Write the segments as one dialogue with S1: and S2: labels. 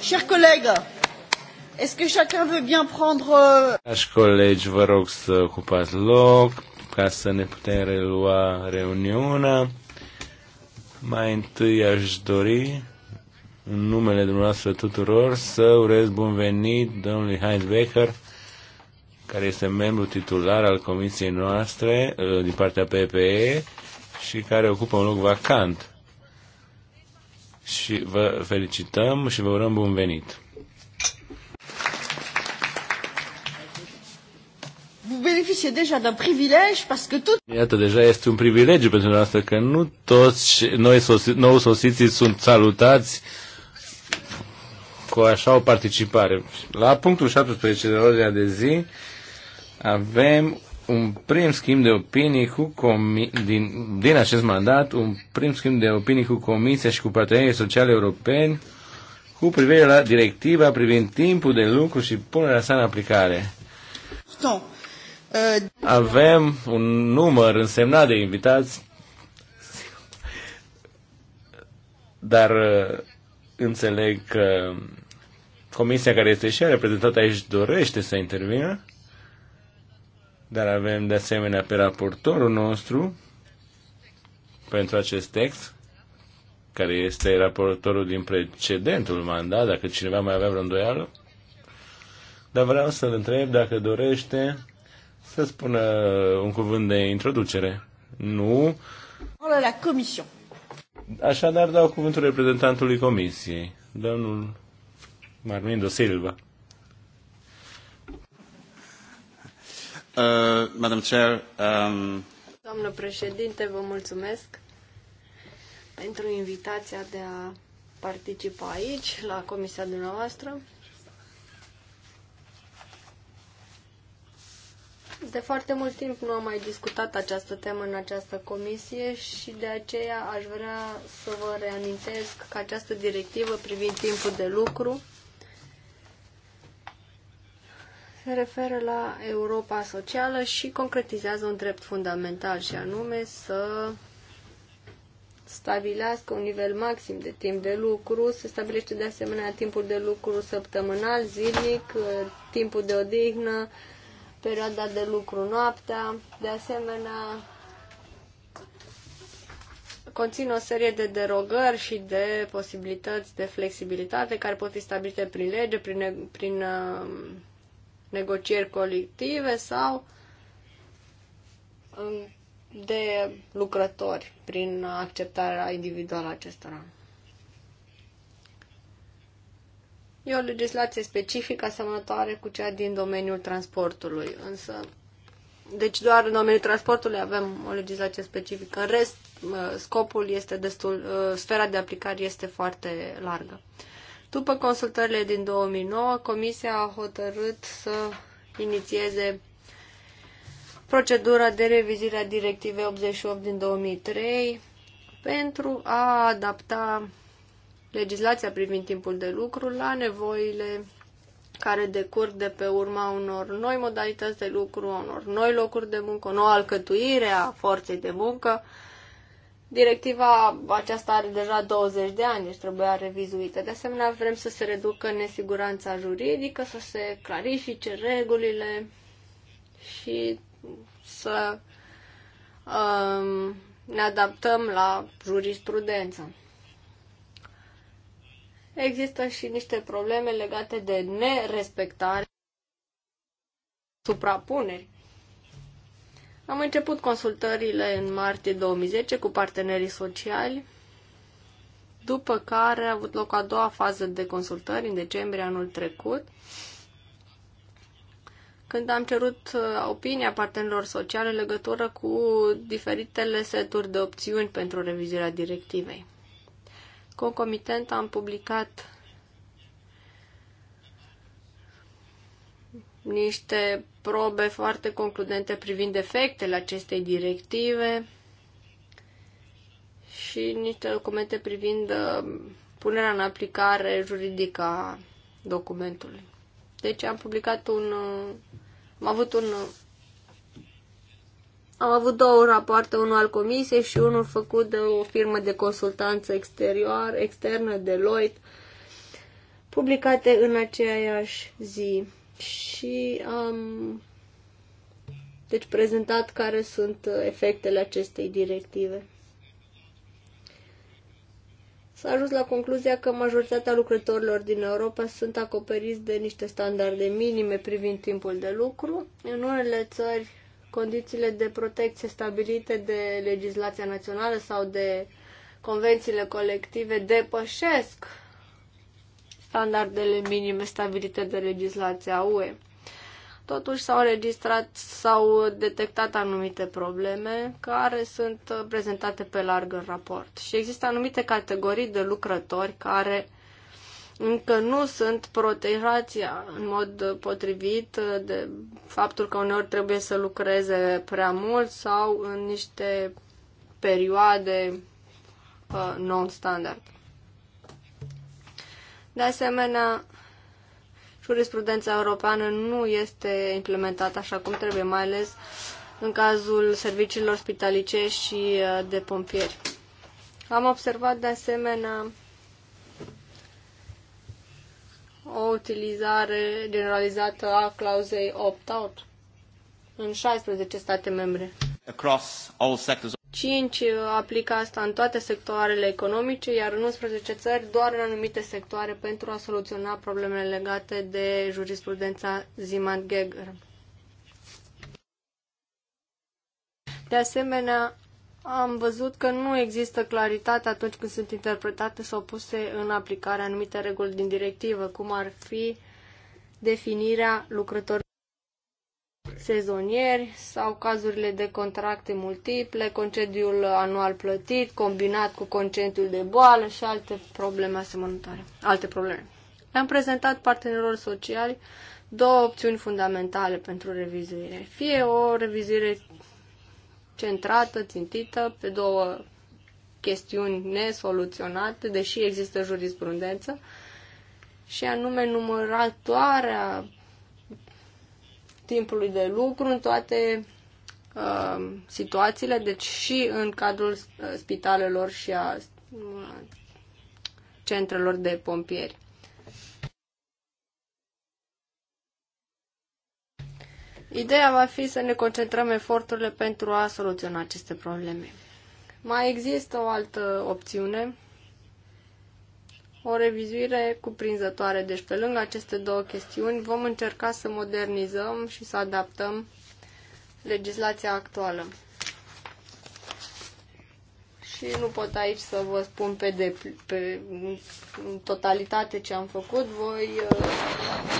S1: Chers collègues, est-ce que chacun veut bien prendre...
S2: Euh,
S3: Dragi colegi, vă rog să ocupați loc ca să ne putem relua reuniunea. Mai întâi aș dori, în numele dumneavoastră tuturor, să urez bun venit domnului Heinz Becker, care este membru titular al comisiei noastre uh, din partea PPE și care ocupă un loc vacant și vă felicităm și vă urăm bun venit.
S1: bénéficiez déjà d'un privilège parce que tout...
S3: Iată, deja este un privilegiu pentru noastră că nu toți noi sosi, nou sosiții sunt salutați cu așa o participare. La punctul 17 de ordinea de zi avem un prim schimb de opinii cu comi- din, din acest mandat, un prim schimb de opinii cu Comisia și cu partenerii sociale europeni cu privire la directiva privind timpul de lucru și punerea sa în aplicare. Uh, Avem un număr însemnat de invitați, dar uh, înțeleg că comisia care este și reprezentată aici dorește să intervină dar avem de asemenea pe raportorul nostru pentru acest text, care este raportorul din precedentul mandat, dacă cineva mai avea vreo îndoială. Dar vreau să-l întreb dacă dorește să spună un cuvânt de introducere. Nu. La comision. Așadar dau cuvântul reprezentantului comisiei, domnul Marmindo Silva. Uh, Madam Chair, um... Doamnă
S1: președinte, vă mulțumesc pentru invitația de a participa aici, la comisia dumneavoastră. De foarte mult timp nu am mai discutat această temă în această comisie și de aceea aș vrea să vă reamintesc că această directivă privind timpul de lucru se referă la Europa socială și concretizează un drept fundamental și anume să stabilească un nivel maxim de timp de lucru, se stabilește de asemenea timpul de lucru săptămânal, zilnic, timpul de odihnă, perioada de lucru noaptea, de asemenea conține o serie de derogări și de posibilități de flexibilitate care pot fi stabilite prin lege, prin, prin negocieri colective sau um, de lucrători prin acceptarea individuală a acestora. E o legislație specifică asemănătoare cu cea din domeniul transportului, însă deci doar în domeniul transportului avem o legislație specifică. În rest, uh, scopul este destul, uh, sfera de aplicare este foarte largă. După consultările din 2009, Comisia a hotărât să inițieze procedura de revizire a Directivei 88 din 2003 pentru a adapta legislația privind timpul de lucru la nevoile care decurg de pe urma unor noi modalități de lucru, unor noi locuri de muncă, o nouă alcătuire a forței de muncă, Directiva aceasta are deja 20 de ani și deci trebuia revizuită. De asemenea, vrem să se reducă nesiguranța juridică, să se clarifice regulile și să um, ne adaptăm la jurisprudență. Există și niște probleme legate de nerespectare, suprapuneri am început consultările în martie 2010 cu partenerii sociali, după care a avut loc a doua fază de consultări în decembrie anul trecut, când am cerut uh, opinia partenerilor sociali în legătură cu diferitele seturi de opțiuni pentru revizuirea directivei. Concomitent am publicat niște probe foarte concludente privind efectele acestei directive și niște documente privind uh, punerea în aplicare juridică a documentului. Deci am publicat un... Uh, am avut un... Uh, am avut două rapoarte, unul al comisiei și unul făcut de o firmă de consultanță exterior, externă, Deloitte, publicate în aceeași zi și am deci prezentat care sunt efectele acestei directive. S-a ajuns la concluzia că majoritatea lucrătorilor din Europa sunt acoperiți de niște standarde minime privind timpul de lucru. În unele țări, condițiile de protecție stabilite de legislația națională sau de convențiile colective depășesc standardele minime stabilite de legislația UE. Totuși s-au registrat, s-au detectat anumite probleme care sunt prezentate pe larg în raport. Și există anumite categorii de lucrători care încă nu sunt protejați în mod potrivit de faptul că uneori trebuie să lucreze prea mult sau în niște perioade uh, non-standard. De asemenea, jurisprudența europeană nu este implementată așa cum trebuie, mai ales în cazul serviciilor spitalice și uh, de pompieri. Am observat de asemenea o utilizare generalizată a clauzei opt-out în 16 state membre. Across all sectors 5 aplică asta în toate sectoarele economice, iar în 11 țări doar în anumite sectoare pentru a soluționa problemele legate de jurisprudența ziman Geger. De asemenea, am văzut că nu există claritate atunci când sunt interpretate sau puse în aplicare anumite reguli din directivă, cum ar fi definirea lucrătorilor sezonieri sau cazurile de contracte multiple, concediul anual plătit, combinat cu concediul de boală și alte probleme asemănătoare. Alte probleme. Am prezentat partenerilor sociali două opțiuni fundamentale pentru revizuire. Fie o revizuire centrată, țintită, pe două chestiuni nesoluționate, deși există jurisprudență, și anume număratoarea timpului de lucru în toate uh, situațiile, deci și în cadrul uh, spitalelor și a uh, centrelor de pompieri. Ideea va fi să ne concentrăm eforturile pentru a soluționa aceste probleme. Mai există o altă opțiune o revizuire cuprinzătoare. Deci, pe lângă aceste două chestiuni, vom încerca să modernizăm și să adaptăm legislația actuală. Și nu pot aici să vă spun pe, de, pe în totalitate ce am făcut. Voi uh,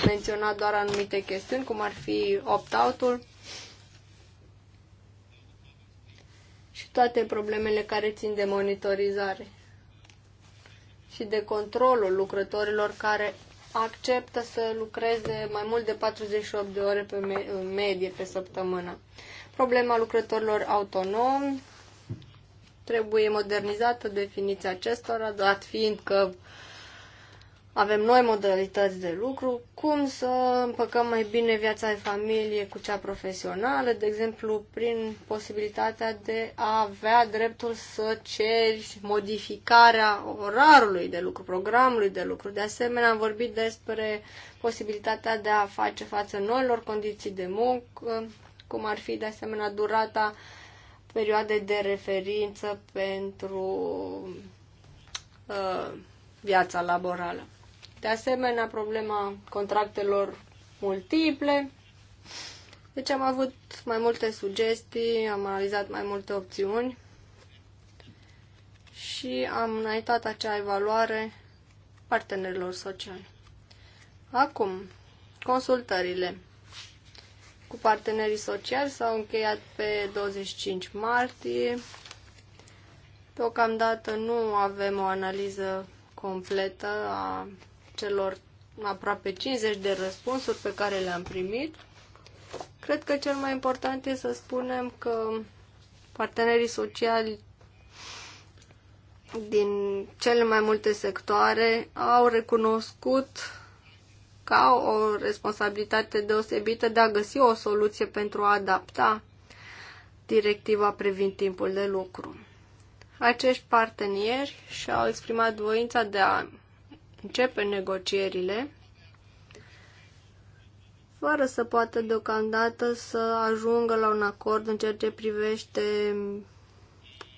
S1: menționa doar anumite chestiuni, cum ar fi opt-out-ul și toate problemele care țin de monitorizare și de controlul lucrătorilor care acceptă să lucreze mai mult de 48 de ore pe medie pe săptămână. Problema lucrătorilor autonomi trebuie modernizată definiția acestora, dat fiind că uh, avem noi modalități de lucru, cum să împăcăm mai bine viața de familie cu cea profesională, de exemplu, prin posibilitatea de a avea dreptul să ceri modificarea orarului de lucru, programului de lucru. De asemenea, am vorbit despre posibilitatea de a face față noilor condiții de muncă, cum ar fi, de asemenea, durata perioade de referință pentru uh, viața laborală. De asemenea, problema contractelor multiple. Deci am avut mai multe sugestii, am analizat mai multe opțiuni și am înaintat acea evaluare partenerilor sociali. Acum, consultările cu partenerii sociali s-au încheiat pe 25 martie. Deocamdată nu avem o analiză completă a celor aproape 50 de răspunsuri pe care le-am primit. Cred că cel mai important e să spunem că partenerii sociali din cele mai multe sectoare au recunoscut ca o responsabilitate deosebită de a găsi o soluție pentru a adapta directiva privind timpul de lucru. Acești parteneri și-au exprimat voința de a începe negocierile fără să poată deocamdată să ajungă la un acord în ceea ce privește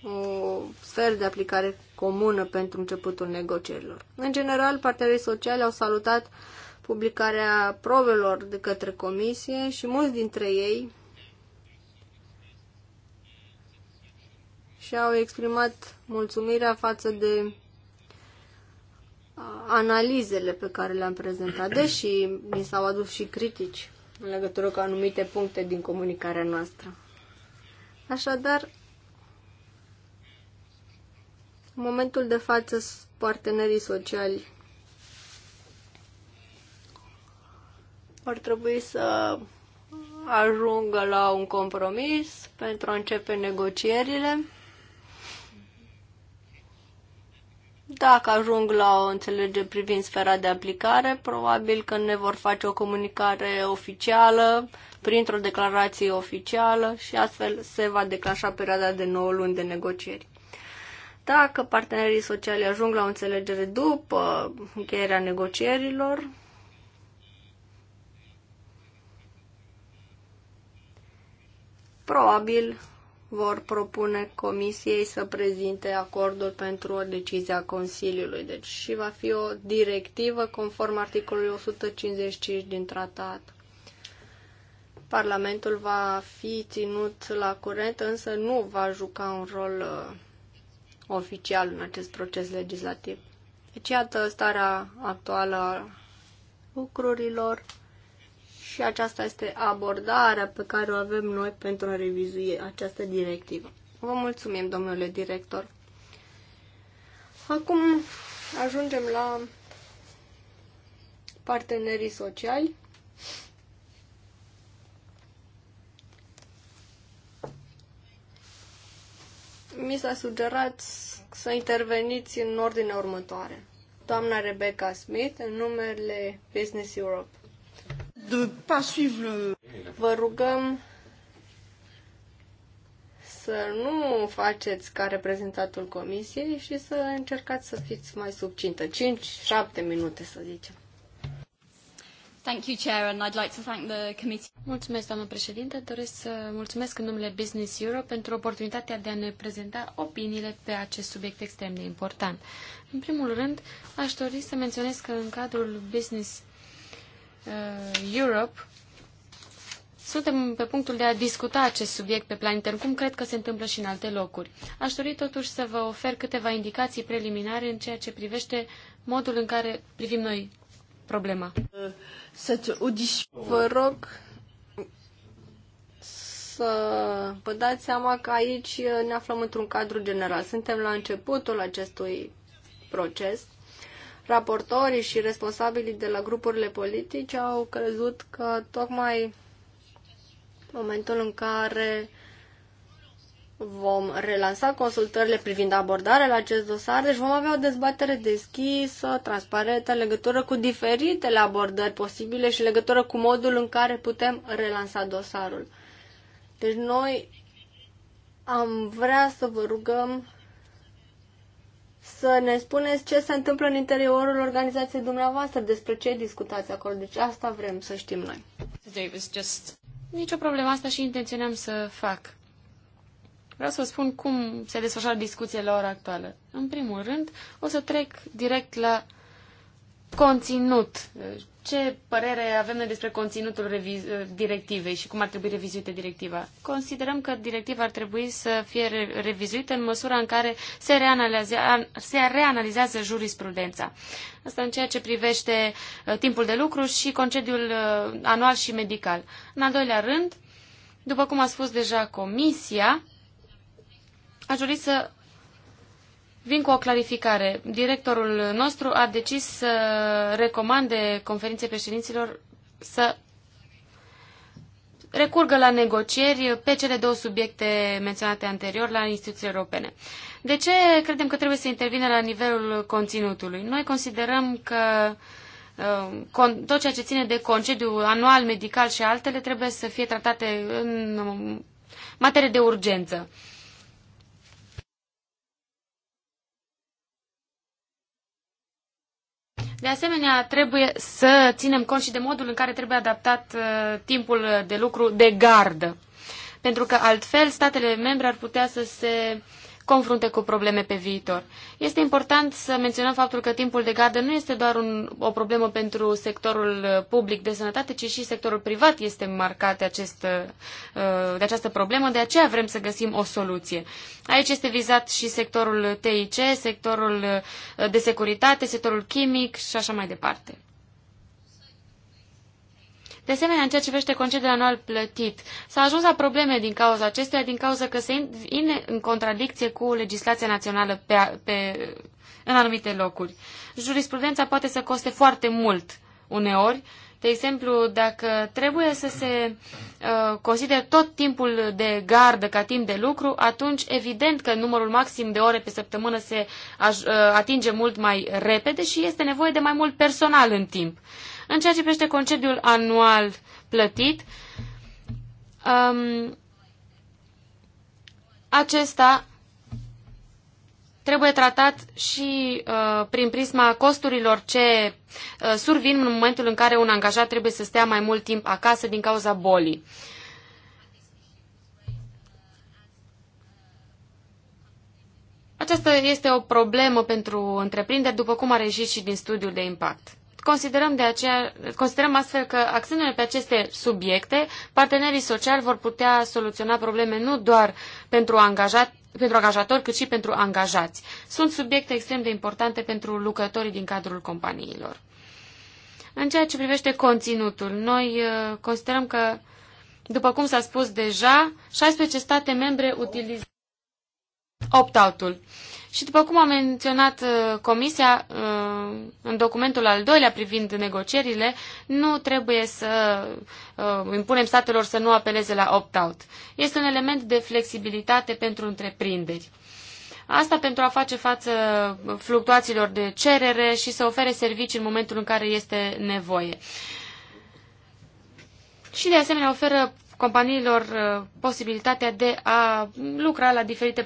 S1: o sferă de aplicare comună pentru începutul negocierilor. În general, partenerii sociale au salutat publicarea provelor de către comisie și mulți dintre ei și-au exprimat mulțumirea față de analizele pe care le-am prezentat, deși mi s-au adus și critici în legătură cu anumite puncte din comunicarea noastră. Așadar, în momentul de față, partenerii sociali ar trebui să ajungă la un compromis pentru a începe negocierile. Dacă ajung la o înțelegere privind sfera de aplicare, probabil că ne vor face o comunicare oficială, printr-o declarație oficială și astfel se va declanșa perioada de 9 luni de negocieri. Dacă partenerii sociali ajung la o înțelegere după încheierea negocierilor, probabil vor propune comisiei să prezinte acordul pentru o decizie a Consiliului. Deci și va fi o directivă conform articolului 155 din tratat. Parlamentul va fi ținut la curent, însă nu va juca un rol uh, oficial în acest proces legislativ. Deci iată starea actuală a lucrurilor și aceasta este abordarea pe care o avem noi pentru a revizui această directivă. Vă mulțumim, domnule director. Acum ajungem la partenerii sociali. Mi s-a sugerat să interveniți în ordinea următoare. Doamna Rebecca Smith, în numele Business Europe de pas suivre le... Vă rugăm să nu faceți ca reprezentatul comisiei și să încercați să fiți mai subcintă. 5-7 minute, să zicem.
S2: Thank you, Chair, and I'd like to thank the committee. Mulțumesc, doamnă președinte. Doresc să mulțumesc în numele Business Europe pentru oportunitatea de a ne prezenta opiniile pe acest subiect extrem de important. În primul rând, aș dori să menționez că în cadrul Business Uh, Europe, suntem pe punctul de a discuta acest subiect pe plan intern, cum cred că se întâmplă și în alte locuri. Aș dori totuși să vă ofer câteva indicații preliminare în ceea ce privește modul în care privim noi problema. Vă rog
S1: să vă dați seama că aici ne aflăm într-un cadru general. Suntem la începutul acestui proces raportorii și responsabilii de la grupurile politice au crezut că tocmai momentul în care vom relansa consultările privind abordarea la acest dosar, deci vom avea o dezbatere deschisă, transparentă, în legătură cu diferitele abordări posibile și în legătură cu modul în care putem relansa dosarul. Deci noi am vrea să vă rugăm să ne spuneți ce se întâmplă în interiorul organizației dumneavoastră, despre ce discutați acolo. Deci asta vrem să știm noi.
S2: Nici o problemă, asta și intenționam să fac. Vreau să vă spun cum se desfășoară discuțiile la ora actuală. În primul rând, o să trec direct la Conținut. Ce părere avem noi despre conținutul directivei și cum ar trebui revizuită directiva? Considerăm că directiva ar trebui să fie revizuită în măsura în care se, reanalizează, se reanalizează jurisprudența. Asta în ceea ce privește uh, timpul de lucru și concediul uh, anual și medical. În al doilea rând, după cum a spus deja Comisia, aș dori să Vin cu o clarificare. Directorul nostru a decis să recomande conferinței președinților să recurgă la negocieri pe cele două subiecte menționate anterior la instituțiile europene. De ce credem că trebuie să intervine la nivelul conținutului? Noi considerăm că uh, tot ceea ce ține de concediu anual, medical și altele trebuie să fie tratate în materie de urgență. De asemenea, trebuie să ținem cont și de modul în care trebuie adaptat uh, timpul de lucru de gardă. Pentru că altfel statele membre ar putea să se confrunte cu probleme pe viitor. Este important să menționăm faptul că timpul de gardă nu este doar un, o problemă pentru sectorul uh, public de sănătate, ci și sectorul privat este marcat de, acest, uh, uh, de această problemă, de aceea vrem să găsim o soluție. Aici este vizat și sectorul TIC, sectorul de securitate, sectorul chimic și așa mai departe. De asemenea, în ceea ce privește concediul anual plătit, s-a ajuns la probleme din cauza acesteia, din cauza că se vine în contradicție cu legislația națională pe, pe, în anumite locuri. Jurisprudența poate să coste foarte mult uneori, de exemplu, dacă trebuie să se uh, consideră tot timpul de gardă ca timp de lucru, atunci evident că numărul maxim de ore pe săptămână se aj- uh, atinge mult mai repede și este nevoie de mai mult personal în timp. În ceea ce privește concediul anual plătit, um, acesta trebuie tratat și uh, prin prisma costurilor ce uh, survin în momentul în care un angajat trebuie să stea mai mult timp acasă din cauza bolii. Aceasta este o problemă pentru întreprinderi, după cum a reșit și din studiul de impact. Considerăm, de aceea, considerăm astfel că acțiunile pe aceste subiecte, partenerii sociali vor putea soluționa probleme nu doar pentru, angajat, pentru angajatori, cât și pentru angajați. Sunt subiecte extrem de importante pentru lucrătorii din cadrul companiilor. În ceea ce privește conținutul, noi uh, considerăm că, după cum s-a spus deja, 16 state membre utilizează opt-out-ul. Și după cum a menționat uh, Comisia uh, în documentul al doilea privind negocierile, nu trebuie să uh, impunem statelor să nu apeleze la opt-out. Este un element de flexibilitate pentru întreprinderi. Asta pentru a face față fluctuațiilor de cerere și să ofere servicii în momentul în care este nevoie. Și de asemenea oferă companiilor uh, posibilitatea de a lucra la diferite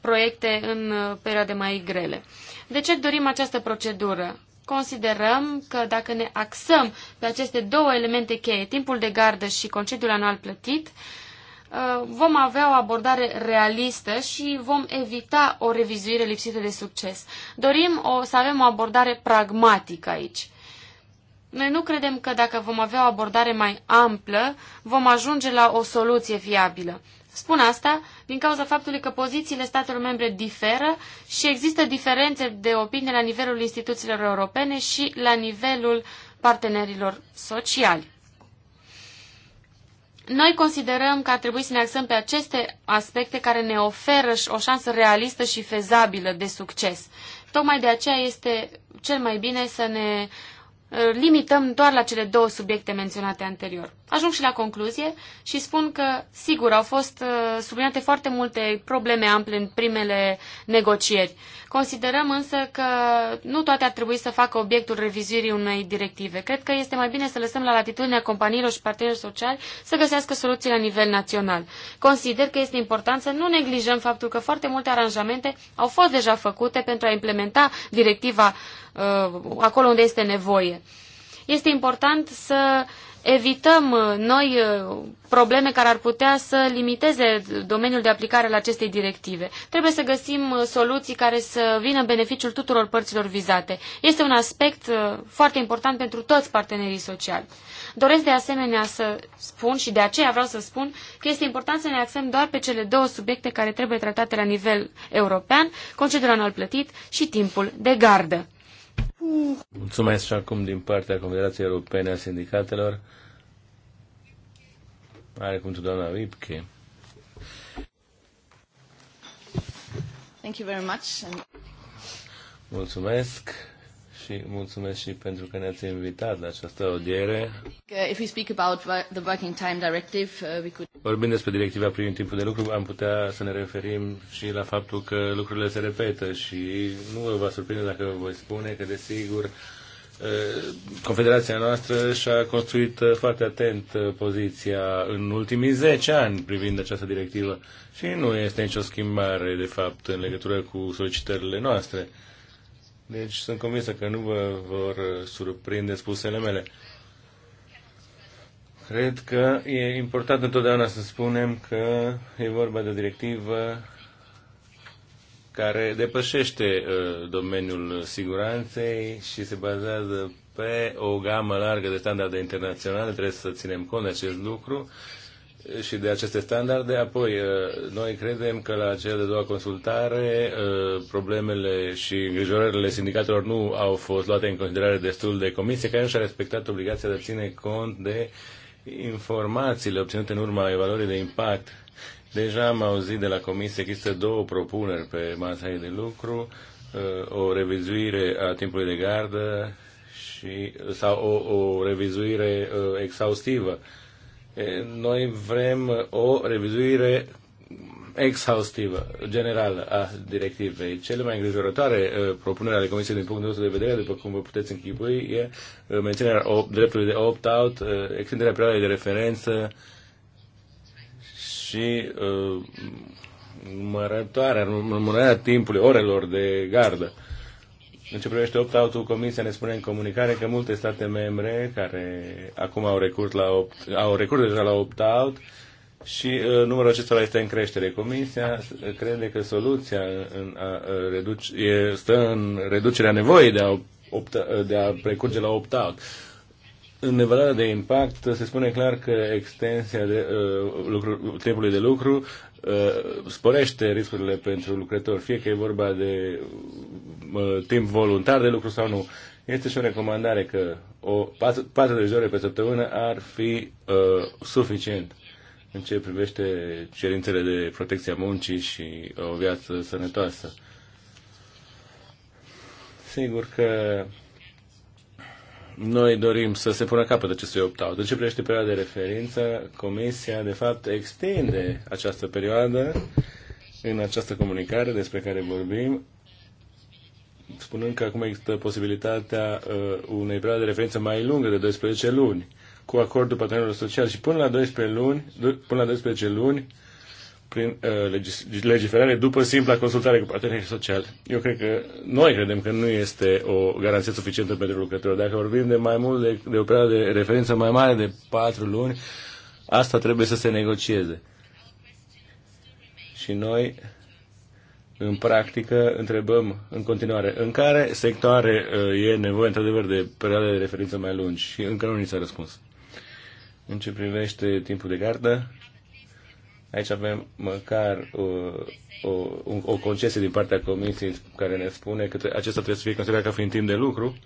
S2: proiecte în uh, perioade mai grele. De ce dorim această procedură? Considerăm că dacă ne axăm pe aceste două elemente cheie, timpul de gardă și concediul anual plătit, uh, vom avea o abordare realistă și vom evita o revizuire lipsită de succes. Dorim o, să avem o abordare pragmatică aici. Noi nu credem că dacă vom avea o abordare mai amplă, vom ajunge la o soluție fiabilă. Spun asta din cauza faptului că pozițiile statelor membre diferă și există diferențe de opinie la nivelul instituțiilor europene și la nivelul partenerilor sociali. Noi considerăm că ar trebui să ne axăm pe aceste aspecte care ne oferă o șansă realistă și fezabilă de succes. Tocmai de aceea este cel mai bine să ne limităm doar la cele două subiecte menționate anterior. Ajung și la concluzie și spun că, sigur, au fost uh, subliniate foarte multe probleme ample în primele negocieri. Considerăm însă că nu toate ar trebui să facă obiectul revizuirii unei directive. Cred că este mai bine să lăsăm la latitudinea companiilor și partenerilor sociali să găsească soluții la nivel național. Consider că este important să nu neglijăm faptul că foarte multe aranjamente au fost deja făcute pentru a implementa directiva uh, acolo unde este nevoie. Este important să uh, evităm uh, noi uh, probleme care ar putea să limiteze domeniul de aplicare al acestei directive. Trebuie să găsim uh, soluții care să vină în beneficiul tuturor părților vizate. Este un aspect foarte important pentru toți partenerii sociali. Doresc de asemenea să spun și de aceea vreau să spun că este important să ne axăm doar pe cele două subiecte care trebuie tratate la nivel european, concediul anual plătit și timpul de gardă.
S3: Mulțumesc și acum din partea Confederației Europene a Sindicatelor. Are cuvântul doamna Vipke.
S1: Thank you very much.
S3: Mulțumesc și mulțumesc și pentru că ne-ați invitat la această audiere.
S2: Uh, if we speak about the working time directive, uh, we could...
S3: Vorbind despre directiva privind timpul de lucru, am putea să ne referim și la faptul că lucrurile se repetă și nu vă va surprinde dacă vă voi spune că, desigur, uh, Confederația noastră și-a construit foarte atent poziția în ultimii 10 ani privind această directivă și nu este nicio schimbare, de fapt, în legătură cu solicitările noastre. Deci sunt convinsă că nu vă vor surprinde spusele mele. Cred că e important întotdeauna să spunem că e vorba de o directivă care depășește uh, domeniul siguranței și se bazează pe o gamă largă de standarde internaționale. Trebuie să ținem cont de acest lucru și de aceste standarde. Apoi, uh, noi credem că la cea de doua consultare uh, problemele și îngrijorările sindicatelor nu au fost luate în considerare destul de comisie, care nu și-a respectat obligația de a ține cont de informațiile obținute în urma evaluării de impact. Deja am auzit de la comisie că există două propuneri pe masa de lucru, uh, o revizuire a timpului de gardă și, sau o, o revizuire exhaustivă noi vrem o revizuire exhaustivă, generală a directivei. Cele mai îngrijorătoare propunere ale Comisiei din punctul nostru de vedere, după cum vă puteți închipui, e menținerea dreptului de opt-out, extinderea perioadei de referență și numărătoarea, numărarea timpului, orelor de gardă. Uh, în ce privește opt out Comisia ne spune în comunicare că multe state membre care acum au recurs, la opt, au recurs deja la opt-out și uh, numărul acestora este în creștere. Comisia uh, crede că soluția în a, uh, reduce, e, stă în reducerea nevoii de a, opt, uh, de a recurge la opt-out. În evaluarea de impact se spune clar că extensia de, uh, lucru, timpului de lucru Uh, sporește riscurile pentru lucrători, fie că e vorba de uh, timp voluntar de lucru sau nu. Este și o recomandare că o 40 de ore pe săptămână ar fi uh, suficient în ce privește cerințele de protecție a muncii și o viață sănătoasă. Sigur că noi dorim să se pună capăt acestui opt-out. În ce privește perioada de referință, Comisia, de fapt, extinde această perioadă în această comunicare despre care vorbim, spunând că acum există posibilitatea uh, unei perioade de referință mai lungă de 12 luni, cu acordul partenerilor social și până la 12 luni, până la 12 luni prin uh, legiferare după simpla consultare cu partenerii sociali. Eu cred că noi credem că nu este o garanție suficientă pentru lucrători. Dacă vorbim de mai mult de, de o perioadă de referință mai mare de patru luni, asta trebuie să se negocieze. Și noi, în practică, întrebăm în continuare în care sectoare uh, e nevoie, într-adevăr, de perioade de referință mai lungi. Și încă nu ni s-a răspuns. În ce privește timpul de gardă, Aici avem măcar uh, o, o, o concesie din partea comisiei care ne spune că acesta trebuie să fie considerat ca fiind timp de lucru,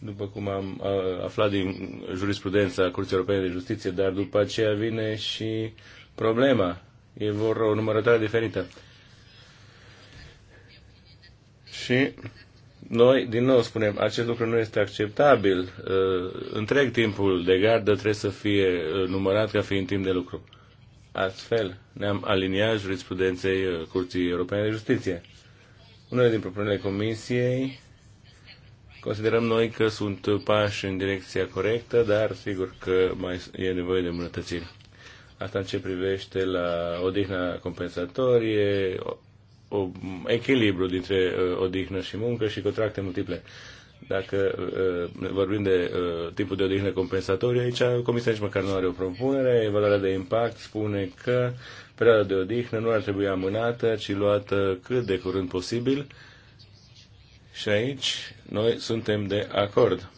S3: după cum am aflat din jurisprudența Curții Europene de Justiție, dar după aceea vine și problema. E vor o numărătoare diferită. Și noi, din nou, spunem, acest lucru nu este acceptabil. Uh, întreg timpul de gardă trebuie să fie uh, numărat ca fiind timp de lucru. Astfel, ne-am aliniat jurisprudenței uh, Curții Europene de Justiție. Unele din propunerile Comisiei considerăm noi că sunt pași în direcția corectă, dar sigur că mai e nevoie de îmbunătățiri. Asta în ce privește la odihna compensatorie, o, echilibru dintre uh, odihnă și muncă și contracte multiple. Dacă uh, vorbim de uh, tipul de odihnă compensatorie, aici Comisia nici măcar nu are o propunere. Evaluarea de impact spune că perioada de odihnă nu ar trebui amânată, ci luată cât de curând posibil. Și aici noi suntem de acord.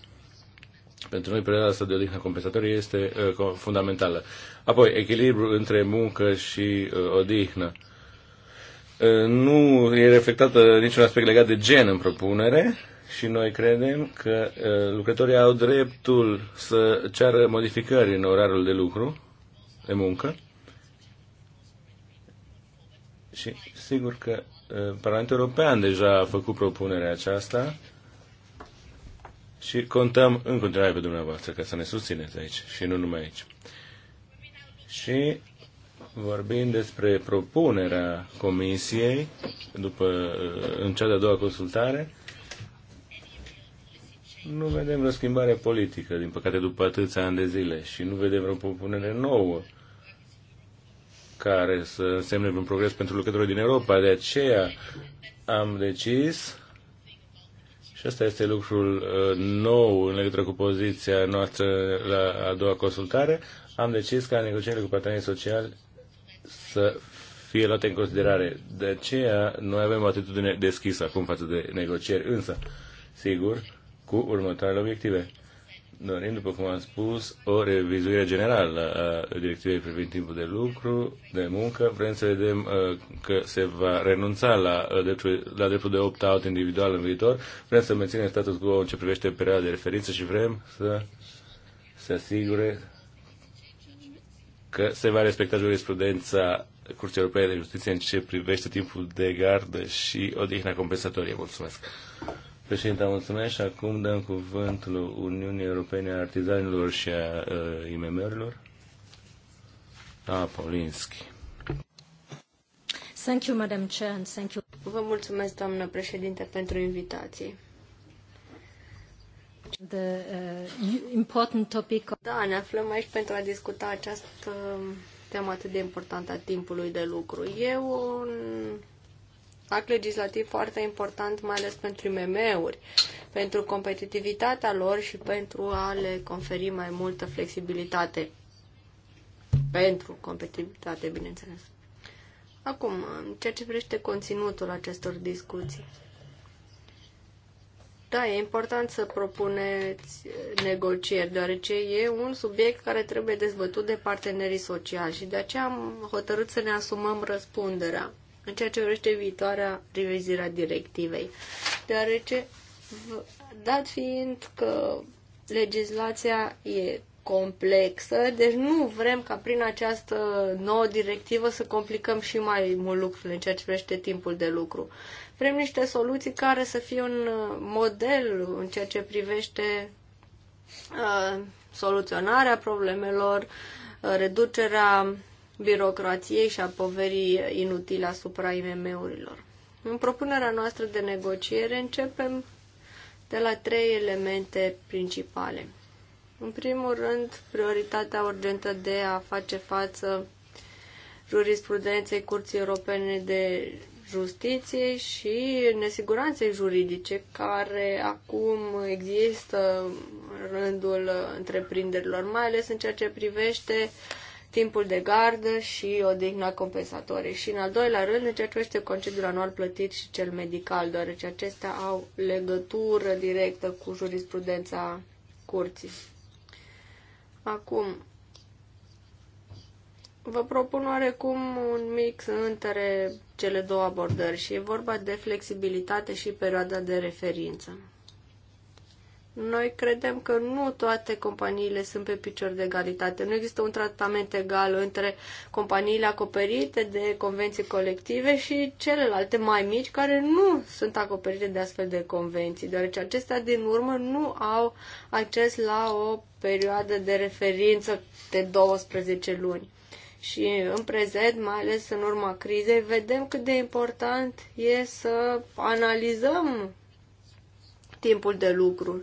S3: Pentru noi perioada asta de odihnă compensatorie este uh, fundamentală. Apoi, echilibru între muncă și uh, odihnă. Uh, nu e reflectată niciun aspect legat de gen în propunere, și noi credem că uh, lucrătorii au dreptul să ceară modificări în orarul de lucru, de muncă. Și sigur că uh, Parlamentul European deja a făcut propunerea aceasta și contăm în continuare pe dumneavoastră ca să ne susțineți aici și nu numai aici. Și vorbim despre propunerea Comisiei după, uh, în cea de-a doua consultare, nu vedem vreo schimbare politică, din păcate, după atâția ani de zile și nu vedem vreo propunere nouă care să însemne un progres pentru lucrătorii din Europa. De aceea am decis, și asta este lucrul uh, nou în legătură cu poziția noastră la a doua consultare, am decis ca negocierile cu partenerii sociali să fie luate în considerare. De aceea noi avem o atitudine deschisă acum față de negocieri, însă, sigur, cu următoarele obiective. Dorim, după cum am spus, o revizuire generală a directivei privind timpul de lucru, de muncă. Vrem să vedem uh, că se va renunța la uh, dreptul, la dreptul de opt-out individual în viitor. Vrem să menținem status quo în ce privește perioada de referință și vrem să se asigure că se va respecta jurisprudența Curții Europene de Justiție în ce privește timpul de gardă și odihna compensatorie. Mulțumesc! Președinte, mulțumesc și acum dăm cuvântul Uniunii Europene a Artizanilor și a uh, IMM-urilor. A, Paulinski.
S1: Thank you, Madam Chair, and thank you. Vă mulțumesc, doamnă președinte, pentru invitație. The uh, important topic. Da, ne aflăm aici pentru a discuta această temă atât de importantă a timpului de lucru. E un act legislativ foarte important, mai ales pentru IMM-uri, pentru competitivitatea lor și pentru a le conferi mai multă flexibilitate. Pentru competitivitate, bineînțeles. Acum, ceea ce privește conținutul acestor discuții. Da, e important să propuneți negocieri, deoarece e un subiect care trebuie dezbătut de partenerii sociali și de aceea am hotărât să ne asumăm răspunderea în ceea ce vrește viitoarea revizirea directivei. Deoarece, dat fiind că legislația e complexă, deci nu vrem ca prin această nouă directivă să complicăm și mai mult lucrurile în ceea ce privește timpul de lucru. Vrem niște soluții care să fie un model în ceea ce privește uh, soluționarea problemelor, uh, reducerea birocrației și a poverii inutile asupra IMM-urilor. În propunerea noastră de negociere începem de la trei elemente principale. În primul rând, prioritatea urgentă de a face față jurisprudenței Curții Europene de Justiție și nesiguranței juridice care acum există în rândul întreprinderilor, mai ales în ceea ce privește uh, timpul de gardă și o digna compensatorie. Și în al doilea rând, în ceea ce este concediul anual plătit și cel medical, deoarece acestea au legătură directă cu jurisprudența curții. Acum, vă propun oarecum un mix între cele două abordări și e vorba de flexibilitate și perioada de referință. Noi credem că nu toate companiile sunt pe picior de egalitate. Nu există un tratament egal între companiile acoperite de convenții colective și celelalte mai mici care nu sunt acoperite de astfel de convenții, deoarece acestea din urmă nu au acces la o perioadă de referință de 12 luni. Și în prezent, mai ales în urma crizei, vedem cât de important e să analizăm timpul de lucru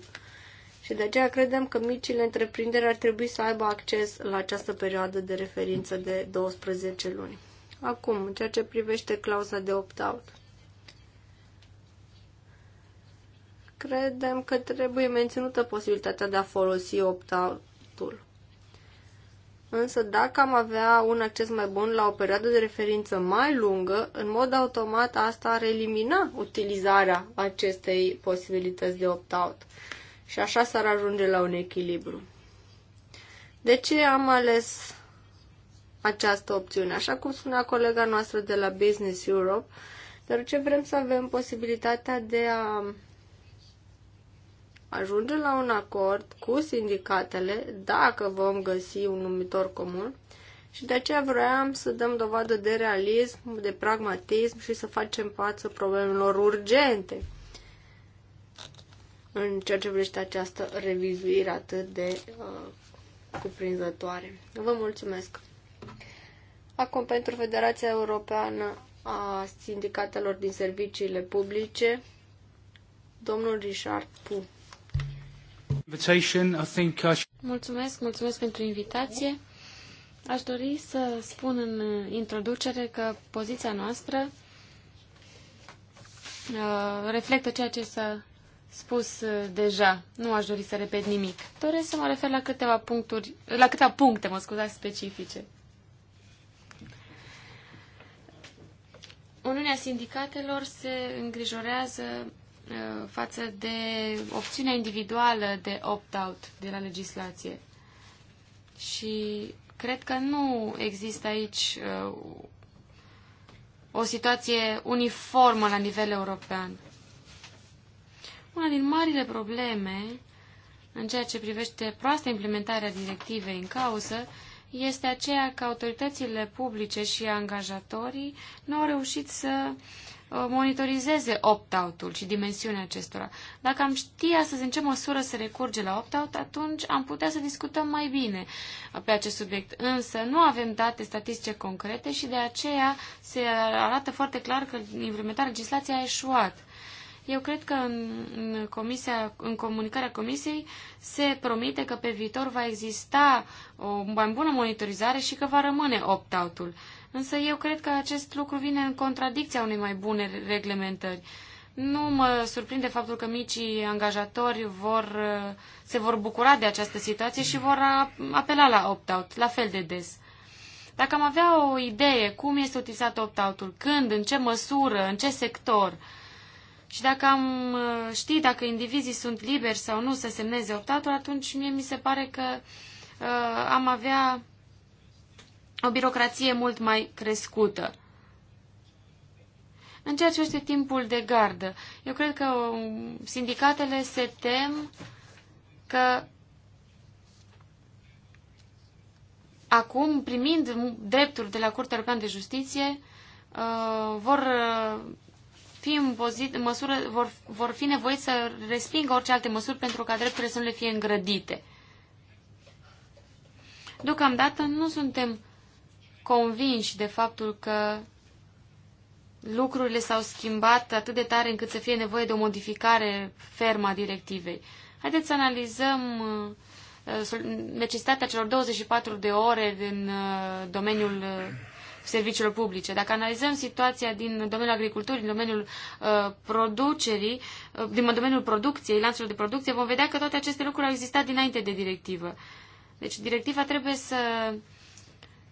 S1: și de aceea credem că micile întreprinderi ar trebui să aibă acces la această perioadă de referință de 12 luni. Acum, în ceea ce privește clauza de opt-out. Credem că trebuie menținută posibilitatea de a folosi opt-out-ul. Însă dacă am avea un acces mai bun la o perioadă de referință mai lungă, în mod automat asta ar elimina utilizarea acestei posibilități de opt-out. Și așa s-ar ajunge la un echilibru. De ce am ales această opțiune? Așa cum spunea colega noastră de la Business Europe, dar ce vrem să avem posibilitatea de a ajunge la un acord cu sindicatele dacă vom găsi un numitor comun și de aceea vroiam să dăm dovadă de realism, de pragmatism și să facem față problemelor urgente în ceea ce privește această revizuire atât de uh, cuprinzătoare. Vă mulțumesc! Acum pentru Federația Europeană a Sindicatelor din Serviciile Publice, domnul Richard Pu.
S2: Mulțumesc, mulțumesc pentru invitație. Aș dori să spun în introducere că poziția noastră uh, reflectă ceea ce s-a spus uh, deja, nu aș dori să repet nimic. Doresc să mă refer la câteva puncturi, la câteva puncte, mă scuzați, specifice. Uniunea Sindicatelor se îngrijorează uh, față de opțiunea individuală de opt-out de la legislație. Și cred că nu există aici uh, o situație uniformă la nivel european. Una din marile probleme în ceea ce privește proasta implementarea directivei în cauză este aceea că autoritățile publice și angajatorii nu au reușit să uh, monitorizeze opt-out-ul și dimensiunea acestora. Dacă am ști astăzi în ce măsură se recurge la opt-out, atunci am putea să discutăm mai bine pe acest subiect. Însă nu avem date statistice concrete și de aceea se arată foarte clar că implementarea legislației a eșuat. Eu cred că în, comisia, în comunicarea comisiei se promite că pe viitor va exista o mai bună monitorizare și că va rămâne opt-out-ul. Însă eu cred că acest lucru vine în contradicția unei mai bune reglementări. Nu mă surprinde faptul că micii angajatori vor, se vor bucura de această situație și vor apela la opt-out, la fel de des. Dacă am avea o idee cum este utilizat opt-out-ul, când, în ce măsură, în ce sector, uh, și dacă am uh, ști dacă indivizii sunt liberi sau nu să semneze optatul, atunci mie mi se pare că uh, am avea o birocrație mult mai crescută. În ceea ce este timpul de gardă, eu cred că um, sindicatele se tem că acum, primind drepturi de la Curtea Europeană de Justiție, uh, vor uh, fi în pozit, măsură, vor, vor fi nevoiți să respingă orice alte măsuri pentru ca drepturile să nu le fie îngrădite. Deocamdată nu suntem convinși de faptul că lucrurile s-au schimbat atât de tare încât să fie nevoie de o modificare fermă a directivei. Haideți să analizăm uh, uh, necesitatea celor 24 de ore în uh, domeniul serviciilor publice. Dacă analizăm situația din domeniul agriculturii, din domeniul uh, producerii, uh, din domeniul producției, lanțurilor de producție, vom vedea că toate aceste lucruri au existat dinainte de directivă. Deci directiva trebuie să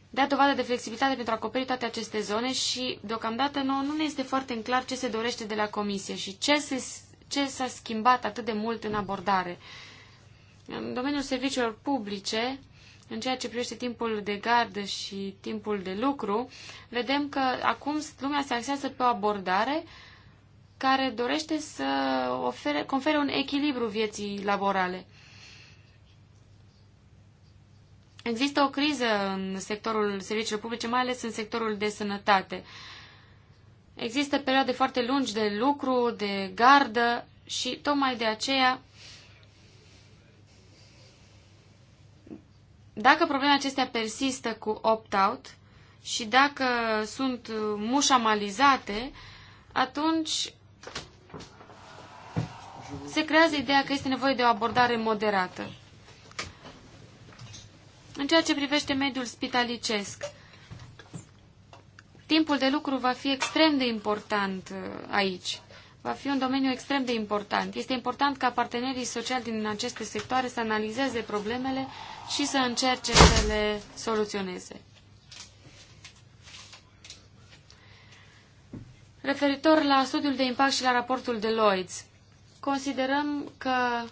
S2: dea dovadă de flexibilitate pentru a acoperi toate aceste zone și deocamdată nu, nu ne este foarte în clar ce se dorește de la comisie și ce, se, ce s-a schimbat atât de mult în abordare. În domeniul serviciilor publice, în ceea ce privește timpul de gardă și timpul de lucru, vedem că acum lumea se axează pe o abordare care dorește să ofere, confere un echilibru vieții laborale. Există o criză în sectorul serviciilor publice, mai ales în sectorul de sănătate. Există perioade foarte lungi de lucru, de gardă și tocmai de aceea Dacă problemele acestea persistă cu opt-out și dacă sunt mușamalizate, atunci se creează ideea că este nevoie de o abordare moderată. În ceea ce privește mediul spitalicesc, timpul de lucru va fi extrem de important uh, aici. Va fi un domeniu extrem de important. Este important ca partenerii sociali din aceste sectoare să analizeze problemele și să încerce să le soluționeze. Referitor la studiul de impact și la raportul de Lloyds, considerăm că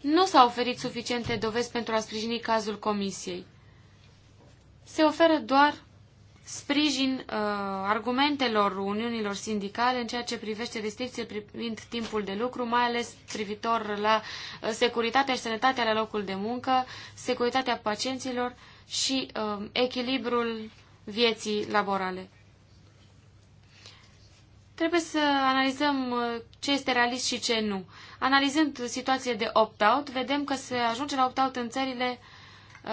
S2: nu s-au oferit suficiente dovezi pentru a sprijini cazul comisiei. Se oferă doar sprijin uh, argumentelor uniunilor sindicale în ceea ce privește restricții privind timpul de lucru, mai ales privitor la uh, securitatea și sănătatea la locul de muncă, securitatea pacienților și uh, echilibrul vieții laborale. Trebuie să analizăm uh, ce este realist și ce nu. Analizând situația de opt-out, vedem că se ajunge la opt-out în țările uh, Uh,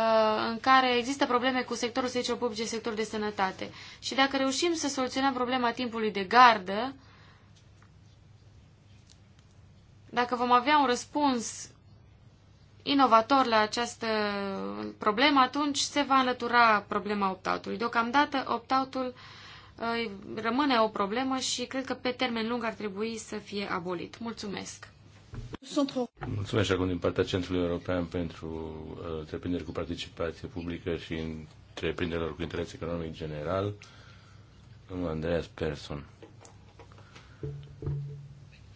S2: în care există probleme cu sectorul serviciilor publice, sectorul de sănătate. Și dacă reușim să soluționăm problema timpului de gardă, dacă vom avea un răspuns inovator la această problemă, atunci se va înlătura problema opt-out-ului. Deocamdată opt-out-ul uh, rămâne o problemă și cred că pe termen lung ar trebui să fie abolit. Mulțumesc!
S3: Centru. Mulțumesc acum din partea Centrului European pentru uh, întreprinderi cu participație publică și întreprinderilor cu interes economic general, domnul Andreas Persson.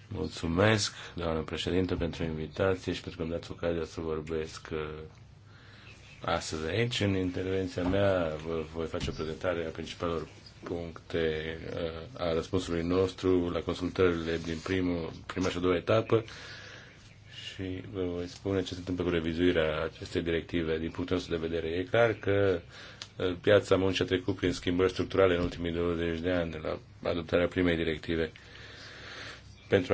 S3: Mulțumesc, doamnă președinte, pentru invitație și pentru că îmi dați ocazia să vorbesc uh, astăzi aici. În intervenția mea vă voi face o prezentare a principalelor puncte uh, a răspunsului nostru la consultările din primul, prima și a doua etapă și vă voi spune ce se întâmplă cu revizuirea acestei directive din punctul nostru de vedere. E clar că uh, piața muncii a trecut prin schimbări structurale în ultimii 20 de ani de la adoptarea primei directive pentru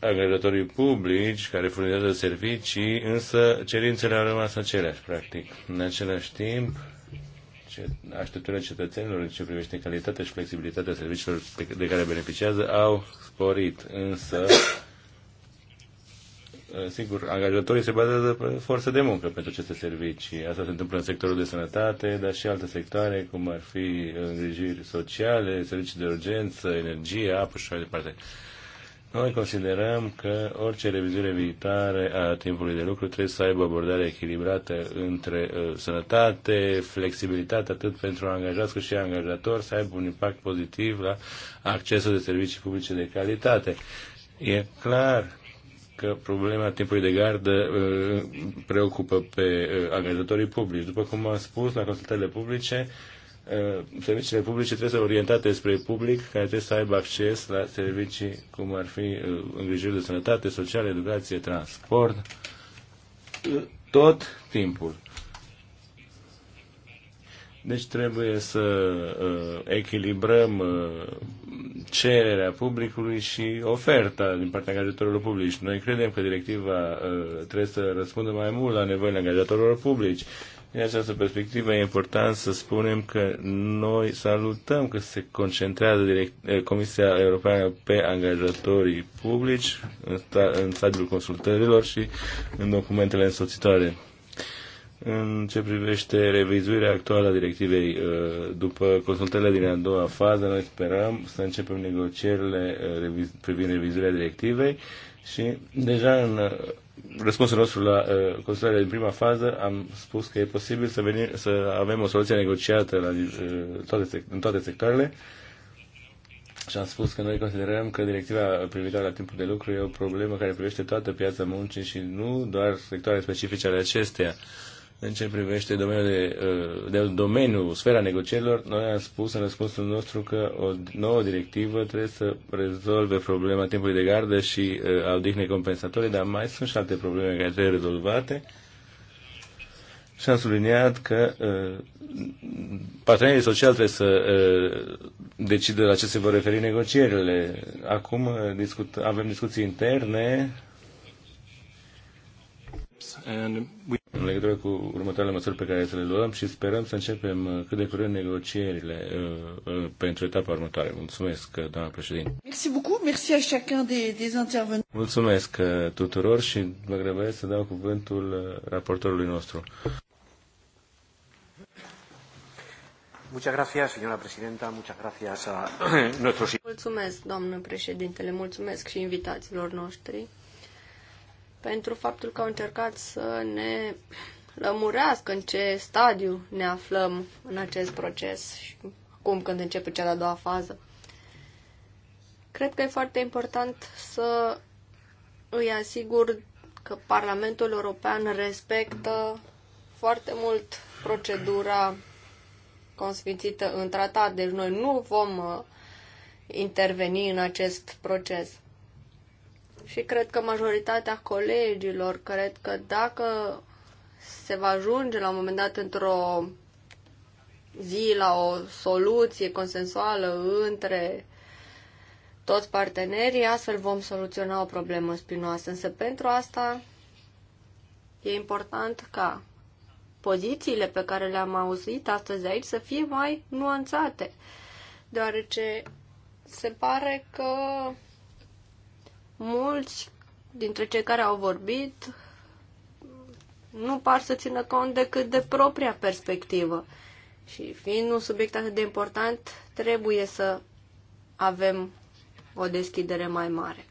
S3: angajatorii publici care furnizează servicii, însă cerințele au rămas aceleași, practic. În același timp, așteptările cetățenilor în ce privește calitatea și flexibilitatea serviciilor de care beneficiază au sporit, însă uh, sigur, angajatorii se bazează pe forță de muncă pentru aceste servicii. Asta se întâmplă în sectorul de sănătate, dar și alte sectoare, cum ar fi îngrijiri sociale, servicii de urgență, energie, apă și așa departe. Noi considerăm că orice revizuire viitoare a timpului de lucru trebuie să aibă abordare echilibrată între uh, sănătate, flexibilitate, atât pentru angajați cât și angajator, să aibă un impact pozitiv la accesul de servicii publice de calitate. E clar că problema timpului de gardă uh, preocupă pe uh, angajatorii publici. După cum am spus, la consultările publice, Uh, serviciile publice trebuie să orientate spre public care trebuie să aibă acces la servicii cum ar fi uh, îngrijiri de sănătate, sociale, educație, transport, uh, tot timpul. Deci trebuie să uh, echilibrăm uh, cererea publicului și oferta din partea angajatorilor publici. Noi credem că directiva uh, trebuie să răspundă mai mult la nevoile angajatorilor publici din această perspectivă e important să spunem că noi salutăm că se concentrează direct, eh, Comisia Europeană pe angajatorii publici în, sta, în stadiul consultărilor și în documentele însoțitoare. În ce privește revizuirea actuală a directivei, eh, după consultările din a doua fază, noi sperăm să începem negocierile eh, privind revizuirea directivei și deja în răspunsul nostru la uh, consultarea din prima fază, am spus că e posibil să, venim, să avem o soluție negociată la, uh, toate, în toate sectoarele și am spus că noi considerăm că directiva privitoare la timpul de lucru e o problemă care privește toată piața muncii și nu doar sectoare specifice ale acesteia. Uh, în ce privește domeniul, de, de domeniul, sfera negocierilor, noi am spus în răspunsul nostru că o nouă directivă trebuie să rezolve problema timpului de gardă și uh, al dihnei compensatorii, dar mai sunt și alte probleme care trebuie rezolvate. Și am subliniat că uh, partenerii sociali trebuie să uh, decidă la ce se vor referi negocierile. Acum discut, avem discuții interne în legătură cu următoarele măsuri pe care să le luăm și sperăm să începem uh, cât de curând negocierile uh, uh, pentru etapa următoare. Mulțumesc, uh, doamna președinte.
S1: Merci beaucoup, merci à chacun des, des intervenants.
S3: Mulțumesc uh, tuturor și mă grăbesc să dau cuvântul raportorului nostru.
S2: Muchas gracias, señora presidenta. Muchas gracias a
S3: nuestros...
S1: Mulțumesc, domnule președintele. Mulțumesc și invitațiilor noștri pentru faptul că au încercat să ne lămurească în ce stadiu ne aflăm în acest proces și acum când începe cea de-a doua fază. Cred că e foarte important să îi asigur că Parlamentul European respectă foarte mult procedura consfințită în tratat, deci noi nu vom uh, interveni în acest proces și cred că majoritatea colegilor cred că dacă se va ajunge la un moment dat într-o zi la o soluție consensuală între toți partenerii, astfel vom soluționa o problemă spinoasă. Însă pentru asta e important ca pozițiile pe care le-am auzit astăzi aici să fie mai nuanțate, deoarece se pare că mulți dintre cei care au vorbit nu par să țină cont decât de propria perspectivă. Și fiind un subiect atât de important, trebuie să avem o deschidere mai mare.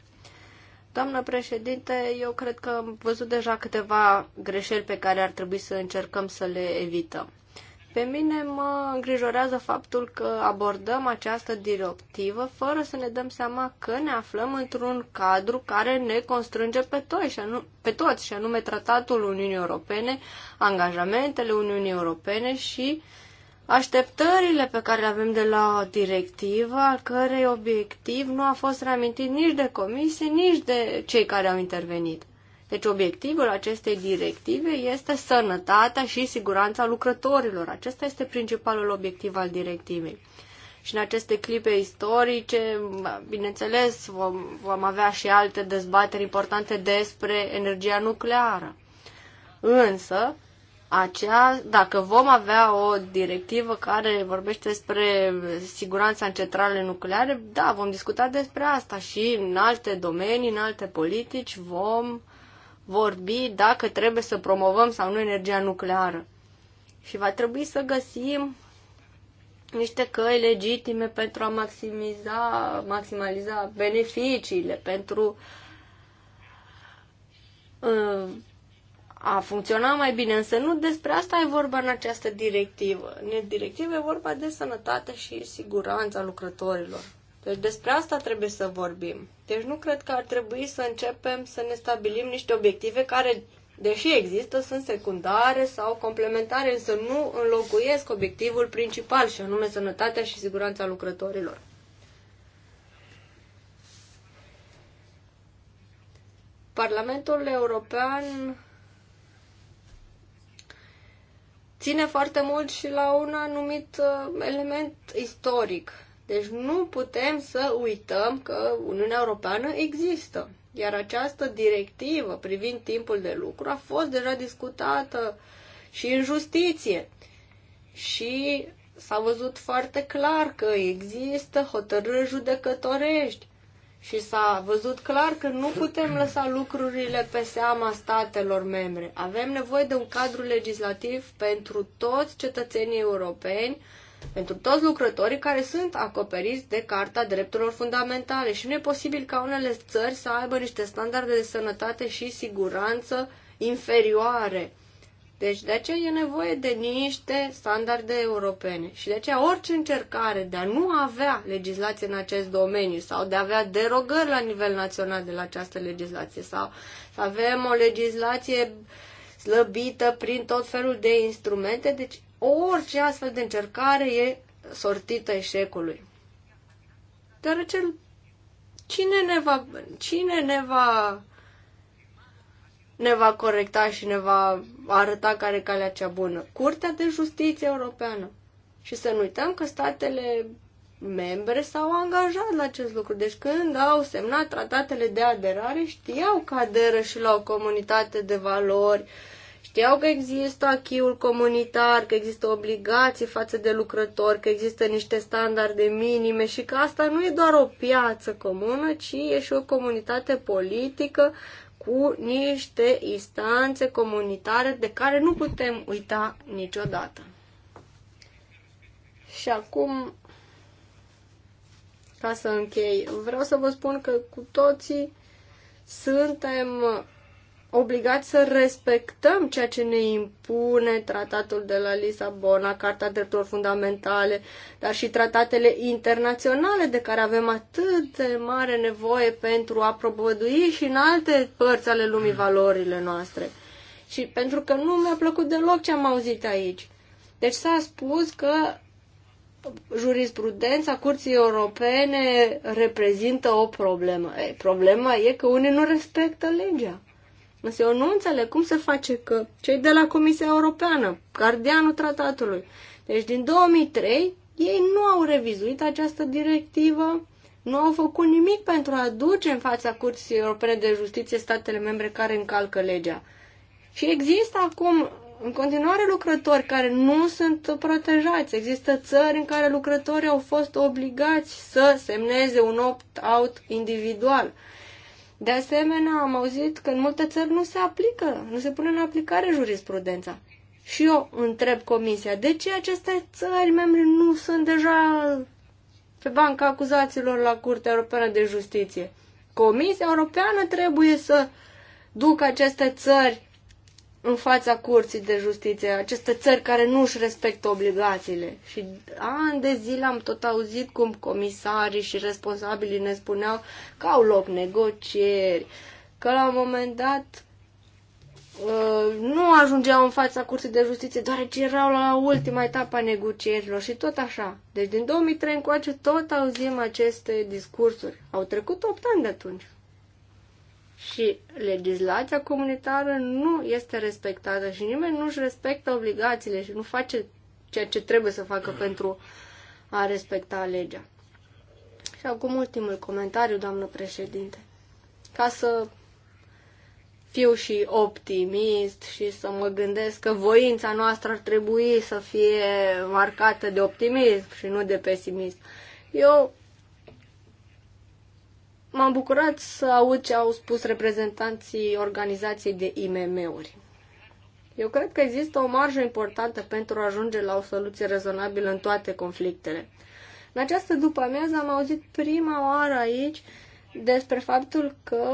S1: Doamnă președinte, eu cred că am văzut deja câteva greșeli pe care ar trebui să încercăm să le evităm. Pe mine mă îngrijorează faptul că abordăm această directivă fără să ne dăm seama că ne aflăm într-un cadru care ne constrânge pe, toți și anu- pe toți, și anume Tratatul Uniunii Europene, angajamentele Uniunii Europene și așteptările pe care le avem de la directivă, al cărei obiectiv nu a fost reamintit nici de comisie, nici de cei care au intervenit. Deci obiectivul acestei directive este sănătatea și siguranța lucrătorilor. Acesta este principalul obiectiv al directivei. Și în aceste clipe istorice, bineînțeles, vom, vom avea și alte dezbateri importante despre energia nucleară. Însă, acea, dacă vom avea o directivă care vorbește despre siguranța în centrale nucleare, da, vom discuta despre asta și în alte domenii, în alte politici vom vorbi dacă trebuie să promovăm sau nu energia nucleară. Și va trebui să găsim niște căi legitime pentru a maximiza, maximaliza beneficiile, pentru uh, a funcționa mai bine. Însă nu despre asta e vorba în această directivă. În directivă e vorba de sănătate și siguranța lucrătorilor. Deci despre asta trebuie să vorbim. Deci nu cred că ar trebui să începem să ne stabilim niște obiective care, deși există, sunt secundare sau complementare, însă nu înlocuiesc obiectivul principal și anume sănătatea și siguranța lucrătorilor. Parlamentul European ține foarte mult și la un anumit uh, element istoric deci nu putem să uităm că Uniunea Europeană există. Iar această directivă privind timpul de lucru a fost deja discutată și în justiție. Și s-a văzut foarte clar că există hotărâri judecătorești și s-a văzut clar că nu putem lăsa lucrurile pe seama statelor membre. Avem nevoie de un cadru legislativ pentru toți cetățenii europeni pentru toți lucrătorii care sunt acoperiți de Carta Drepturilor Fundamentale și nu e posibil ca unele țări să aibă niște standarde de sănătate și siguranță inferioare. Deci de aceea e nevoie de niște standarde europene și de aceea orice încercare de a nu avea legislație în acest domeniu sau de a avea derogări la nivel național de la această legislație sau să avem o legislație slăbită prin tot felul de instrumente, deci orice astfel de încercare e sortită eșecului. cel cine ne va, cine ne va, ne va corecta și ne va arăta care e calea cea bună? Curtea de Justiție Europeană. Și să nu uităm că statele membre s-au angajat la acest lucru. Deci când au semnat tratatele de aderare, știau că aderă și la o comunitate de valori, uh, știau că există achiul comunitar, că există obligații față de lucrători, că există niște standarde minime și că asta nu e doar o piață comună, ci e și o comunitate politică cu niște instanțe comunitare de care nu putem uita niciodată. Și acum, ca să închei, vreau să vă spun că cu toții suntem obligați să respectăm ceea ce ne impune tratatul de la Lisabona, Carta Drepturilor Fundamentale, dar și tratatele internaționale de care avem atât de mare nevoie pentru a propovădui și în alte părți ale lumii valorile noastre. Și pentru că nu mi-a plăcut deloc ce am auzit aici. Deci s-a spus că jurisprudența Curții Europene reprezintă o problemă. E, problema e că unii nu respectă legea. Însă eu nu înțeleg cum se face că cei de la Comisia Europeană, gardianul tratatului, deci din 2003, ei nu au revizuit această directivă, nu au făcut nimic pentru a aduce în fața Curții Europene de Justiție statele membre care încalcă legea. Și există acum în continuare lucrători care nu sunt protejați. Există țări în care lucrătorii au fost obligați să semneze un opt-out individual. De asemenea, am auzit că în multe țări nu se aplică, nu se pune în aplicare jurisprudența. Și eu întreb comisia, de ce aceste țări membre nu sunt deja pe banca acuzaților la Curtea Europeană de Justiție? Comisia Europeană trebuie să ducă aceste țări în fața curții de justiție, aceste țări care nu își respectă obligațiile. Și ani de zile am tot auzit cum comisarii și responsabilii ne spuneau că au loc negocieri, că la un moment dat uh, nu ajungeau în fața curții de justiție, deoarece erau la ultima etapă a negocierilor și tot așa. Deci din 2003 încoace tot auzim aceste discursuri. Au trecut 8 ani de atunci și legislația comunitară nu este respectată și nimeni nu își respectă obligațiile și nu face ceea ce trebuie să facă pentru a respecta legea. Și acum ultimul comentariu, doamnă președinte. Ca să fiu și optimist și să mă gândesc că voința noastră ar trebui să fie marcată de optimism și nu de pesimism. Eu M-am bucurat să aud ce au spus reprezentanții organizației de IMM-uri. Eu cred că există o marjă importantă pentru a ajunge la o soluție rezonabilă în toate conflictele. În această după-amiază am auzit prima oară aici despre faptul că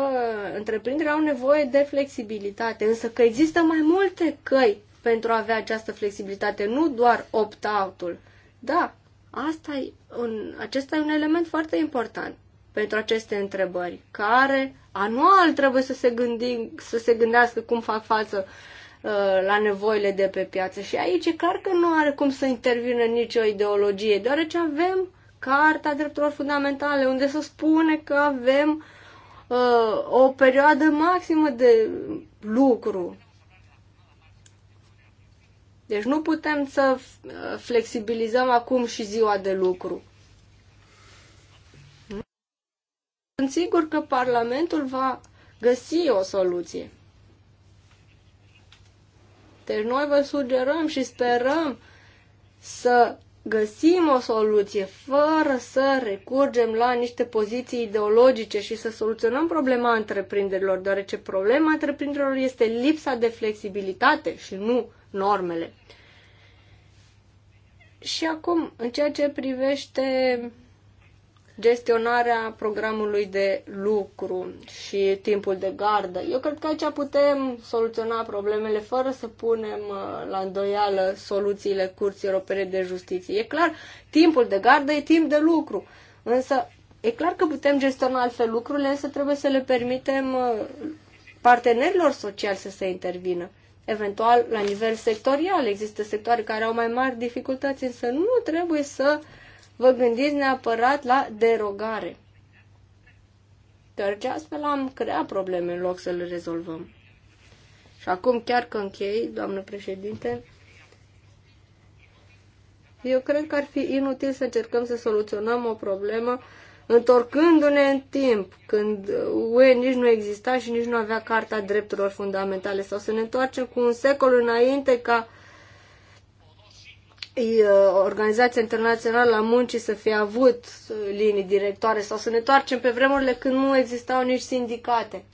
S1: întreprinderea au nevoie de flexibilitate, însă că există mai multe căi pentru a avea această flexibilitate, nu doar opt-out-ul. Da, asta e un, acesta e un element foarte important pentru aceste întrebări, care anual trebuie să se, gândi, să se gândească cum fac față uh, la nevoile de pe piață. Și aici e clar că nu are cum să intervină nicio ideologie, deoarece avem Carta Drepturilor Fundamentale, unde se spune că avem uh, o perioadă maximă de lucru. Deci nu putem să uh, flexibilizăm acum și ziua de lucru. Sunt sigur că Parlamentul va găsi o soluție. Deci noi vă sugerăm și sperăm să găsim o soluție fără să recurgem la niște poziții ideologice și să soluționăm problema întreprinderilor, deoarece problema întreprinderilor este lipsa de flexibilitate și nu normele. Și acum, în ceea ce privește gestionarea programului de lucru și timpul de gardă. Eu cred că aici putem soluționa problemele fără să punem uh, la îndoială soluțiile Curții Europene de Justiție. E clar, timpul de gardă e timp de lucru, însă e clar că putem gestiona altfel lucrurile, însă trebuie să le permitem uh, partenerilor sociali să se intervină. Eventual, la nivel sectorial, există sectoare care au mai mari dificultăți, însă nu trebuie să uh, vă gândiți neapărat la derogare. Deoarece astfel am creat probleme în loc să le rezolvăm. Și acum chiar că închei, doamnă președinte, eu cred că ar fi inutil să încercăm să soluționăm o problemă întorcându-ne în timp, când UE nici nu exista și nici nu avea Carta Drepturilor Fundamentale, sau să ne întoarcem cu un secol înainte ca Organizația Internațională a Muncii să fie avut uh, linii directoare sau să ne toarcem pe vremurile când nu existau nici sindicate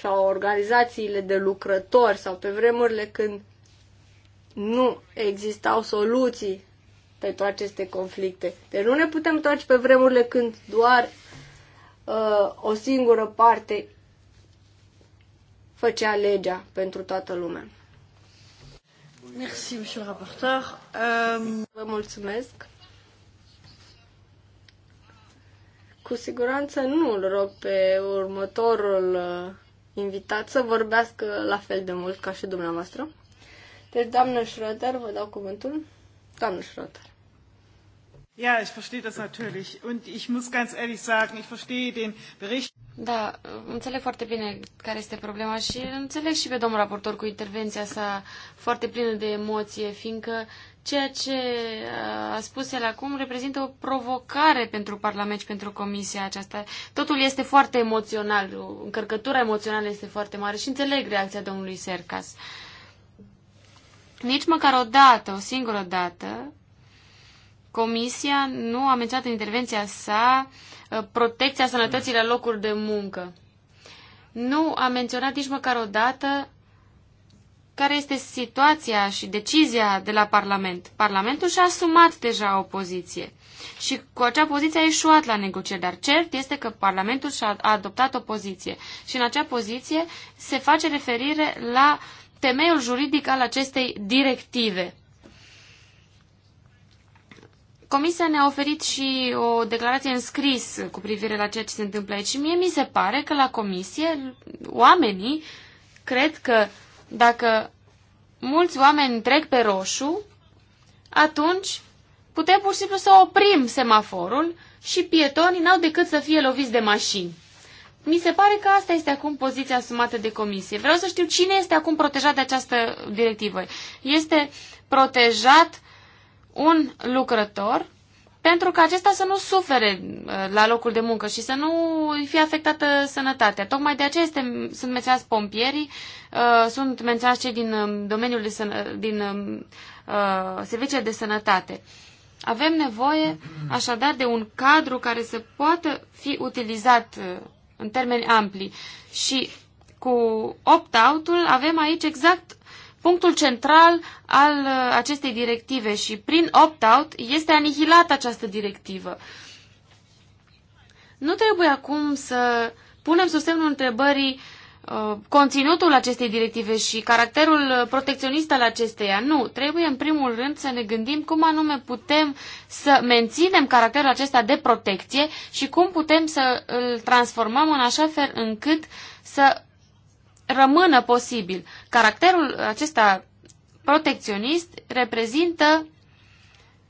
S1: sau organizațiile de lucrători sau pe vremurile când nu existau soluții pentru aceste conflicte. Deci nu ne putem toarce pe vremurile când doar uh, o singură parte făcea legea pentru toată lumea. Merci, monsieur le rapporteur. Um... Vă mulțumesc. Cu siguranță nu îl rog pe următorul uh, invitat să vorbească la fel de mult ca și dumneavoastră. Deci, doamnă Schröter, vă dau cuvântul. Doamnă Schröter.
S3: Ja, ich verstehe das natürlich. Und ich muss ganz ehrlich sagen, ich verstehe den Bericht.
S2: Da, înțeleg foarte bine care este problema și înțeleg și pe domnul raportor cu intervenția sa foarte plină de emoție, fiindcă ceea ce uh, a spus el acum reprezintă o provocare pentru Parlament și pentru Comisia aceasta. Totul este foarte emoțional, încărcătura emoțională este foarte mare și înțeleg reacția domnului Sercas. Nici măcar o dată, o singură dată, Comisia nu a menționat în intervenția sa uh, protecția sănătății la locuri de muncă. Nu a menționat nici măcar o dată care este situația și decizia de la Parlament. Parlamentul și-a asumat deja o poziție și cu acea poziție a ieșuat la negocieri, dar cert este că Parlamentul și-a adoptat o poziție și în acea poziție se face referire la temeiul juridic al acestei directive. Comisia ne-a oferit și o declarație în scris cu privire la ceea ce se întâmplă aici și mie mi se pare că la comisie oamenii cred că dacă mulți oameni trec pe roșu, atunci putem pur și simplu să oprim semaforul și pietonii n-au decât să fie loviți de mașini. Mi se pare că asta este acum poziția asumată de comisie. Vreau să știu cine este acum protejat de această directivă. Este protejat un lucrător pentru ca acesta să nu sufere uh, la locul de muncă și să nu îi fie afectată sănătatea. Tocmai de aceea este, sunt menționați pompierii, uh, sunt menționați cei din um, domeniul de sănă, din um, uh, serviciile de sănătate. Avem nevoie așadar de un cadru care să poată fi utilizat în termeni ampli și cu opt out avem aici exact punctul central al uh, acestei directive și prin opt-out este anihilată această directivă. Nu trebuie acum să punem sub semnul întrebării uh, conținutul acestei directive și caracterul uh, protecționist al acesteia. Nu, trebuie în primul rând să ne gândim cum anume putem să menținem caracterul acesta de protecție și cum putem să îl transformăm în așa fel încât să rămână posibil. Caracterul acesta protecționist reprezintă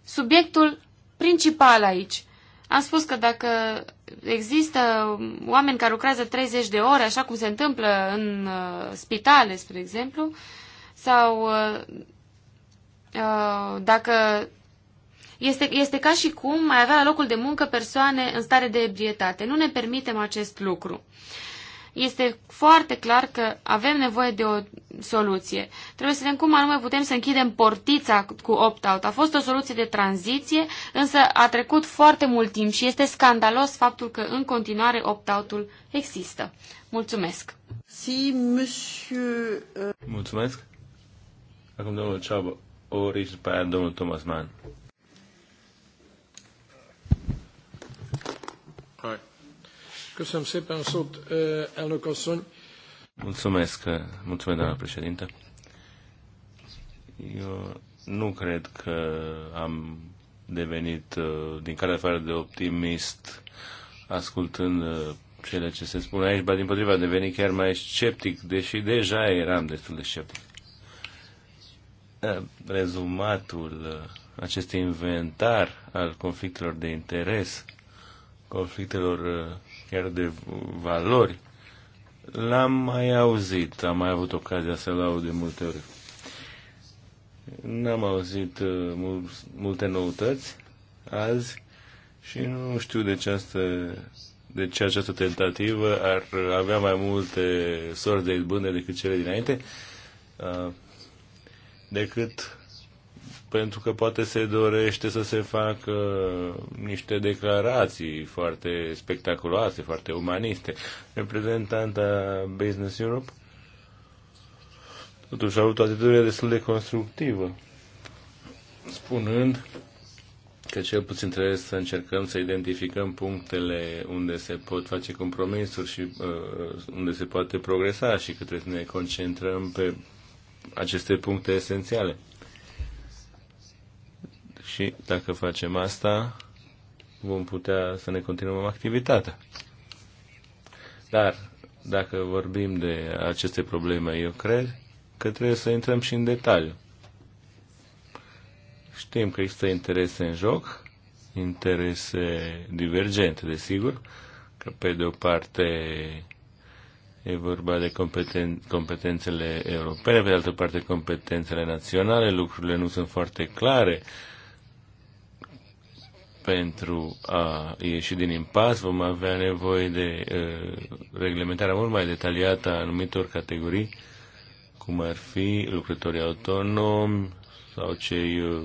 S2: subiectul principal aici. Am spus că dacă există oameni care lucrează 30 de ore, așa cum se întâmplă în uh, spitale, spre exemplu, sau uh, uh dacă este, este ca și cum mai avea la locul de muncă persoane în stare de ebrietate. Nu ne permitem acest lucru. Uh, este foarte clar că avem nevoie de o soluție. Trebuie să vedem cum anume putem să închidem portița cu opt-out. A fost o soluție de tranziție, însă a trecut foarte mult timp și este scandalos faptul că în continuare opt-out-ul există. Mulțumesc! Si, monsieur... Uh,
S3: Mulțumesc! Acum domnul Ceabă, ori și după aia domnul Thomas Mann.
S1: Köszönöm szépen a szót, elnök
S2: asszony.
S3: Mulțumesc, mulțumesc, doamna președinte. Eu nu cred că am devenit din care afară de optimist ascultând cele ce se spune aici, ba din potriva am devenit chiar mai sceptic, deși deja eram destul de sceptic. Rezumatul acestui inventar al conflictelor de interes, conflictelor chiar de valori, l-am mai auzit, am mai avut ocazia să-l aud de multe ori. N-am auzit uh, mul- multe noutăți azi și nu știu de ce, asta, de ce această tentativă ar avea mai multe sorți de izbândă decât cele dinainte, uh, decât pentru că poate se dorește să se facă niște declarații foarte spectaculoase, foarte umaniste. Reprezentanta Business Europe totuși a avut o atitudine destul de constructivă, spunând că cel puțin trebuie să încercăm să identificăm punctele unde se pot face compromisuri și uh, unde se poate progresa și că trebuie să ne concentrăm pe aceste puncte esențiale și dacă facem asta, vom putea să ne continuăm activitatea. Dar, dacă vorbim de aceste probleme, eu cred că trebuie să intrăm și în detaliu. Știm că există interese în joc, interese divergente, desigur, că pe de o parte e vorba de competen- competențele europene, pe de altă parte competențele naționale, lucrurile nu sunt foarte clare, uh, pentru a ieși din impas, vom avea nevoie de uh, reglementarea mult mai detaliată a anumitor categorii, cum ar fi lucrătorii autonomi sau cei uh,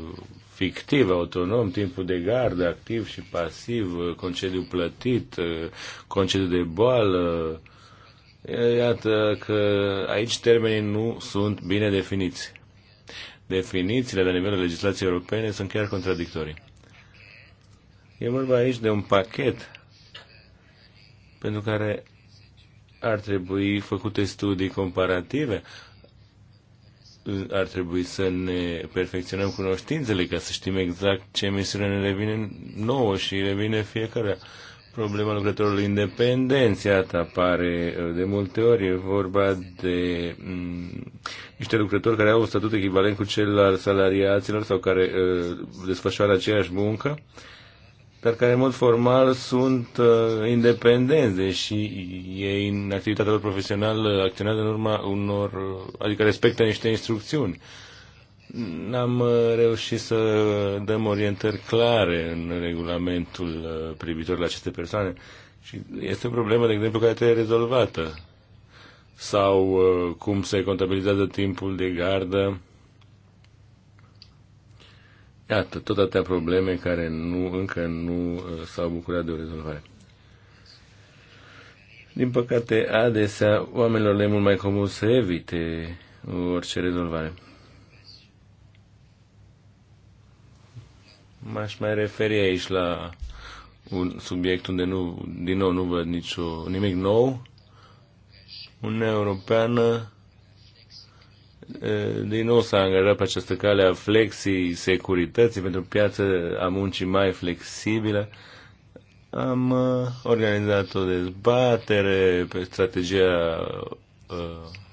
S3: fictivi autonom, timpul de gardă, activ și pasiv, uh, concediu plătit, uh, concediu de boală. Iată că aici termenii nu sunt bine definiți. Definițiile la nivelul legislației europene sunt chiar contradictorii. E vorba aici de un pachet pentru care ar trebui făcute studii comparative, ar trebui să ne perfecționăm cunoștințele ca să știm exact ce misiune ne revine nouă și revine fiecare. Problema lucrătorului independenți, iată, apare uh, de multe ori. E vorba de mm, niște lucrători care au un statut echivalent cu cel al salariaților sau care uh, desfășoară aceeași muncă. Uh, dar care în mod formal sunt uh, independenți, deși ei în activitatea lor profesională acționează în urma unor, uh, adică respectă niște instrucțiuni. N-am uh, reușit să dăm orientări clare în regulamentul uh, privitor la aceste persoane și este o problemă, de exemplu, care trebuie rezolvată. Sau cum se contabilizează timpul de gardă, Iată, tot atâtea probleme care nu, încă nu uh, s-au bucurat de o rezolvare. Din păcate, adesea, oamenilor le e mult mai comun să evite uh, orice rezolvare. M-aș mai referi aici la un subiect unde nu, din nou nu văd nicio, nimic nou. Uniunea Europeană din nou s-a angajat pe această cale a flexii securității pentru piață a muncii mai flexibilă. Am organizat o dezbatere pe strategia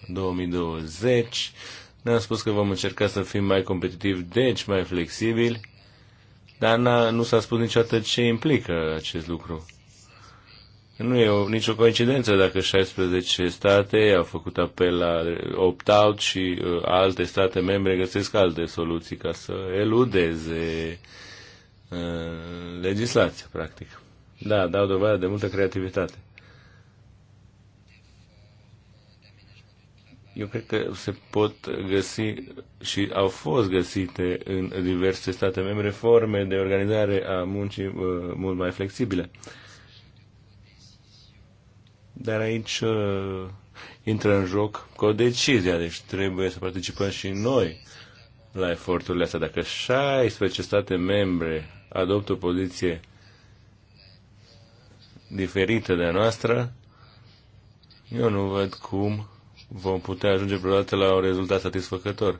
S3: 2020. Ne-am spus că vom încerca să fim mai competitivi, deci mai flexibili, dar nu s-a spus niciodată ce implică acest lucru. Nu e o, nicio coincidență dacă 16 state au făcut apel la opt-out și uh, alte state membre găsesc alte soluții ca să eludeze uh, legislația, practic. Da, dau dovadă de multă creativitate. Eu cred că se pot găsi și au fost găsite în diverse state membre forme de organizare a muncii uh, mult mai flexibile. Uh, dar aici uh, intră în joc cu o decizie, deci trebuie să participăm și noi la eforturile astea. Dacă 16 state membre adoptă o poziție diferită de a noastră, eu nu văd cum vom putea ajunge vreodată la un rezultat satisfăcător.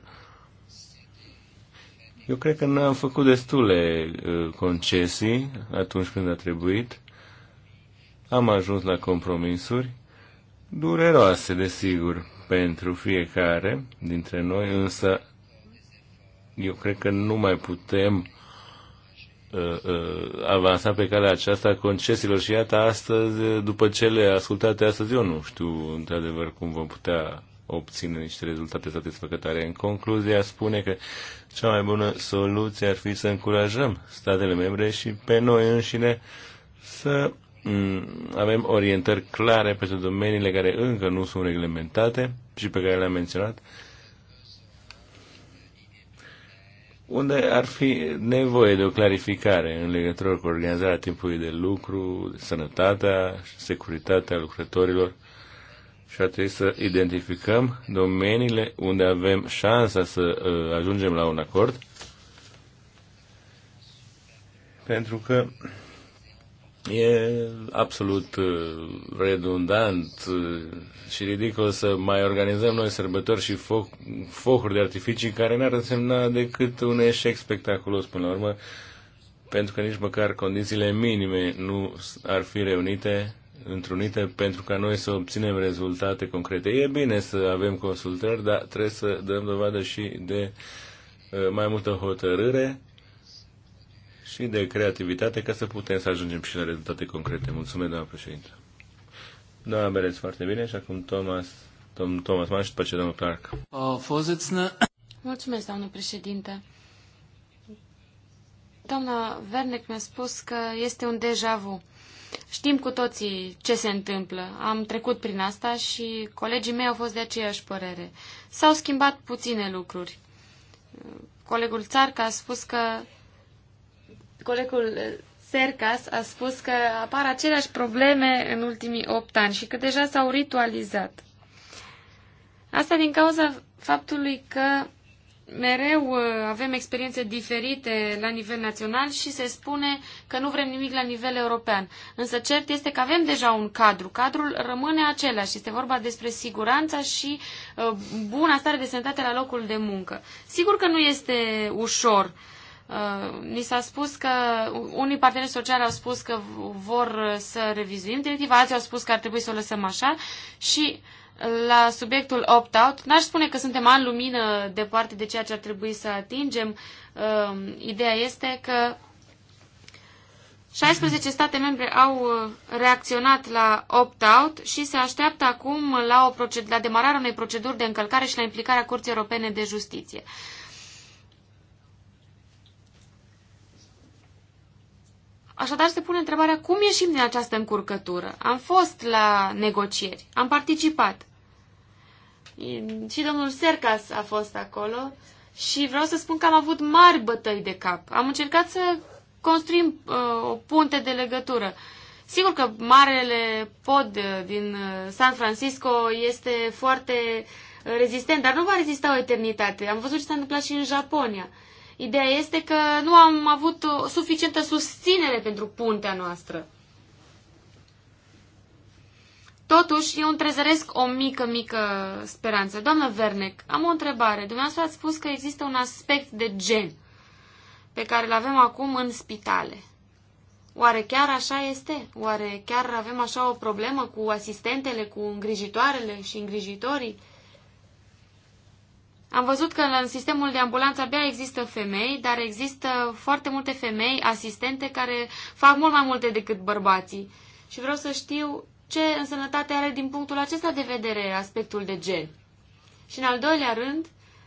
S3: Eu cred că n-am făcut destule uh, concesii atunci când a trebuit am ajuns la compromisuri dureroase, desigur, pentru fiecare dintre noi, însă eu cred că nu mai putem uh, uh, avansa pe calea aceasta concesiilor și iată astăzi, după cele ascultate astăzi, eu nu știu într-adevăr cum vom putea obține niște rezultate satisfăcătoare. În concluzie, spune că cea mai bună soluție ar fi să încurajăm statele membre și pe noi înșine să Mm, avem orientări clare pentru domeniile care încă nu sunt reglementate și pe care le-am menționat, unde ar fi nevoie de o clarificare în legătură cu organizarea timpului de lucru, sănătatea și securitatea lucrătorilor și ar trebui să identificăm domeniile unde avem șansa să uh, ajungem la un acord pentru că E absolut uh, redundant uh, și ridicol să mai organizăm noi sărbători și fo- focuri de artificii care n-ar însemna decât un eșec spectaculos până la urmă, pentru că nici măcar condițiile minime nu ar fi reunite, întrunite, pentru ca noi să obținem rezultate concrete. E bine să avem consultări, dar trebuie să dăm dovadă și de uh, mai multă hotărâre și de creativitate ca să putem să ajungem și la rezultate concrete. Mulțumesc, doamna președinte. Doamna Bereț, foarte bine și acum Thomas, domnul Thomas Mann și după ce domnul Clark.
S2: Mulțumesc, doamnă președinte. Doamna Vernec mi-a spus că este un deja vu. Știm cu toții ce se întâmplă. Am trecut prin asta și colegii mei au fost de aceeași părere. S-au schimbat puține lucruri. Colegul Țarca a spus că colegul Sercas a spus că apar aceleași probleme în ultimii opt ani și că deja s-au ritualizat. Asta din cauza faptului că mereu uh, avem experiențe diferite la nivel național și se spune că nu vrem nimic la nivel european. Însă cert este că avem deja un cadru. Cadrul rămâne același. Este vorba despre siguranța și uh, buna stare de sănătate la locul de muncă. Sigur că nu este ușor uh, Uh, ni s-a spus că unii parteneri sociali au spus că vor să revizuim directiva, alții au spus că ar trebui să o lăsăm așa și la subiectul opt-out, n-aș spune că suntem în lumină departe de ceea ce ar trebui să atingem. Uh, ideea este că 16 state membre au uh, reacționat la opt-out și se așteaptă acum la, o proced- la demararea unei proceduri de încălcare și la implicarea Curții Europene de Justiție. Uh, Așadar se pune întrebarea cum ieșim din această încurcătură. Am fost la negocieri, am participat. Și domnul Sercas a fost acolo și vreau să spun că am avut mari bătăi de cap. Am încercat să construim uh, o punte de legătură. Sigur că marele pod uh, din uh, San Francisco este foarte uh, rezistent, dar nu va rezista o eternitate. Am văzut ce s-a întâmplat și în Japonia. Uh, Ideea este că nu am avut o suficientă susținere pentru puntea noastră. Totuși, eu întrezăresc o mică, mică speranță. Doamnă Vernec, am o întrebare. Dumneavoastră ați spus că există un aspect de gen pe care îl avem acum în spitale. Oare chiar așa este? Oare chiar avem așa o problemă cu asistentele, cu îngrijitoarele și îngrijitorii? Am văzut că în sistemul de ambulanță abia există femei, dar există foarte multe femei asistente care fac mult mai multe decât bărbații. Și vreau să știu ce sănătate are din punctul acesta de vedere aspectul de gen. Și în al doilea rând,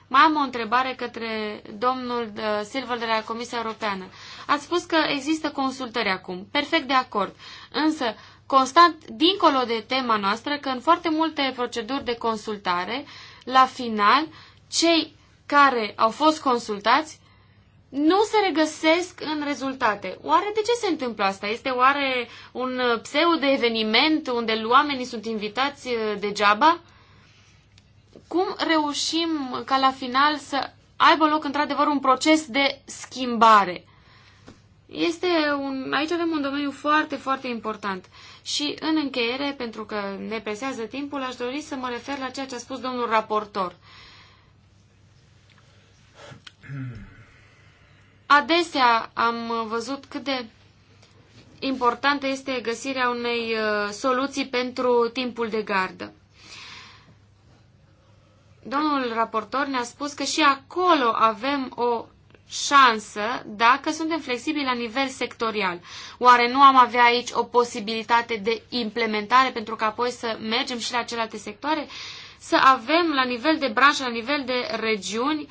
S2: mai am o întrebare către domnul uh, Silver de la Comisia Europeană. Ați spus că există consultări acum. Perfect de acord. Însă, constat, dincolo de tema noastră, că în foarte multe proceduri de consultare, la final, uh, cei care au fost consultați nu se regăsesc în rezultate. Oare de ce se întâmplă asta? Este oare un pseudo-eveniment unde oamenii sunt invitați uh, degeaba? Cum reușim ca la final să aibă loc într-adevăr un proces de schimbare? Este un, aici avem un domeniu foarte, foarte important. Și în încheiere, pentru că ne presează timpul, aș dori să mă refer la ceea ce a spus domnul raportor. Uh, Adesea am văzut cât de importantă este găsirea unei uh, soluții pentru timpul de gardă. Domnul raportor ne-a spus că și acolo avem o șansă dacă suntem flexibili la nivel sectorial. Oare nu am avea aici o posibilitate de implementare pentru că apoi să mergem și la celelalte sectoare? Să avem la nivel de branșă, la nivel de regiuni, uh,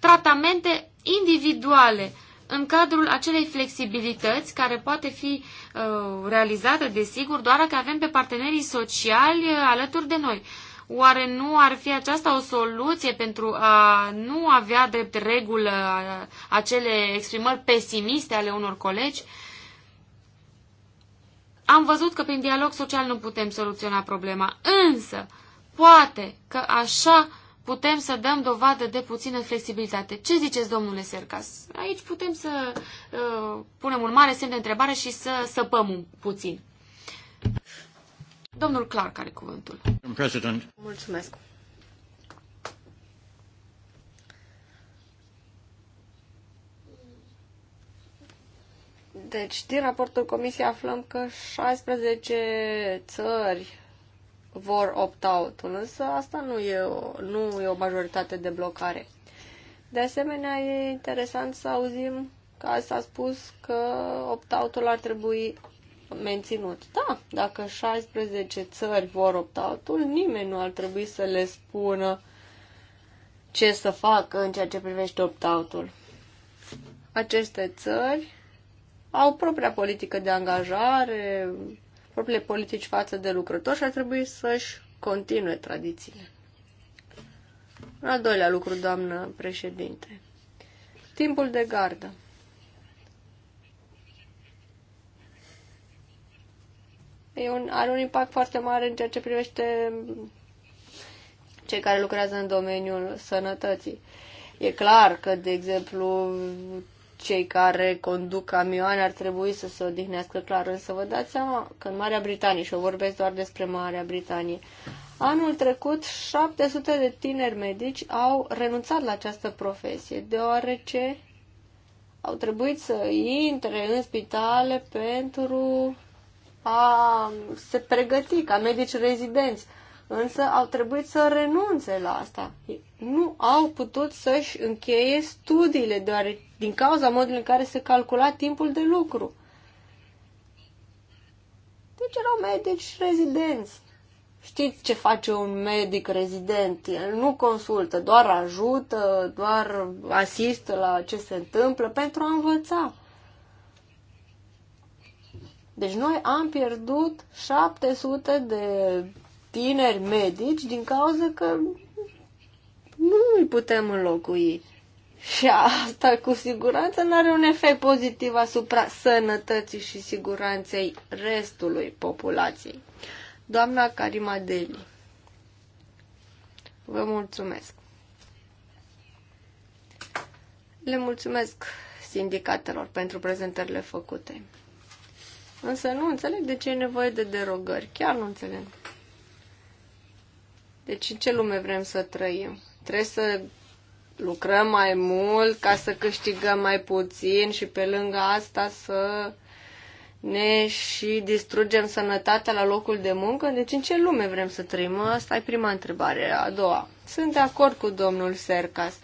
S2: tratamente individuale în cadrul acelei flexibilități care poate fi uh, realizată, desigur, doar dacă avem pe partenerii sociali uh, alături de noi. Oare nu ar fi aceasta o soluție pentru a nu avea drept regulă uh, acele exprimări pesimiste ale unor colegi? Am văzut că prin dialog social nu putem soluționa problema, însă poate că așa putem să dăm dovadă de puțină flexibilitate. Ce ziceți, domnule Sercas? Aici putem să uh, punem un mare semn de întrebare și să săpăm un puțin. Domnul Clark are cuvântul. President. Mulțumesc.
S1: Deci, din raportul Comisiei aflăm că 16 țări vor opt-out-ul, însă asta nu e, o, nu e o majoritate de blocare. De asemenea, e interesant să auzim că s-a spus că opt-out-ul ar trebui menținut. Da, dacă 16 țări vor opt-out-ul, nimeni nu ar trebui să le spună ce să facă în ceea ce privește opt-out-ul. Aceste țări au propria politică de angajare, propriile politici față de lucrători și ar trebui să-și continue tradițiile. Un al doilea lucru, doamnă președinte. Timpul de gardă. E un, are un impact foarte mare în ceea ce privește cei care lucrează în domeniul sănătății. E clar că, de exemplu, cei care conduc camioane ar trebui să se odihnească clar, însă vă dați seama că în Marea Britanie, și o vorbesc doar despre Marea Britanie, anul trecut 700 de tineri medici au renunțat la această profesie, deoarece au trebuit să intre în spitale pentru a se pregăti ca medici rezidenți, însă au trebuit să renunțe la asta. Nu au putut să-și încheie studiile, deoarece din cauza modului în care se calcula timpul de lucru. Deci erau medici rezidenți. Știți ce face un medic rezident? El nu consultă, doar ajută, doar asistă la ce se întâmplă pentru a învăța. Deci noi am pierdut 700 de tineri medici din cauza că nu îi putem înlocui. Și asta cu siguranță nu are un efect pozitiv asupra sănătății și siguranței restului populației. Doamna Karima Deli, vă mulțumesc. Le mulțumesc sindicatelor pentru prezentările făcute. Însă nu înțeleg de ce e nevoie de derogări. Chiar nu înțeleg. Deci în ce lume vrem să trăim? Trebuie să lucrăm mai mult ca să câștigăm mai puțin și pe lângă asta să ne și distrugem sănătatea la locul de muncă? Deci în ce lume vrem să trăim? Asta e prima întrebare. A doua. Sunt de acord cu domnul Sercas.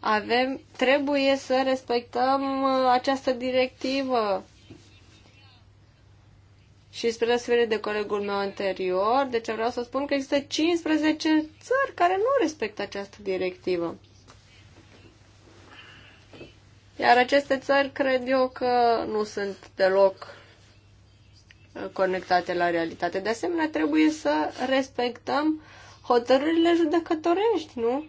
S1: Avem, trebuie să respectăm uh, această directivă. Și spre deosebire de colegul meu anterior, deci vreau să spun că există 15 țări care nu respectă această directivă. Iar aceste țări cred eu că nu sunt deloc uh, conectate la realitate. De asemenea, trebuie să respectăm hotărârile judecătorești, nu?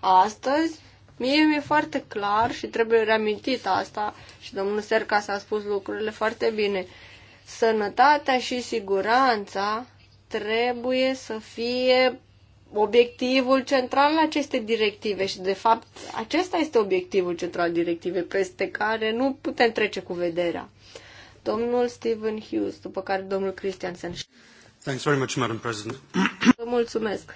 S1: Astăzi, mie mi-e foarte clar și trebuie reamintit asta și domnul Serca s-a spus lucrurile foarte bine. Sănătatea și siguranța trebuie să fie obiectivul central al acestei directive și, de fapt, acesta este obiectivul central al directivei, peste care nu putem trece cu vederea. Domnul Stephen Hughes, după care domnul Christiansen.
S2: Thanks very much, Madam President.
S1: Vă mulțumesc.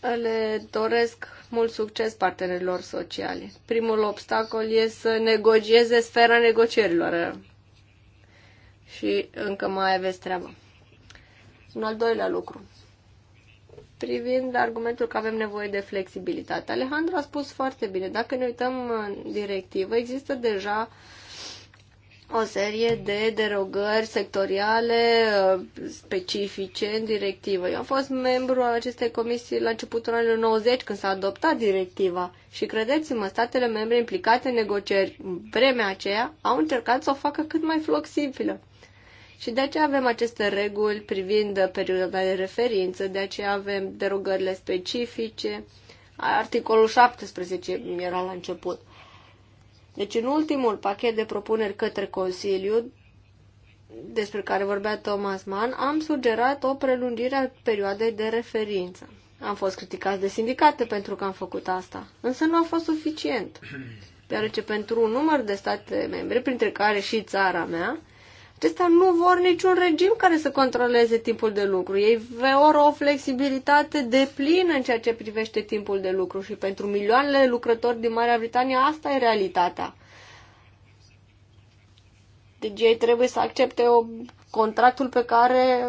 S1: Le doresc mult succes partenerilor sociale. Primul obstacol e să negocieze sfera negocierilor. Și încă mai aveți treabă. Un al doilea lucru. Privind argumentul că avem nevoie de flexibilitate. Alejandro a spus foarte bine. Dacă ne uităm în directivă, există deja o serie de derogări sectoriale uh, specifice în directivă. Eu am fost membru al acestei comisii la începutul anilor 90 când s-a adoptat directiva și credeți-mă, statele membre implicate în negocieri în vremea aceea au încercat să o facă cât mai flexibilă. Și de aceea avem aceste reguli privind perioada de referință, de aceea avem derogările specifice. Articolul 17 era la început. Deci în ultimul pachet de propuneri către Consiliu, despre care vorbea Thomas Mann, am sugerat o prelungire a perioadei de referință. Am fost criticați de sindicate pentru că am făcut asta, însă nu a fost suficient, deoarece pentru un număr de state membre, printre care și țara mea, Acestea nu vor niciun regim care să controleze timpul de lucru. Ei vor o flexibilitate de plină în ceea ce privește timpul de lucru și pentru milioanele lucrători din Marea Britanie asta e realitatea. Deci ei trebuie să accepte o, contractul pe care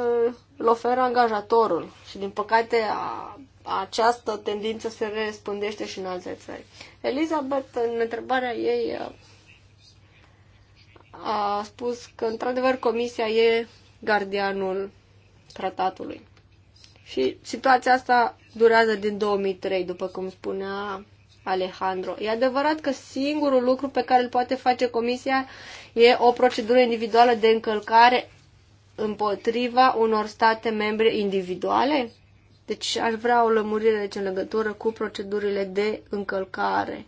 S1: îl oferă angajatorul. Și din păcate a, această tendință se răspândește și în alte țări. Elizabeth, în întrebarea ei, a spus că, într-adevăr, Comisia e gardianul tratatului. Și situația asta durează din 2003, după cum spunea Alejandro. E adevărat că singurul lucru pe care îl poate face Comisia e o procedură individuală de încălcare împotriva unor state membre individuale? Deci aș vrea o lămurire deci, în legătură cu procedurile de încălcare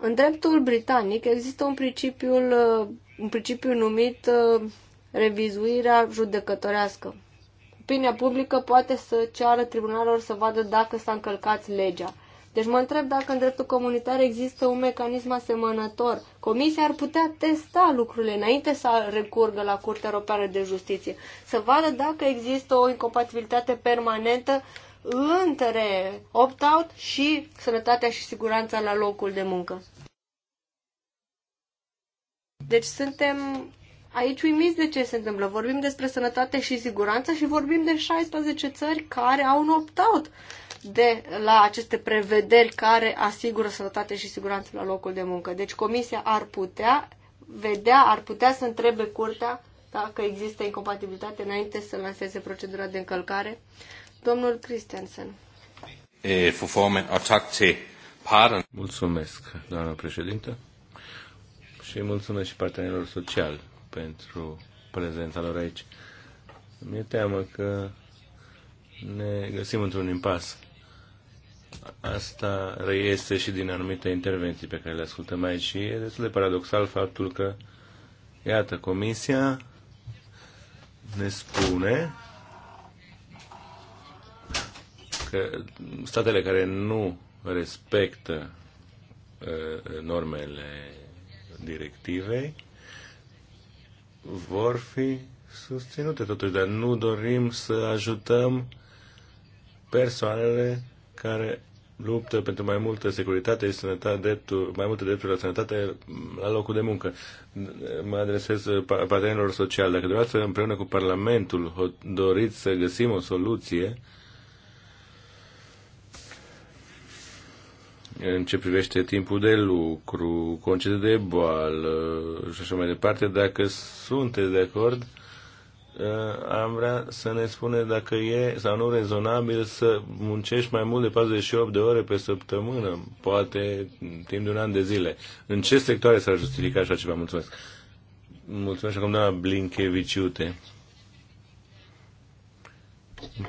S1: în dreptul britanic există un principiu, uh, un principiu numit uh, revizuirea judecătorească. Opinia publică poate să ceară tribunalelor să vadă dacă s-a încălcat legea. Deci mă întreb dacă în dreptul comunitar există un mecanism asemănător. Comisia ar putea testa lucrurile înainte să recurgă la Curtea Europeană de Justiție, să vadă dacă există o incompatibilitate permanentă între opt-out și sănătatea și siguranța la locul de muncă. Deci suntem aici uimiți de ce se întâmplă. Vorbim despre sănătate și siguranță și vorbim de 16 țări care au un opt-out de la aceste prevederi care asigură sănătate și siguranță la locul de muncă. Deci comisia ar putea vedea, ar putea să întrebe curtea dacă există incompatibilitate înainte să lanseze procedura de încălcare Domnul Christensen.
S3: Øh, mulțumesc, doamna președintă, și mulțumesc și partenerilor sociali pentru prezența lor aici. Mi-e teamă că ne găsim într-un impas. Asta reiese și din anumite intervenții pe care le ascultăm aici și e destul de paradoxal faptul că, iată, Comisia ne spune că statele care nu respectă uh, normele directivei vor fi susținute totuși, dar nu dorim să ajutăm persoanele care luptă pentru mai multă securitate și sănătate, dreptul, mai multe drepturi la sănătate la locul de muncă. Mă adresez partenerilor sociali. Dacă dumneavoastră împreună cu Parlamentul doriți să găsim o soluție, în ce privește timpul de lucru, concediu de boală și așa mai departe, dacă sunteți de acord, uh, am vrea să ne spune dacă e sau nu rezonabil să muncești mai mult de 48 de ore pe săptămână, poate timp de un an de zile. În ce sectoare s-ar justifica așa ceva? Mulțumesc. Mulțumesc acum doamna Blinkeviciute.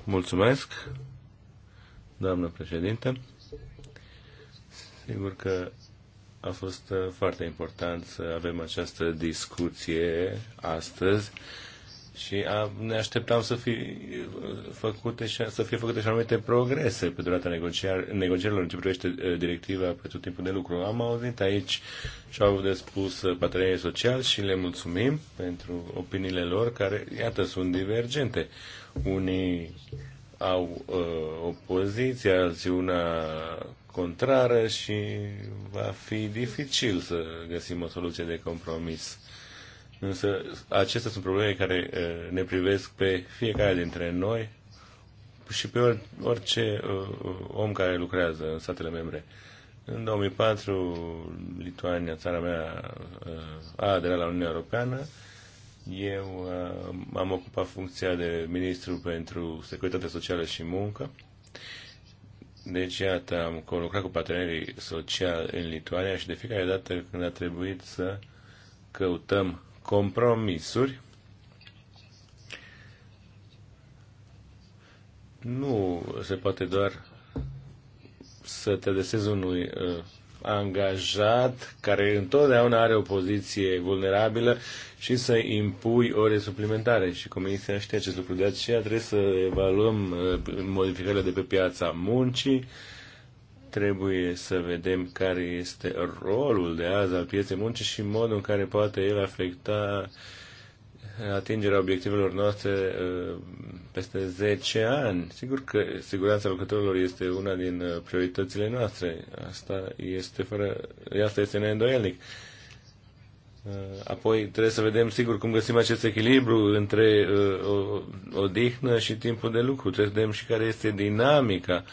S3: Mulțumesc, doamnă președinte. Sigur că a fost uh, foarte important să avem această discuție astăzi și a, ne așteptam să fie uh, făcute și, să fie făcute și anumite progrese pe durata negocierilor în ce privește uh, directiva pentru timpul de lucru. Am auzit aici ce au de spus partenerii sociali și le mulțumim pentru opiniile lor care, iată, sunt divergente. Unii au uh, opoziție, alții una contrară și va fi dificil să găsim o soluție de compromis. Însă acestea sunt probleme care ne privesc pe fiecare dintre noi și pe orice om care lucrează în statele membre. În 2004, Lituania, țara mea, a aderat la Uniunea Europeană. Eu am ocupat funcția de ministru pentru securitate socială și muncă deci, iată, am lucrat cu partenerii sociali în Lituania și de fiecare dată când a trebuit să căutăm compromisuri, nu se poate doar să te adresezi unui uh, angajat care întotdeauna are o poziție vulnerabilă și să impui ore suplimentare. Și Comisia știe acest lucru. De aceea trebuie să evaluăm uh, modificările de pe piața muncii. Trebuie să vedem care este rolul de azi al pieței muncii și modul în care poate el afecta atingerea obiectivelor noastre uh, peste 10 ani. Sigur că siguranța lucrătorilor este una din uh, prioritățile noastre. Asta este, fără, asta este neîndoielnic. Uh, apoi trebuie să vedem, sigur, cum găsim acest echilibru între uh, o, odihnă și timpul de lucru. Trebuie să vedem și care este dinamica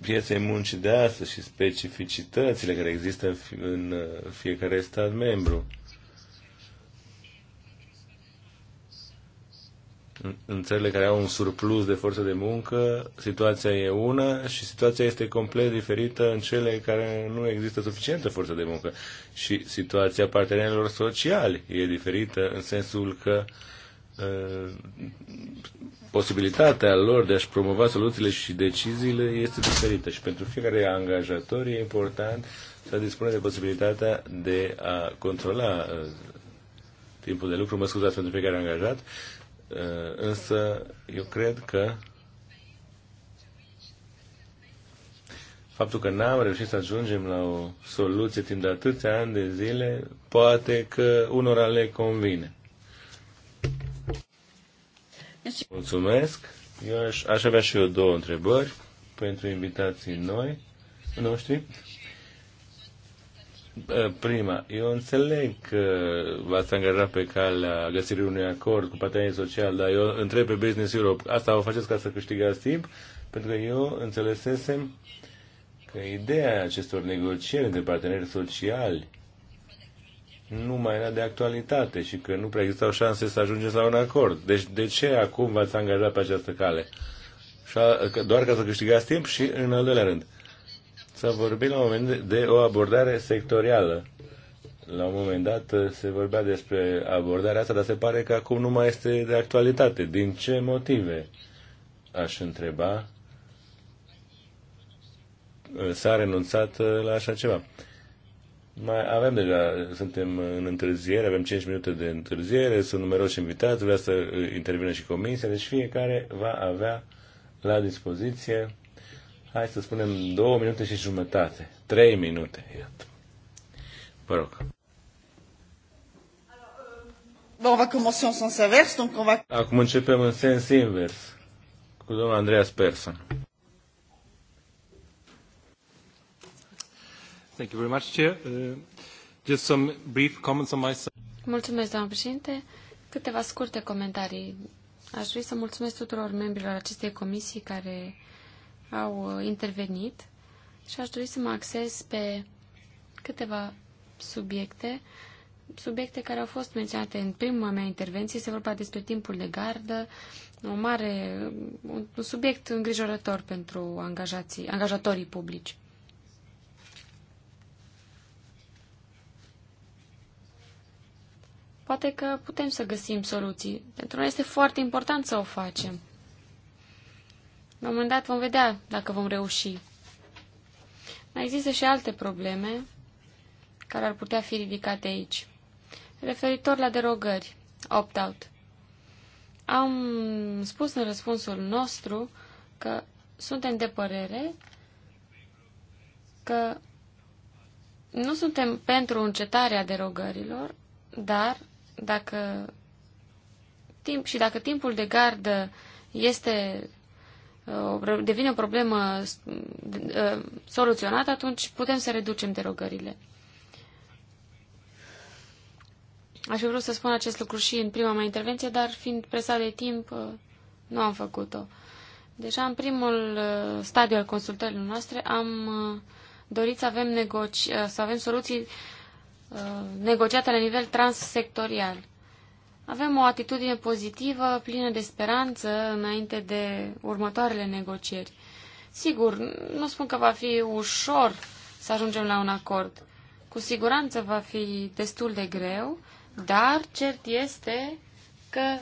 S3: pieței muncii de astăzi și specificitățile care există în uh, fiecare stat membru. în țările care au un surplus de forță de muncă, situația e una și situația este complet diferită în cele care nu există suficientă forță de muncă. Și situația partenerilor sociali e diferită în sensul că uh, posibilitatea lor de a-și promova soluțiile și deciziile este diferită și pentru fiecare angajator e important să dispune de posibilitatea de a controla uh, timpul de lucru, mă scuzați pentru fiecare angajat, Eh, însă, eu cred că faptul că n-am reușit să ajungem la o soluție timp de atâția ani de zile, poate că unora le convine. Mulțumesc. Eu aș, aș avea și eu două întrebări pentru invitații noi noștri. Eh, prima, eu înțeleg că v-ați angajat pe calea găsirii unui acord cu partenerii sociali, dar eu întreb pe Business Europe, asta o faceți ca să câștigați timp? Pentru că eu înțelesesem că ideea acestor negocieri între parteneri sociali nu mai era de actualitate și că nu prea existau șanse să ajungeți la un acord. Deci de ce acum v-ați angajat pe această cale? Doar ca să câștigați timp și în al doilea rând S-a vorbit la un moment de, de o abordare sectorială. La un moment dat uh, se vorbea despre abordarea asta, dar se pare că acum nu mai este de actualitate. Din ce motive? Aș întreba. Uh, s-a renunțat uh, la așa ceva. Mai avem deja, suntem în întârziere, avem 5 minute de întârziere, sunt numeroși invitați, vrea să intervină și comisia, deci fiecare va avea la dispoziție hai să spunem, două minute și jumătate, trei minute, iată. Vă rog. Acum începem în sens invers, cu domnul Andreas Persson. Thank you very much, Chair. Uh, just some brief comments on my side.
S2: Mulțumesc, doamnă președinte. Câteva scurte comentarii. Aș vrea să mulțumesc tuturor membrilor acestei comisii care au uh, intervenit și aș dori să mă acces pe câteva subiecte, subiecte care au fost menționate în prima mea intervenție, se vorba despre timpul de gardă, o mare, un subiect îngrijorător pentru angajații, angajatorii publici. Poate că putem să găsim soluții. Pentru noi este foarte important să o facem un moment dat vom vedea dacă vom reuși. Mai există și alte probleme care ar putea fi ridicate aici. Referitor la derogări, opt-out. Am spus în răspunsul nostru că suntem de părere că nu suntem pentru încetarea derogărilor, dar dacă timp și dacă timpul de gardă este devine o problemă uh, soluționată, atunci putem să reducem derogările. Aș fi vrut să spun acest lucru și în prima mea intervenție, dar fiind presat de timp, uh, nu am făcut-o. Deja în primul uh, stadiu al consultărilor noastre am dorit să avem, negoci- să avem soluții negociate la nivel transsectorial avem o atitudine pozitivă, plină de speranță înainte de următoarele negocieri. Sigur, nu spun că va fi ușor să ajungem la un acord. Cu siguranță va fi destul de greu, dar cert este că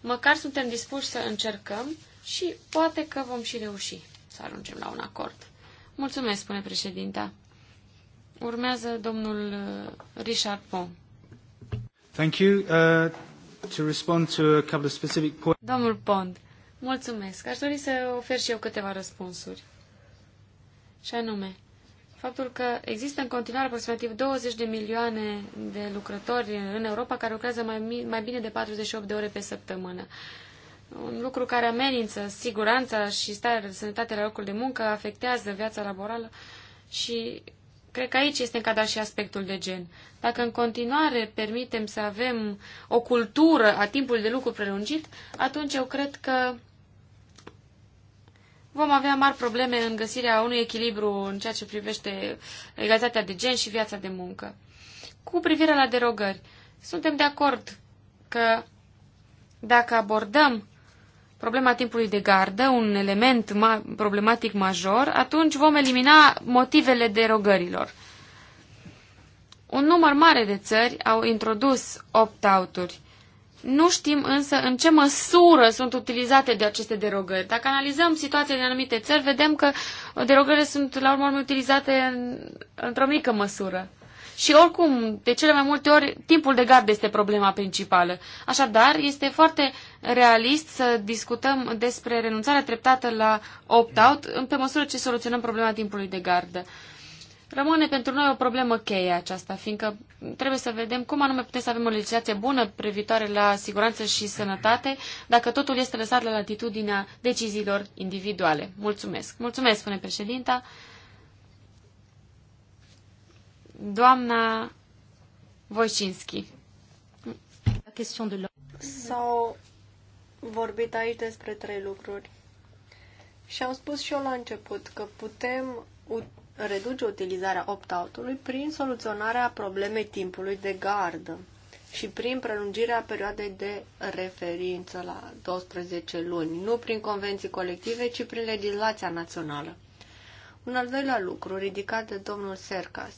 S2: măcar suntem dispuși să încercăm și poate că vom și reuși să ajungem la un acord. Mulțumesc, spune președinta. Urmează domnul uh, Richard Pong. Thank you. Uh... Domnul Pond, mulțumesc. Aș dori să ofer și eu câteva răspunsuri. Și anume, faptul că există în continuare aproximativ 20 de milioane de lucrători în Europa care lucrează mai, mai bine de 48 de ore pe săptămână. Un lucru care amenință siguranța și starea de sănătate la locul de muncă, afectează viața laborală și Cred că aici este încadrat și aspectul de gen. Dacă în continuare permitem să avem o cultură a timpului de lucru prelungit, atunci eu cred că vom avea mari probleme în găsirea unui echilibru în ceea ce privește egalitatea de gen și viața de muncă. Cu privire la derogări, suntem de acord că dacă abordăm problema timpului de gardă, un element ma problematic major, atunci vom elimina motivele derogărilor. Un număr mare de țări au introdus opt-out-uri. Nu știm însă în ce măsură sunt utilizate de aceste derogări. Dacă analizăm situația din anumite țări, vedem că derogările sunt la urmă utilizate în, într-o mică măsură și oricum, de cele mai multe ori, timpul de gardă este problema principală. Așadar, este foarte realist să discutăm despre renunțarea treptată la opt-out pe măsură ce soluționăm problema timpului de gardă. Rămâne pentru noi o problemă cheie aceasta, fiindcă trebuie să vedem cum anume putem să avem o legislație bună privitoare la siguranță și sănătate, dacă totul este lăsat la latitudinea deciziilor individuale. Mulțumesc. Mulțumesc, spune președinta. Doamna Voșinski.
S1: S-au vorbit aici despre trei lucruri. Și am spus și eu la început că putem reduce utilizarea opt-out-ului prin soluționarea problemei timpului de gardă și prin prelungirea perioadei de referință la 12 luni, nu prin convenții colective, ci prin legislația națională. Un al doilea lucru ridicat de domnul Sercas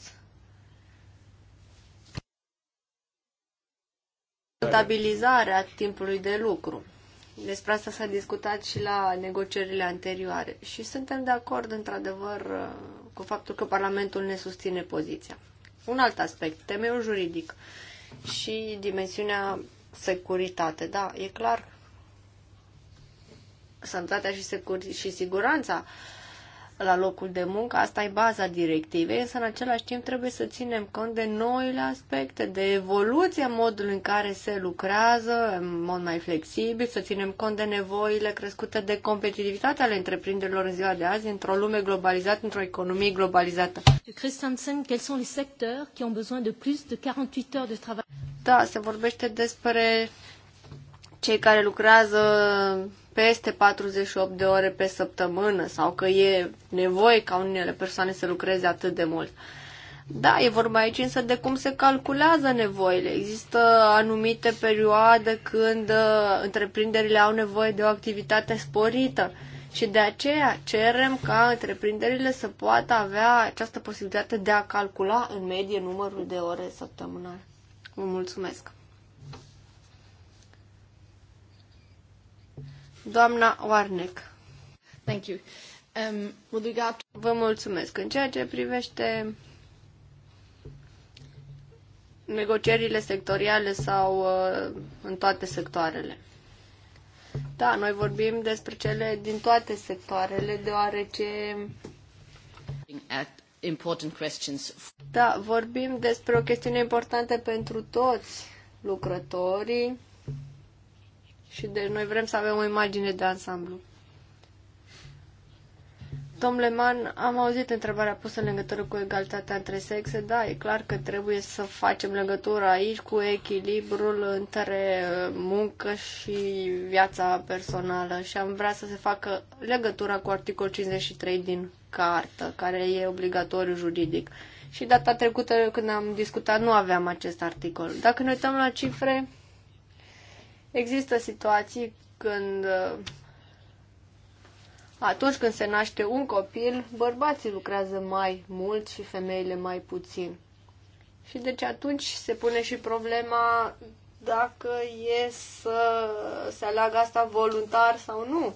S1: contabilizarea timpului de lucru. Despre asta s-a discutat și la negocierile anterioare și suntem de acord, într-adevăr, cu faptul că Parlamentul ne susține poziția. Un alt aspect, temeiul juridic și dimensiunea securitate. Da, e clar, sănătatea și, securi, și siguranța uh, la locul de muncă, asta e baza directivei, însă în același timp trebuie să ținem cont de noile aspecte, de evoluția modului în care se lucrează, în mod mai flexibil, să ținem cont de nevoile crescute de competitivitate ale întreprinderilor în ziua de azi, într-o lume globalizată, într-o economie globalizată. Christensen, quels sont les secteurs qui ont besoin de plus de 48 heures de travail? Da, se vorbește despre cei care lucrează peste 48 de ore pe săptămână sau că e nevoie ca unele persoane să lucreze atât de mult. Da, e vorba aici însă de cum se calculează nevoile. Există anumite perioade când uh, întreprinderile au nevoie de o activitate sporită și de aceea cerem ca întreprinderile să poată avea această posibilitate de a calcula în medie numărul de ore săptămânal. Vă mulțumesc! Doamna Warneck. Thank you. Um, regard... Vă mulțumesc. În ceea ce privește negocierile sectoriale sau uh, în toate sectoarele. Da, noi vorbim despre cele din toate sectoarele, deoarece important questions. Da, vorbim despre o chestiune importantă pentru toți lucrătorii, și deci noi vrem să avem o imagine de ansamblu. Domnule Man, am auzit întrebarea pusă în legătură cu egalitatea între sexe. Da, e clar că trebuie să facem legătura aici cu echilibrul între uh, muncă și viața personală și am vrea să se facă legătura cu articolul 53 din cartă, care e obligatoriu juridic. Și data trecută când am discutat nu aveam acest articol. Dacă ne uităm la cifre, Există situații când uh, atunci când se naște un copil, bărbații lucrează mai mult și femeile mai puțin. Și deci atunci se pune și problema dacă e să se aleagă asta voluntar sau nu.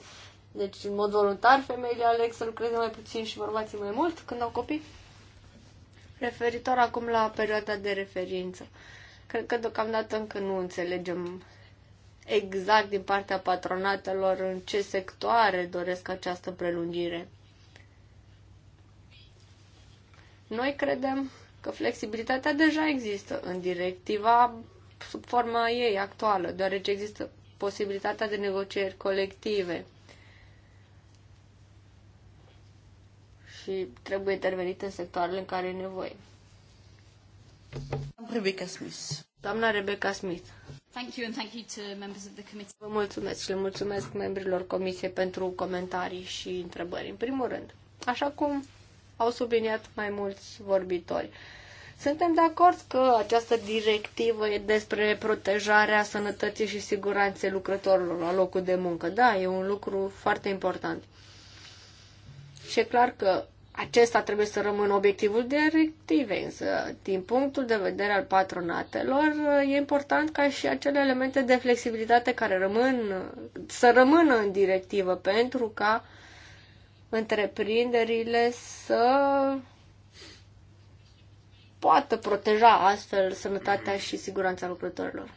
S1: Deci, în mod voluntar, femeile aleg să lucreze mai puțin și bărbații mai mult când au copii. Referitor acum la perioada de referință. Cred că deocamdată încă nu înțelegem exact din partea patronatelor în ce sectoare doresc această prelungire. Noi credem că flexibilitatea deja există în directiva sub forma ei actuală, deoarece există posibilitatea de negocieri colective. Și trebuie intervenit în sectoarele în care e nevoie. Rebecca Smith. Doamna Rebecca Smith. Vă mulțumesc și le mulțumesc membrilor comisiei pentru comentarii și întrebări. În primul rând, așa cum au subliniat mai mulți vorbitori, suntem de acord că această directivă e despre protejarea sănătății și siguranței lucrătorilor la locul de muncă. Da, e un lucru foarte important. Și e clar că acesta trebuie să rămână obiectivul directivei, însă din punctul de vedere al patronatelor e important ca și acele elemente de flexibilitate care rămân, să rămână în directivă pentru ca întreprinderile să poată proteja astfel sănătatea și siguranța lucrătorilor.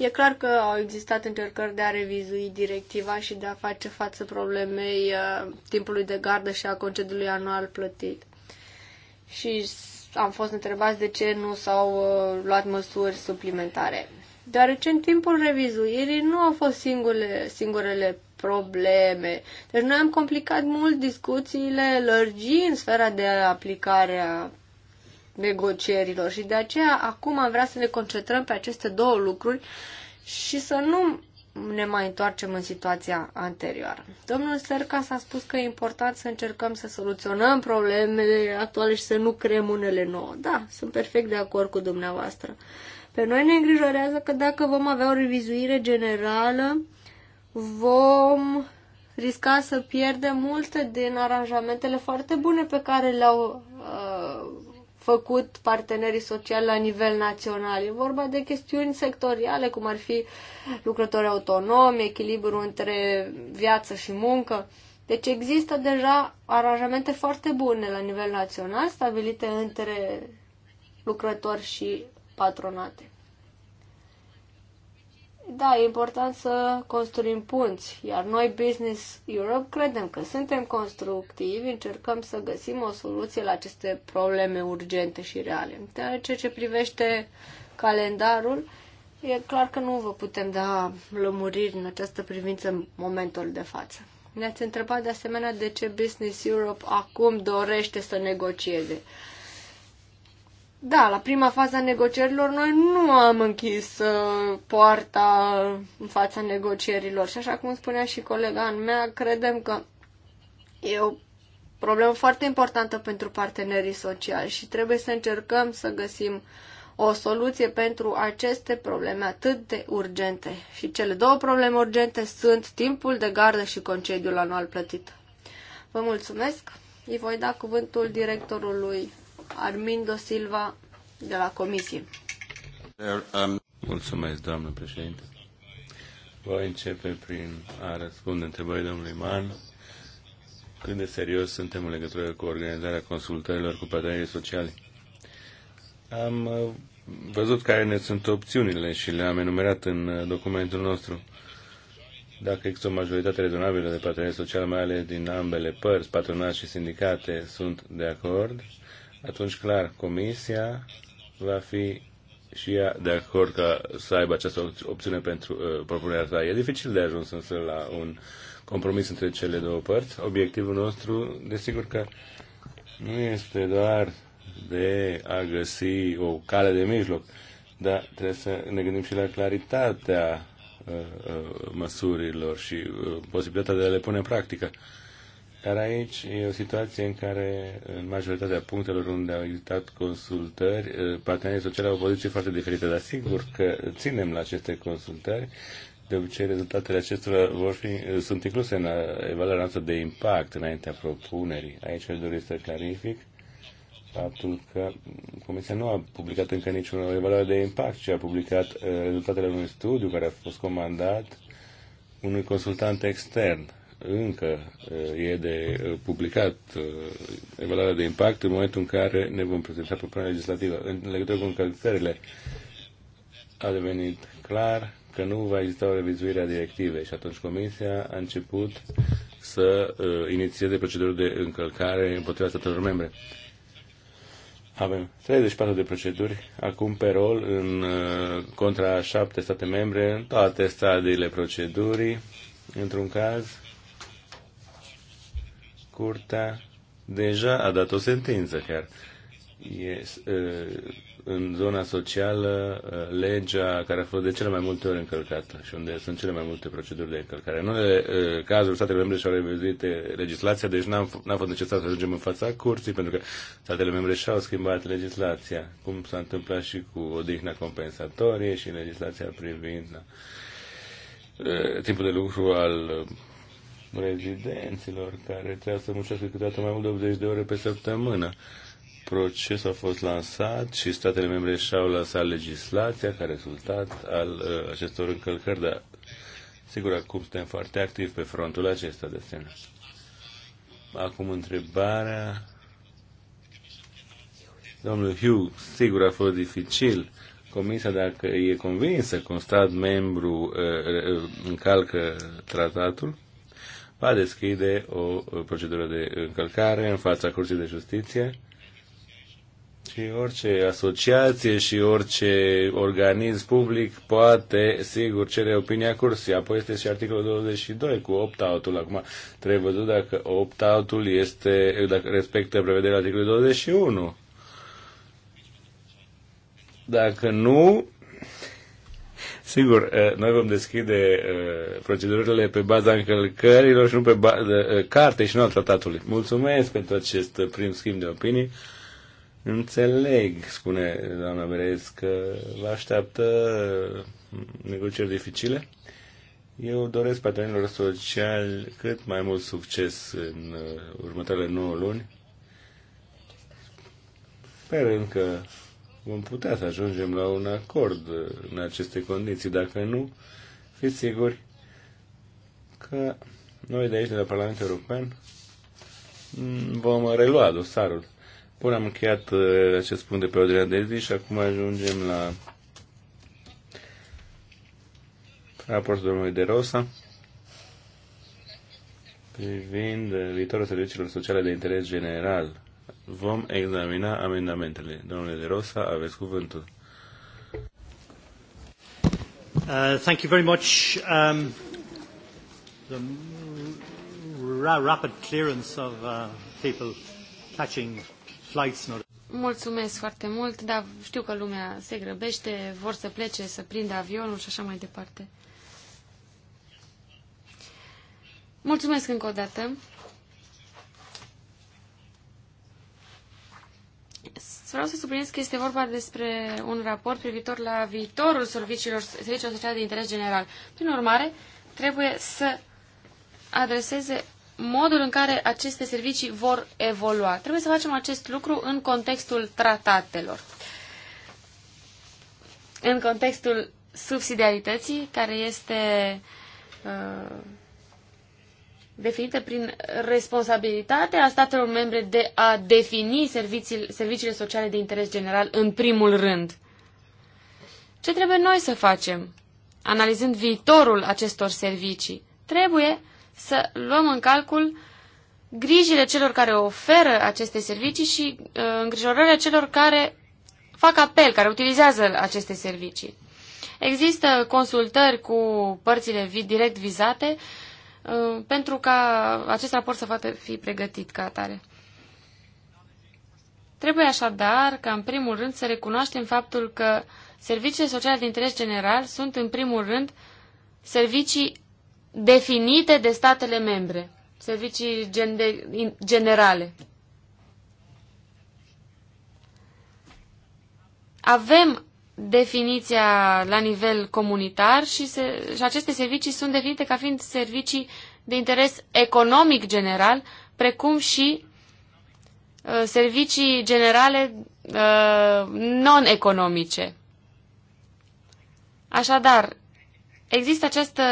S1: E clar că au existat încercări de a revizui directiva și de a face față problemei uh, timpului de gardă și a concediului anual plătit. Și am fost întrebați de ce nu s-au uh, luat măsuri suplimentare. Deoarece în timpul revizuirii nu au fost singurele, singurele probleme. Deci noi am complicat mult discuțiile în sfera de aplicare a negocierilor și de aceea acum am vrea să ne concentrăm pe aceste două lucruri și să nu ne mai întoarcem în situația anterioară. Domnul Serca s-a spus că e important să încercăm să soluționăm problemele actuale și să nu creăm unele nouă. Da, sunt perfect de acord cu dumneavoastră. Pe noi ne îngrijorează că dacă vom avea o revizuire generală, vom risca să pierdem multe din aranjamentele foarte bune pe care le-au uh, făcut partenerii sociali la nivel național. E vorba de chestiuni sectoriale, cum ar fi lucrători autonomi, echilibru între viață și muncă. Deci există deja aranjamente foarte bune la nivel național, stabilite între lucrători și patronate da, e important să construim punți, iar noi, Business Europe, credem că suntem constructivi, încercăm să găsim o soluție la aceste probleme urgente și reale. Dar ceea ce privește calendarul, e clar că nu vă putem da lămuriri în această privință în momentul de față. Ne-ați întrebat de asemenea de ce Business Europe acum dorește să negocieze. Uh, da, la prima fază a negocierilor noi nu am închis uh, poarta în fața negocierilor și așa cum spunea și colega mea, credem că e o problemă foarte importantă pentru partenerii sociali și trebuie să încercăm să găsim o soluție pentru aceste probleme atât de urgente. Și cele două probleme urgente sunt timpul de gardă și concediul anual plătit. Vă mulțumesc! Îi voi da cuvântul directorului Armindo Silva de la Comisie.
S3: Um, Mulțumesc, doamnă președinte. Voi începe prin a răspunde întrebării domnului Man. Cât de serios suntem în legătură cu organizarea consultărilor cu partenerii sociale? Am uh, văzut care ne sunt opțiunile și le-am enumerat în uh, documentul nostru. Dacă există o majoritate rezonabilă de parteneri sociali, mai ales din ambele părți, patronat și sindicate, sunt de acord, atunci clar, Comisia va fi și ea de acord ca să aibă această opțiune pentru uh, propunerea ta. E dificil de ajuns însă la un compromis între cele două părți. Obiectivul nostru, desigur că nu este doar de a găsi o cale de mijloc, dar trebuie să ne gândim și la claritatea uh, uh, măsurilor și uh, posibilitatea de a le pune în practică. Uh, dar aici e o situație în care, în majoritatea punctelor unde au existat consultări, eh, partenerii sociale au o poziție foarte diferită, dar sigur că ținem la aceste consultări. De obicei, rezultatele acestora vor fi, eh, sunt incluse în eh, evaluarea noastră de impact înaintea propunerii. Aici aș dori să clarific faptul că Comisia nu a publicat încă niciun evaluare de impact, ci a publicat rezultatele unui studiu care a fost comandat unui consultant extern încă uh, e de uh, publicat uh, evaluarea de impact în momentul în care ne vom prezenta propunerea legislativă. În legătură cu încălcările a devenit clar că nu va exista o revizuire a directivei și atunci Comisia a început să uh, inițieze proceduri de încălcare împotriva statelor membre. Avem 34 de proceduri acum pe rol în uh, contra 7 state membre în toate stadiile procedurii. Într-un caz Curtea deja a dat o sentință chiar. E, în zona socială, legea care a fost de cele mai multe ori încălcată și unde sunt cele mai multe proceduri de încălcare. În unele cazuri, statele membre și-au revizuit legislația, deci n-a fost necesar să ajungem în fața curții, pentru că statele membre și-au schimbat legislația, cum s-a întâmplat și cu odihna compensatorie și legislația privind timpul de lucru al rezidenților care trebuia să muncească câteodată mai mult de 80 de ore pe săptămână. Procesul a fost lansat și statele membre și-au lansat legislația ca rezultat al uh, acestor încălcări, dar sigur acum suntem foarte activi pe frontul acesta de semnă. Acum întrebarea domnul Hugh, sigur a fost dificil. Comisia, dacă e convinsă că un stat membru uh, încalcă tratatul, va deschide o procedură de încălcare în fața Curții de Justiție și orice asociație și orice organism public poate, sigur, cere opinia cursii. Apoi este și articolul 22 cu opt-out-ul. Acum trebuie văzut dacă opt-out-ul este, dacă respectă prevederea articolului 21. Dacă nu, Sigur, eh, noi vom deschide eh, procedurile pe baza încălcărilor și nu pe baza eh, carte și nu al tratatului. Mulțumesc pentru acest prim schimb de opinii. Înțeleg, spune doamna Berez, că vă așteaptă negocieri dificile. Eu doresc patronilor sociali cât mai mult succes în următoarele 9 luni. Sperând că vom putea să ajungem la un acord în aceste condiții. Dacă nu, fiți siguri că noi de aici, de la Parlamentul European, vom relua dosarul. Până am încheiat uh, acest punct de pe ordinea de zi și acum ajungem la raportul domnului de Rosa privind uh, viitorul serviciilor sociale de interes general vom examina amendamentele. Domnule de Rosa, aveți cuvântul.
S1: Uh, thank you very much. Um, the ra rapid clearance of uh, people catching flights.
S3: Not
S2: Mulțumesc foarte mult, dar știu că lumea se grăbește, vor să plece, să prindă avionul și așa mai departe. Mulțumesc încă o dată. Vreau să subliniez că este vorba despre un raport privitor la viitorul serviciilor, serviciilor sociale de interes general. Prin urmare, trebuie să adreseze modul în care aceste servicii vor evolua. Trebuie să facem acest lucru în contextul tratatelor. În contextul subsidiarității, care este uh, definite prin responsabilitatea statelor membre de a defini serviciile sociale de interes general în primul rând. Ce trebuie noi să facem, analizând viitorul acestor servicii? Trebuie să luăm în calcul grijile celor care oferă aceste servicii și uh, îngrijorările celor care fac apel, care utilizează aceste servicii. Există consultări cu părțile direct vizate uh, Uh, pentru ca acest raport să poată fi pregătit ca atare. Trebuie așadar ca în primul rând să recunoaștem faptul că serviciile sociale de interes general sunt în primul rând servicii definite de statele membre, servicii generale. Avem definiția la nivel comunitar și, se, și aceste servicii sunt definite ca fiind servicii de interes economic general, precum și uh, servicii generale uh, non-economice. Așadar, există această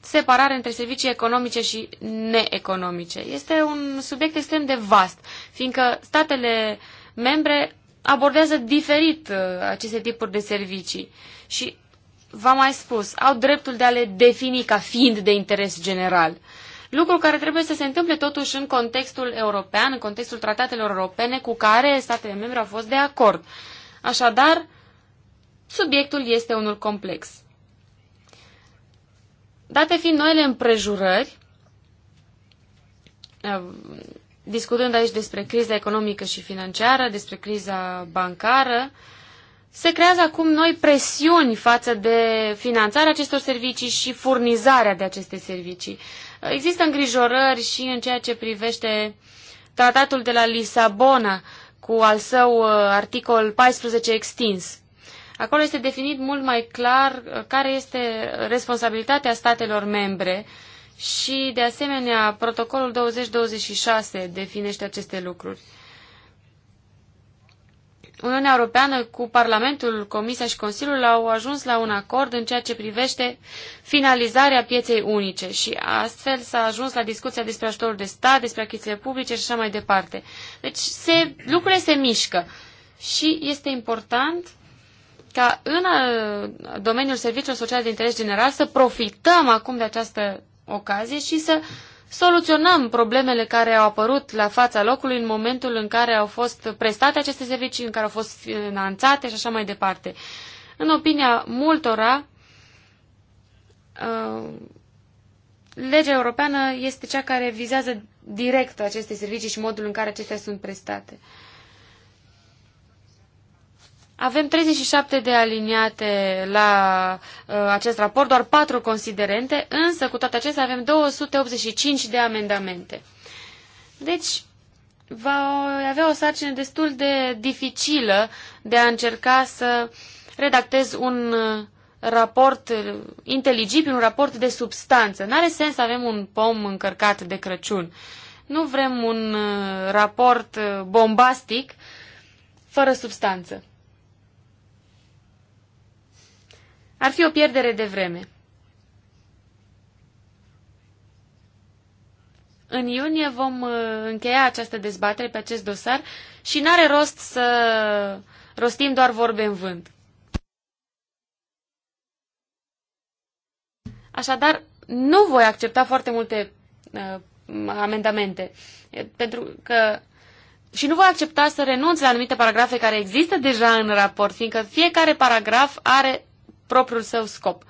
S2: separare între servicii economice și neeconomice. Este un subiect extrem de vast, fiindcă statele membre abordează diferit uh, aceste tipuri de servicii și, v-am mai spus, au dreptul de a le defini ca fiind de interes general. Lucru care trebuie să se întâmple totuși în contextul european, în contextul tratatelor europene cu care statele membre au fost de acord. Așadar, subiectul este unul complex. Date fiind noile împrejurări, uh, discutând aici despre criza economică și financiară, despre criza bancară, se creează acum noi presiuni față de finanțarea acestor servicii și furnizarea de aceste servicii. Există îngrijorări și în ceea ce privește tratatul de la Lisabona cu al său uh, articol 14 extins. Acolo este definit mult mai clar uh, care este responsabilitatea statelor membre uh, și, de asemenea, protocolul 2026 definește aceste lucruri. Uniunea Europeană cu Parlamentul, Comisia și Consiliul au ajuns la un acord în ceea ce privește finalizarea pieței unice și astfel s-a ajuns la discuția despre ajutorul de stat, despre achizițiile publice și așa mai departe. Deci se, lucrurile se mișcă și este important ca în uh, domeniul serviciilor sociale de interes general să profităm acum de această ocazie și să soluționăm problemele care au apărut la fața locului în momentul în care au fost prestate aceste servicii, în care au fost finanțate și așa mai departe. În opinia multora, uh, legea europeană este cea care vizează direct aceste servicii și modul în care acestea sunt prestate. Avem 37 de aliniate la uh, acest raport, doar 4 considerente, însă cu toate acestea avem 285 de amendamente. Deci, va avea o sarcină destul de dificilă de a încerca să redactez un uh, raport uh, inteligibil, un raport de substanță. N-are sens să avem un pom încărcat de Crăciun. Nu vrem un uh, raport bombastic fără substanță. Ar fi o pierdere de vreme. În iunie vom uh, încheia această dezbatere pe acest dosar și n-are rost să rostim doar vorbe în vânt. Așadar, nu voi accepta foarte multe uh, amendamente, pentru că și nu voi accepta să renunț la anumite paragrafe care există deja în raport, fiindcă fiecare paragraf are propriul său scop.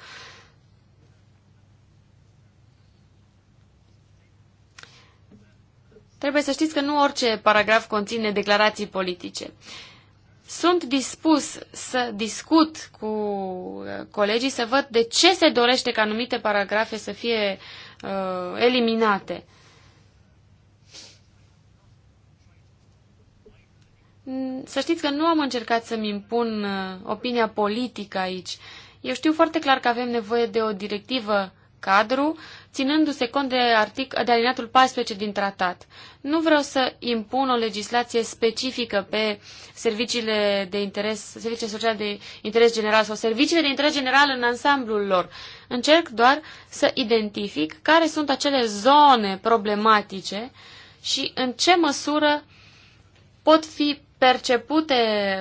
S2: Trebuie să știți că nu orice paragraf conține declarații politice. Sunt dispus să discut cu uh, colegii, să văd de ce se dorește ca anumite paragrafe să fie uh, eliminate. Să știți că nu am încercat să-mi impun uh, opinia politică aici. Eu știu foarte clar că avem nevoie de o directivă cadru, ținându-se cont de, artic, de alineatul 14 din tratat. Nu vreau să impun o legislație specifică pe serviciile de interes, serviciile sociale de interes general sau serviciile de interes general în ansamblul lor. Încerc doar să identific care sunt acele zone problematice și în ce măsură pot fi percepute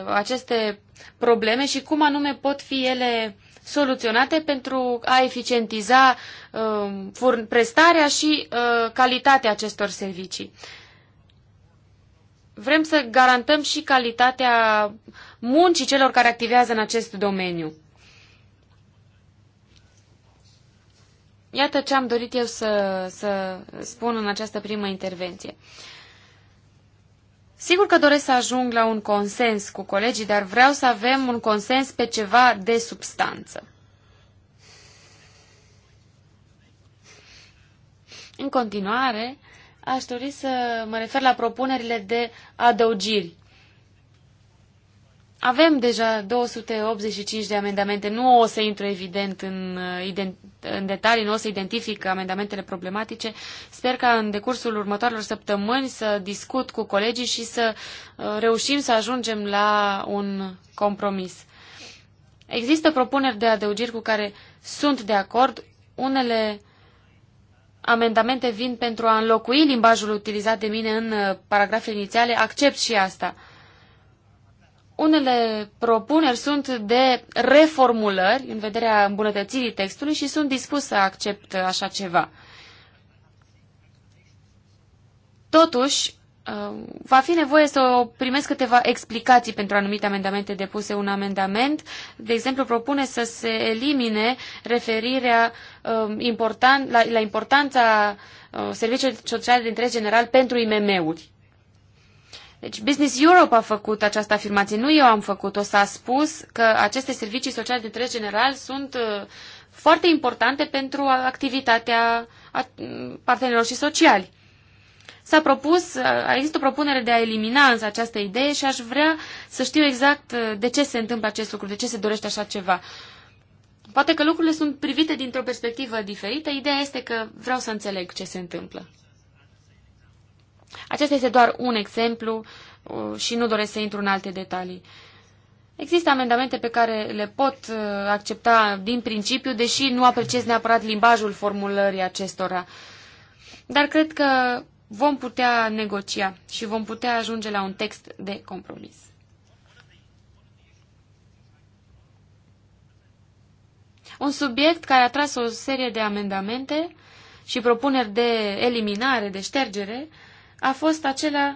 S2: aceste probleme și cum anume pot fi ele soluționate pentru a eficientiza uh, prestarea și uh, calitatea acestor servicii. Vrem să garantăm și calitatea muncii celor care activează în acest domeniu. Iată ce am dorit eu să, să spun în această primă intervenție. Sigur că doresc să ajung la un consens cu colegii, dar vreau să avem un consens pe ceva de substanță. În continuare, aș dori să mă refer la propunerile de adăugiri avem deja 285 de amendamente. Nu o să intru evident în, uh, în detalii, nu o să identific amendamentele problematice. Sper ca în decursul următoarelor săptămâni să discut cu colegii și să uh, reușim să ajungem la un compromis. Există propuneri de adăugiri cu care sunt de acord. Unele amendamente vin pentru a înlocui limbajul utilizat de mine în uh, paragrafele inițiale. Accept și asta. Unele propuneri sunt de reformulări în vederea îmbunătățirii textului și sunt dispus să accept așa ceva. Totuși, uh, va fi nevoie să primesc câteva explicații pentru anumite amendamente depuse un amendament. De exemplu, propune să se elimine referirea um, la, importanța uh, serviciilor sociale de interes general pentru IMM-uri. Deci Business Europe a făcut această afirmație, nu eu am făcut-o. S-a spus că aceste servicii sociale de interes general sunt uh, foarte importante pentru activitatea partenerilor și sociali. S-a propus, uh, există o propunere de a elimina însă această idee și aș vrea să știu exact uh, de ce se întâmplă acest lucru, de ce se dorește așa ceva. Poate că lucrurile sunt privite dintr-o perspectivă diferită, ideea este că vreau să înțeleg ce se întâmplă. Acesta este doar un exemplu uh, și nu doresc să intru în alte detalii. Există amendamente pe care le pot uh, accepta din principiu, deși nu apreciez neapărat limbajul formulării acestora. Dar cred că vom putea negocia și vom putea ajunge la un text de compromis. Un subiect care a tras o serie de amendamente și propuneri de eliminare, de ștergere, uh, a fost acela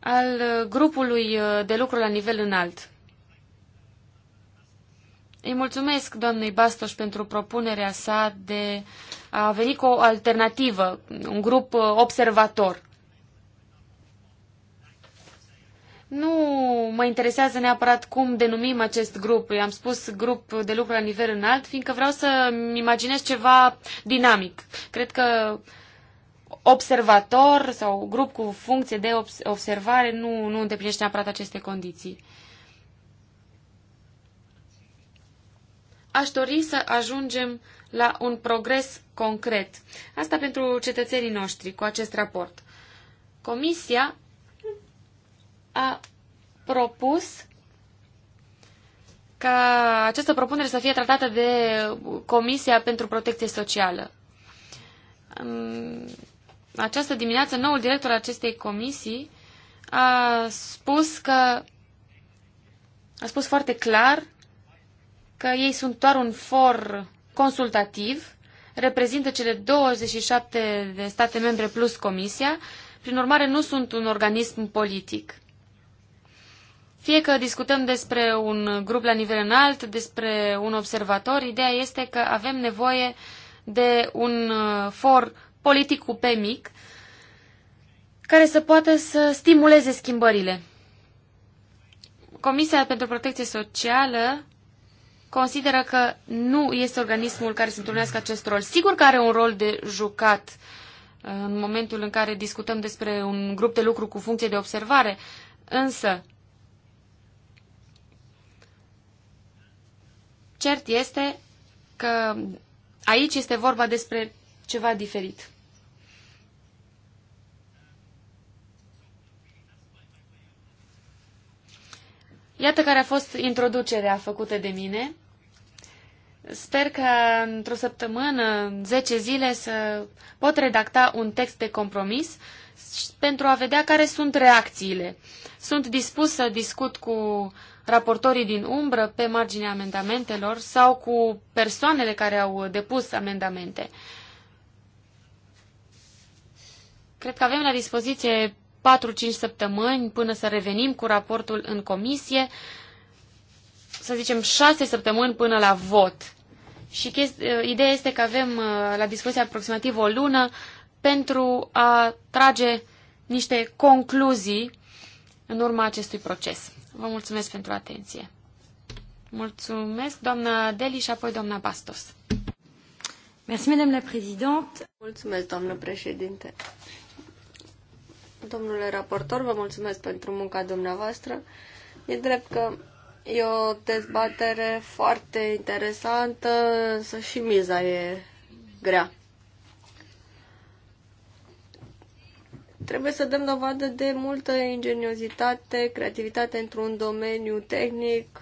S2: al grupului uh, de lucru la nivel înalt. Îi mulțumesc doamnei Bastos pentru propunerea sa de a veni cu o alternativă, un grup uh, observator. Nu mă interesează neapărat cum denumim acest grup. I Am spus grup de lucru la nivel înalt, fiindcă vreau să-mi imaginez ceva dinamic. Cred că observator sau grup cu funcție de observare nu, nu îndeplinește neapărat aceste condiții. Aș dori să ajungem la un progres concret. Asta pentru cetățenii noștri cu acest raport. Comisia a propus ca această propunere să fie tratată de Comisia pentru Protecție Socială această dimineață noul director al acestei comisii a spus că a spus foarte clar că ei sunt doar un for consultativ, reprezintă cele 27 de state membre plus Comisia, prin urmare nu sunt un organism politic. Fie că discutăm despre un grup la nivel înalt, despre un observator, ideea este că avem nevoie de un uh, for politic cu P mic, care să poată să stimuleze schimbările. Comisia pentru Protecție Socială consideră că nu este organismul care să întâlnească acest rol. Sigur că are un rol de jucat uh, în momentul în care discutăm despre un grup de lucru cu funcție de observare, însă cert este că aici este vorba despre ceva diferit. Iată care a fost introducerea făcută de mine. Sper că într-o săptămână, 10 zile, să pot redacta un text de compromis pentru a vedea care sunt reacțiile. Sunt dispus să discut cu raportorii din umbră pe marginea amendamentelor sau cu persoanele care au depus amendamente. Cred că avem la dispoziție 4-5 săptămâni până să revenim cu raportul în comisie, să zicem 6 săptămâni până la vot. Și uh, ideea este că avem uh, la discuție aproximativ o lună pentru a trage niște concluzii în urma acestui proces. Vă mulțumesc pentru atenție. Mulțumesc, doamna Deli și apoi doamna Bastos. Mulțumesc,
S1: doamnă președinte. Domnule raportor, vă mulțumesc pentru munca dumneavoastră. E drept că e o dezbatere foarte interesantă, însă și miza e grea. Trebuie să dăm dovadă de multă ingeniozitate, creativitate într-un domeniu tehnic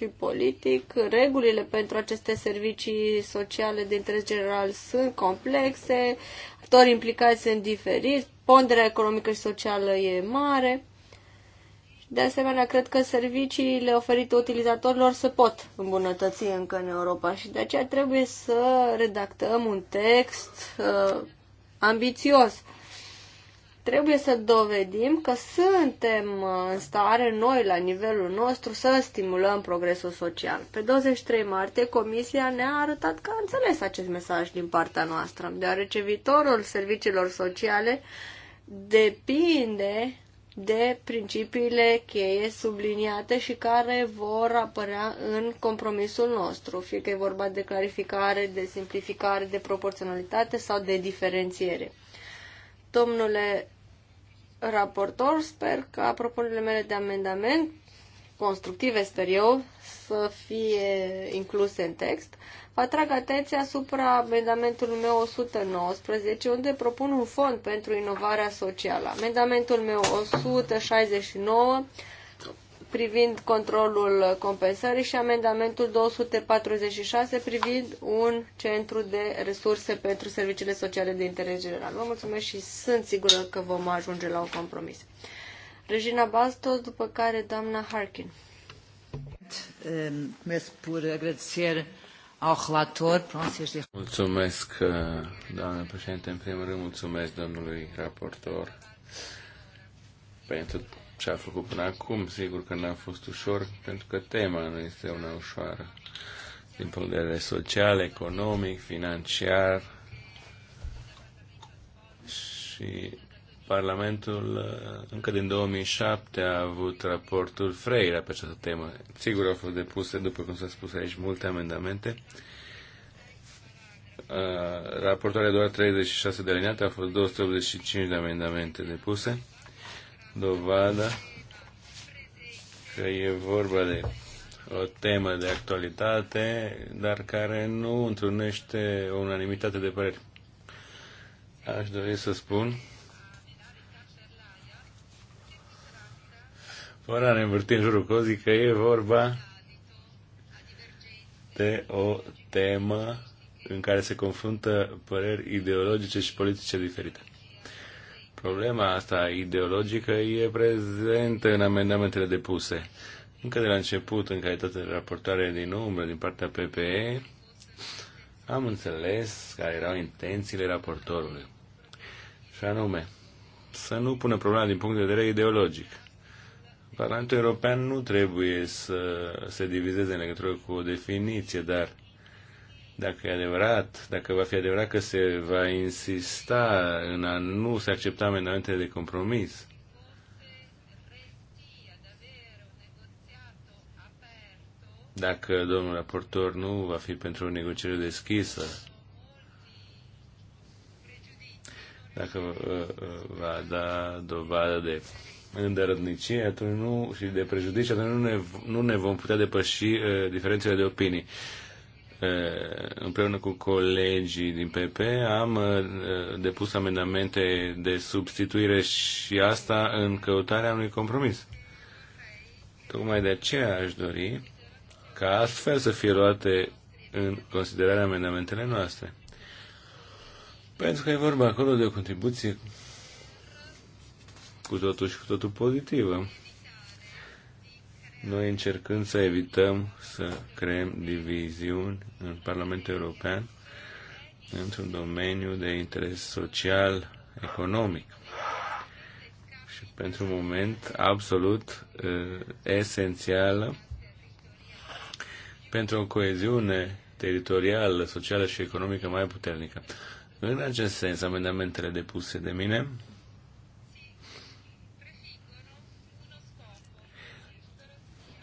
S1: și politic. Regulile pentru aceste servicii sociale de interes general sunt complexe, actorii implicați sunt diferiți, ponderea economică și socială e mare. De asemenea, cred că serviciile oferite utilizatorilor se pot îmbunătăți încă în Europa și de aceea trebuie să redactăm un text uh, ambițios Trebuie să dovedim că suntem în stare noi, la nivelul nostru, să stimulăm progresul social. Pe 23 martie, Comisia ne-a arătat că a înțeles acest mesaj din partea noastră, deoarece viitorul serviciilor sociale depinde de principiile cheie subliniate și care vor apărea în compromisul nostru, fie că e vorba de clarificare, de simplificare, de proporționalitate sau de diferențiere. Domnule raportor, sper că propunerile mele de amendament, constructive sper eu, să fie incluse în text. Vă atrag atenția asupra amendamentului meu 119, unde propun un fond pentru inovarea socială. Amendamentul meu 169 privind controlul compensării și amendamentul 246 privind un centru de resurse pentru serviciile sociale de interes general. Vă mulțumesc și sunt sigură că vom ajunge la un compromis. Regina Basto, după care doamna Harkin. Ehm,
S3: mulțumesc, eh, doamnă președinte. În primul rând, mulțumesc domnului raportor pentru ce a făcut până acum. Sigur că n-a fost ușor, pentru că tema nu este una ușoară. Din punct de vedere social, economic, financiar. Și Parlamentul uh, încă din 2007 a avut raportul Freire pe această temă. Sigur au fost depuse, după cum s-a spus aici, multe amendamente. Uh, Raportarea doar 36 de alineate, au fost 285 de amendamente depuse dovada că e vorba de o temă de actualitate, dar care nu întrunește o unanimitate de păreri. Aș dori să spun, fără a ne învârti în jurul cozii, că e vorba de o temă în care se confruntă păreri ideologice și politice diferite. Problema asta ideologică e prezentă în amendamentele depuse. Încă de la început, în calitate de raportare din umbră din partea PPE, am înțeles care erau intențiile raportorului. Și anume, să nu pună problema din punct de vedere ideologic. Parlamentul European nu trebuie să se divizeze în legătură cu o definiție, dar dacă e adevărat, dacă va fi adevărat că se va insista în a nu se accepta amendamente de compromis, dacă domnul raportor nu va fi pentru o negociere deschisă, dacă uh, uh, va da dovadă de îndărătnicie atunci nu, și de prejudici, atunci nu ne, nu ne vom putea depăși uh, diferențele de opinii împreună cu colegii din PP am uh, depus amendamente de substituire și asta în căutarea unui compromis. Tocmai de aceea aș dori ca astfel să fie luate în considerare amendamentele noastre. Pentru că e vorba acolo de o contribuție cu totul și cu totul pozitivă noi încercând să evităm să creăm diviziuni în Parlamentul European într-un domeniu de interes social, economic. Și pentru un moment absolut eh, esențial pentru o coeziune teritorială, socială și economică mai puternică. În acest sens, amendamentele depuse de mine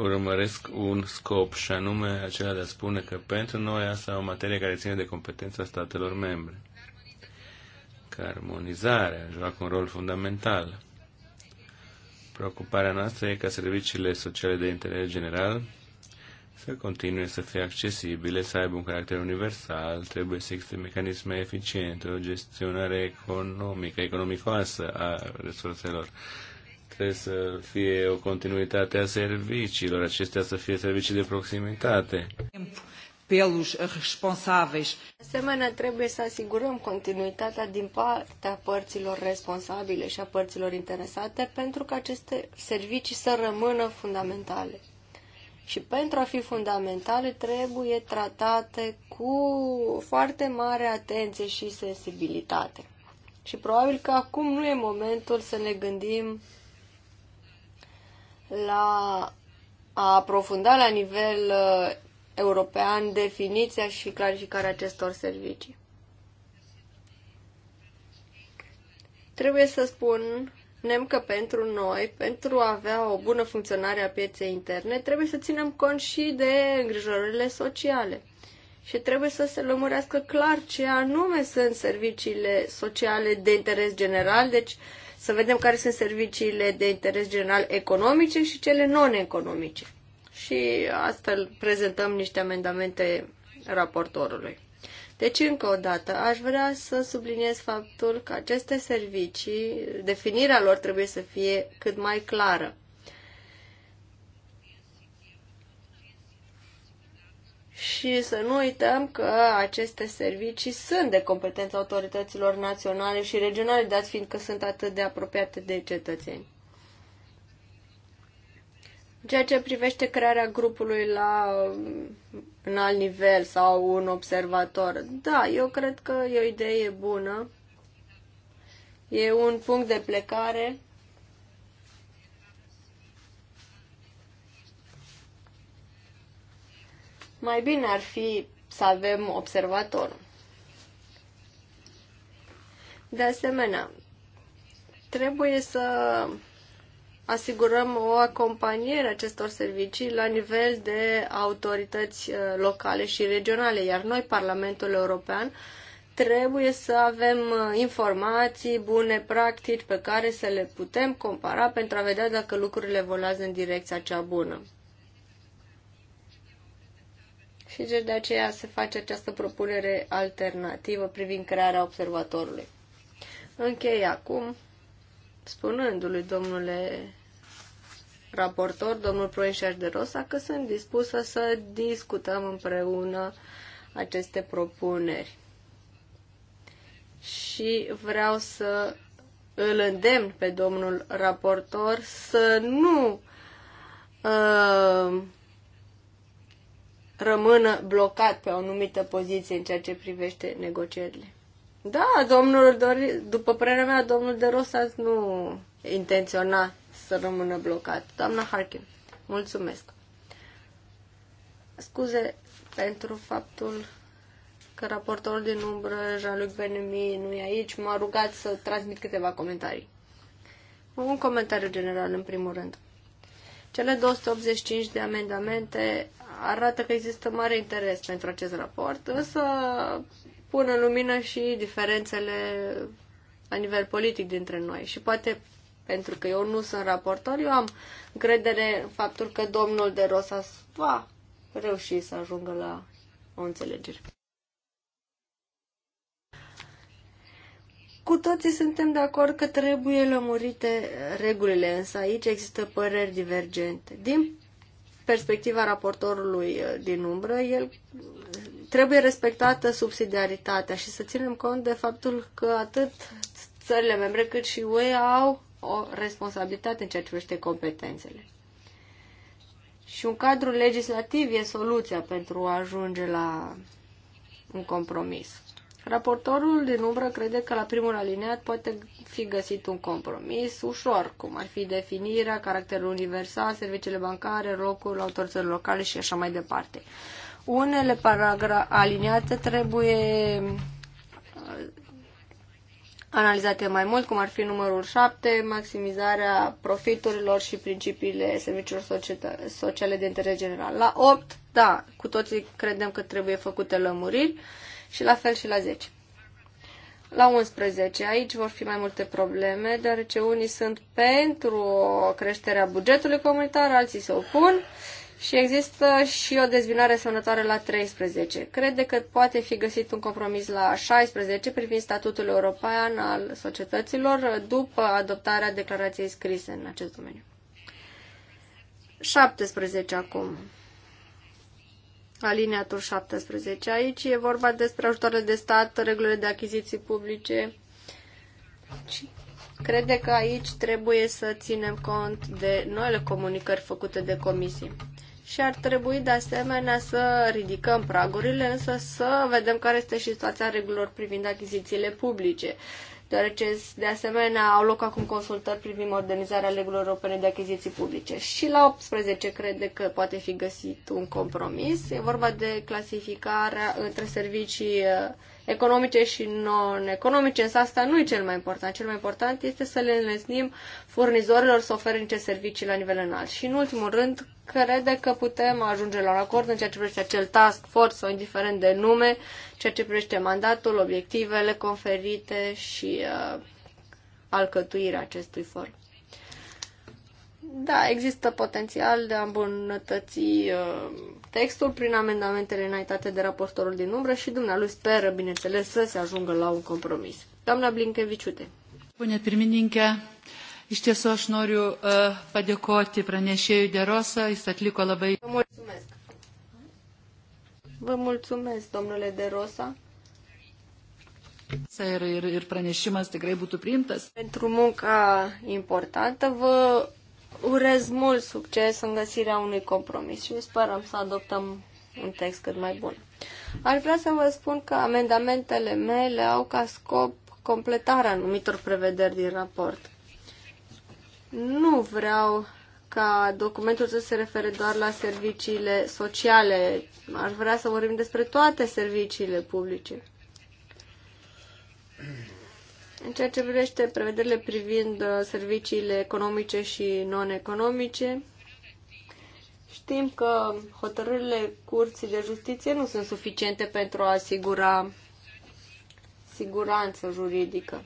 S3: urmăresc un scop și anume acela de a spune că pentru noi asta e o materie care ține de competența statelor membre. Că armonizarea joacă un rol fundamental. Preocuparea noastră e ca serviciile sociale de interes general să continue să fie accesibile, să aibă un caracter universal, trebuie să existe mecanisme eficiente, o gestionare economică, economicoasă a resurselor trebuie să fie o continuitate a serviciilor, acestea să fie servicii de proximitate.
S1: Pelos responsabili. De asemenea, trebuie să asigurăm continuitatea din partea părților responsabile și a părților interesate pentru că aceste servicii să rămână fundamentale. Și pentru a fi fundamentale trebuie tratate cu foarte mare atenție și sensibilitate. Și probabil că acum nu e momentul să ne gândim la a aprofunda la nivel uh, european definiția și clarificarea acestor servicii. Trebuie să spun spunem că pentru noi, pentru a avea o bună funcționare a pieței interne, trebuie să ținem cont și de îngrijorările sociale. Și trebuie să se lămurească clar ce anume sunt serviciile sociale de interes general, deci uh, să vedem care sunt serviciile de interes general economice și cele non-economice. Și astfel prezentăm niște amendamente raportorului. Deci, încă o dată, aș vrea să subliniez faptul că aceste servicii, definirea lor trebuie să fie cât mai clară. și să nu uităm că aceste servicii sunt de competența autorităților naționale și regionale, dat fiind că sunt atât de apropiate de cetățeni. Ceea ce privește crearea grupului la un um, alt nivel sau un observator, da, eu cred că e o idee bună. E un punct de plecare mai bine ar fi să avem observator. De asemenea, trebuie să asigurăm o acompaniere acestor servicii la nivel de autorități uh, locale și regionale, iar noi, Parlamentul European, trebuie să avem uh, informații, bune practici pe care să le putem compara pentru a vedea dacă lucrurile volează în direcția cea bună. Și de aceea se face această propunere alternativă privind crearea observatorului. Închei acum spunându-lui domnule raportor, domnul Proenșar de Rosa, că sunt dispusă să discutăm împreună aceste propuneri. Și vreau să îl îndemn pe domnul raportor să nu uh, rămână blocat pe o anumită poziție în ceea ce privește negocierile. Da, domnul Dori, după părerea mea, domnul de Rosas nu intenționa să rămână blocat. Doamna Harkin, mulțumesc. Scuze pentru faptul că raportorul din umbră, Jean-Luc Benemi, nu e aici. M-a rugat să transmit câteva comentarii. Un comentariu general, în primul rând. Cele 285 de amendamente arată că există mare interes pentru acest raport, însă pun în lumină și diferențele la nivel politic dintre noi. Și poate pentru că eu nu sunt raportor, eu am încredere în faptul că domnul de Rosas va reuși să ajungă la o înțelegere. Cu toții suntem de acord că trebuie lămurite regulile, însă aici există păreri divergente. Din perspectiva raportorului uh, din umbră, el trebuie respectată subsidiaritatea și să ținem cont de faptul că atât țările membre cât și UE au o responsabilitate în ceea ce privește competențele. Și un cadru legislativ e soluția pentru a ajunge la un compromis. Raportorul din umbră crede că la primul alineat poate fi găsit un compromis ușor, cum ar fi definirea, caracterul universal, serviciile bancare, locul autorităților locale și așa mai departe. Unele paragra- aliniate trebuie uh, analizate mai mult, cum ar fi numărul 7, maximizarea profiturilor și principiile serviciilor sociale de interes general. La 8, da, cu toții credem că trebuie făcute lămuriri și la fel și la 10. La 11, aici vor fi mai multe probleme, deoarece unii sunt pentru creșterea bugetului comunitar, alții se opun și există și o dezbinare semnătoare la 13. Crede că poate fi găsit un compromis la 16 privind statutul european al societăților după adoptarea declarației scrise în acest domeniu. 17 acum alineatul 17. Aici e vorba despre ajutoare de stat, regulile de achiziții publice. Crede că aici trebuie să ținem cont de noile comunicări făcute de comisie. Și ar trebui de asemenea să ridicăm pragurile, însă să vedem care este și situația regulilor privind achizițiile publice deoarece de asemenea au loc acum consultări privind modernizarea legilor europene de achiziții publice. Și la 18 crede că poate fi găsit un compromis. E vorba de clasificarea între servicii uh, economice și non-economice, însă asta nu e cel mai important. Cel mai important este să le înlesnim furnizorilor să ofere niște servicii la nivel înalt. Și în ultimul rând, crede că putem ajunge la un acord în ceea ce privește acel task force sau indiferent de nume, ceea ce privește mandatul, obiectivele conferite și uh, alcătuirea acestui forum da, există potențial de a îmbunătăți uh, textul prin amendamentele înaintate de raportorul din umbră și dumnealui speră, bineînțeles, să se ajungă la un compromis. Doamna Blinkevičiūtė.
S2: Pone pirmininkė, iš tiesų aš noriu uh, padėkoti pranešėjui
S1: Derosa, jis atliko labai... Vă mulțumesc. Vă mulțumesc, domnule Derosa. Ir, ir, ir pranešimas tikrai būtų priimtas. Pentru munca importantă vă urez mult succes în găsirea unui compromis și sperăm să adoptăm un text cât mai bun. Ar vrea să vă spun că amendamentele mele au ca scop completarea anumitor prevederi din raport. Nu vreau ca documentul să se refere doar la serviciile sociale. Aș vrea să vorbim despre toate serviciile publice. În ceea ce privește prevederile privind uh, serviciile economice și non-economice, știm că hotărârile Curții de Justiție nu sunt suficiente pentru a asigura siguranță juridică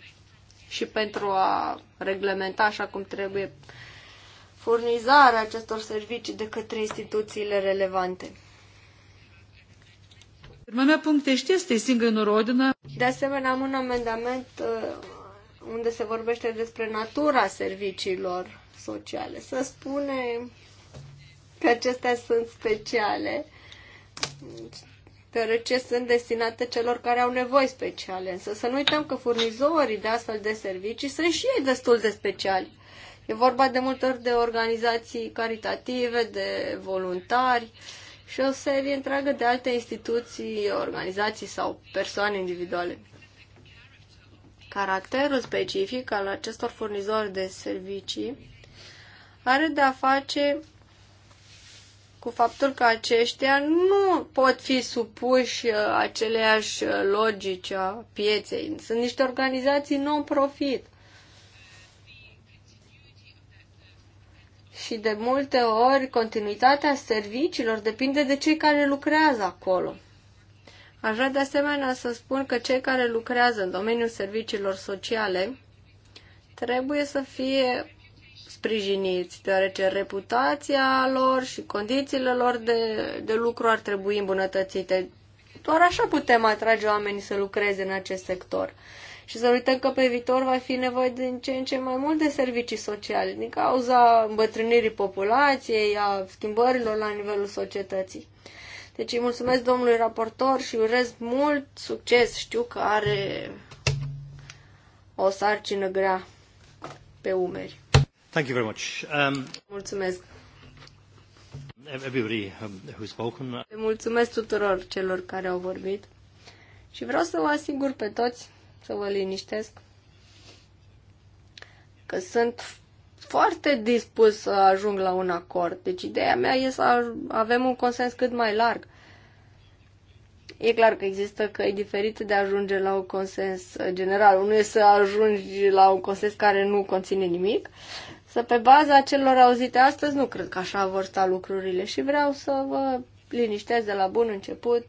S1: și pentru a reglementa așa cum trebuie furnizarea acestor servicii de către instituțiile relevante.
S2: este
S1: De asemenea, am un amendament uh, unde se vorbește despre natura serviciilor sociale. Să spune că acestea sunt speciale, deoarece sunt destinate celor care au nevoi speciale. Însă să nu uităm că furnizorii de astfel de servicii sunt și ei destul de speciali. E vorba de multe ori de organizații caritative, de voluntari și o serie întreagă de alte instituții, organizații sau persoane individuale. Caracterul specific al acestor furnizori de servicii are de-a face cu faptul că aceștia nu pot fi supuși uh, aceleași uh, logici a pieței. Sunt niște organizații non-profit. Și de multe ori continuitatea serviciilor depinde de cei care lucrează acolo. Aș vrea de asemenea să spun că cei care lucrează în domeniul serviciilor sociale trebuie să fie sprijiniți, deoarece reputația lor și condițiile lor de, de lucru ar trebui îmbunătățite. Doar așa putem atrage oamenii să lucreze în acest sector. Și să uităm că pe viitor va fi nevoie din ce în ce mai mult de servicii sociale, din cauza îmbătrânirii populației, a schimbărilor la nivelul societății. Deci îi mulțumesc domnului raportor și urez mult succes. Știu că are o sarcină grea pe umeri.
S3: Thank you very much. Um...
S1: Mulțumesc. Everybody um, who's spoken. Uh, mulțumesc tuturor celor care au vorbit și vreau să vă asigur pe toți, să vă liniștesc, că sunt foarte dispus să ajung la un acord. Deci ideea mea e să avem un consens cât mai larg. E clar că există căi diferite de a ajunge la un consens general. Unul e să ajungi la un consens care nu conține nimic, să pe baza celor auzite astăzi nu cred că așa vor sta lucrurile și vreau să vă liniștez de la bun început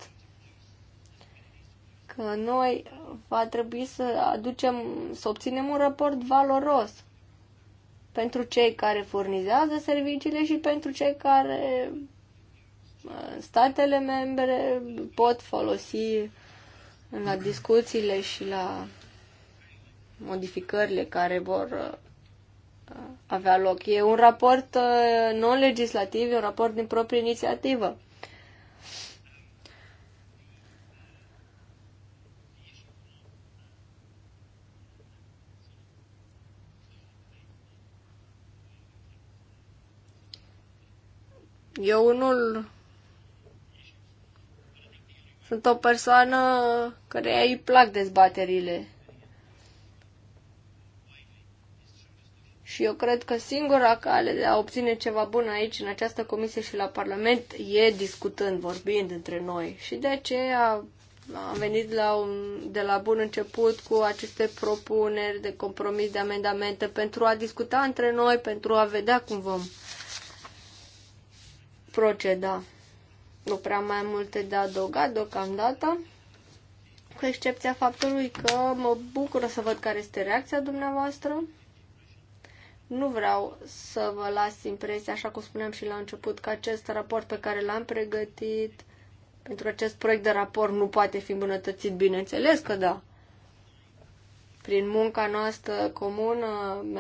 S1: că noi va trebui să aducem, să obținem un raport valoros pentru cei care furnizează serviciile și pentru cei care uh, statele membre pot folosi la discuțiile și la modificările care vor uh, avea loc. E un raport uh, non-legislativ, e un raport din proprie inițiativă. Eu unul sunt o persoană care îi plac dezbaterile. Și eu cred că singura cale de a obține ceva bun aici, în această comisie și la Parlament, e discutând, vorbind între noi. Și de aceea am venit la un, de la bun început cu aceste propuneri de compromis, de amendamente, pentru a discuta între noi, pentru a vedea cum vom proceda. Nu prea mai multe de adăugat deocamdată, cu excepția faptului că mă bucură să văd care este reacția dumneavoastră. Nu vreau să vă las impresia, așa cum spuneam și la început, că acest raport pe care l-am pregătit pentru acest proiect de raport nu poate fi îmbunătățit, bineînțeles că da. Prin munca noastră comună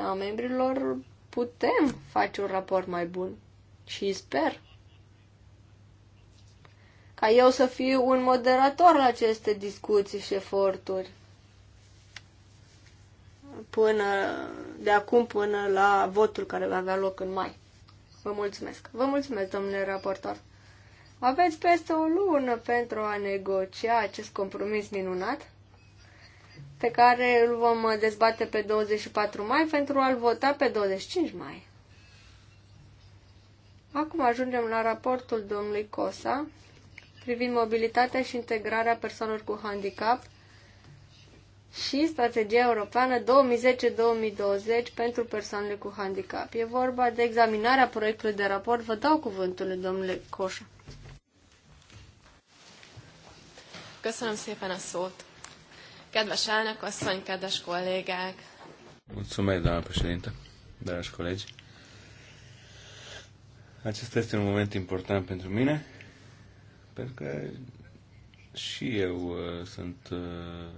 S1: a membrilor putem face un raport mai bun și sper ca eu să fiu un moderator la aceste discuții și eforturi. Până, de acum până la votul care va avea loc în mai. Vă mulțumesc. Vă mulțumesc, domnule raportor. Aveți peste o lună pentru a negocia acest compromis minunat pe care îl vom dezbate pe 24 mai pentru a-l vota pe 25 mai. Acum ajungem la raportul domnului Cosa privind mobilitatea și integrarea persoanelor cu handicap și strategia europeană 2010-2020 pentru persoanele cu handicap. E vorba de examinarea proiectului de raport. Vă dau cuvântul, domnule Coșa.
S2: Köszönöm szépen a szót. Kedves elnök asszony, kedves kollégák!
S3: Mulțumesc, doamna președinte, dragi colegi! Acesta este un moment important pentru mine pentru că și eu uh, sunt uh,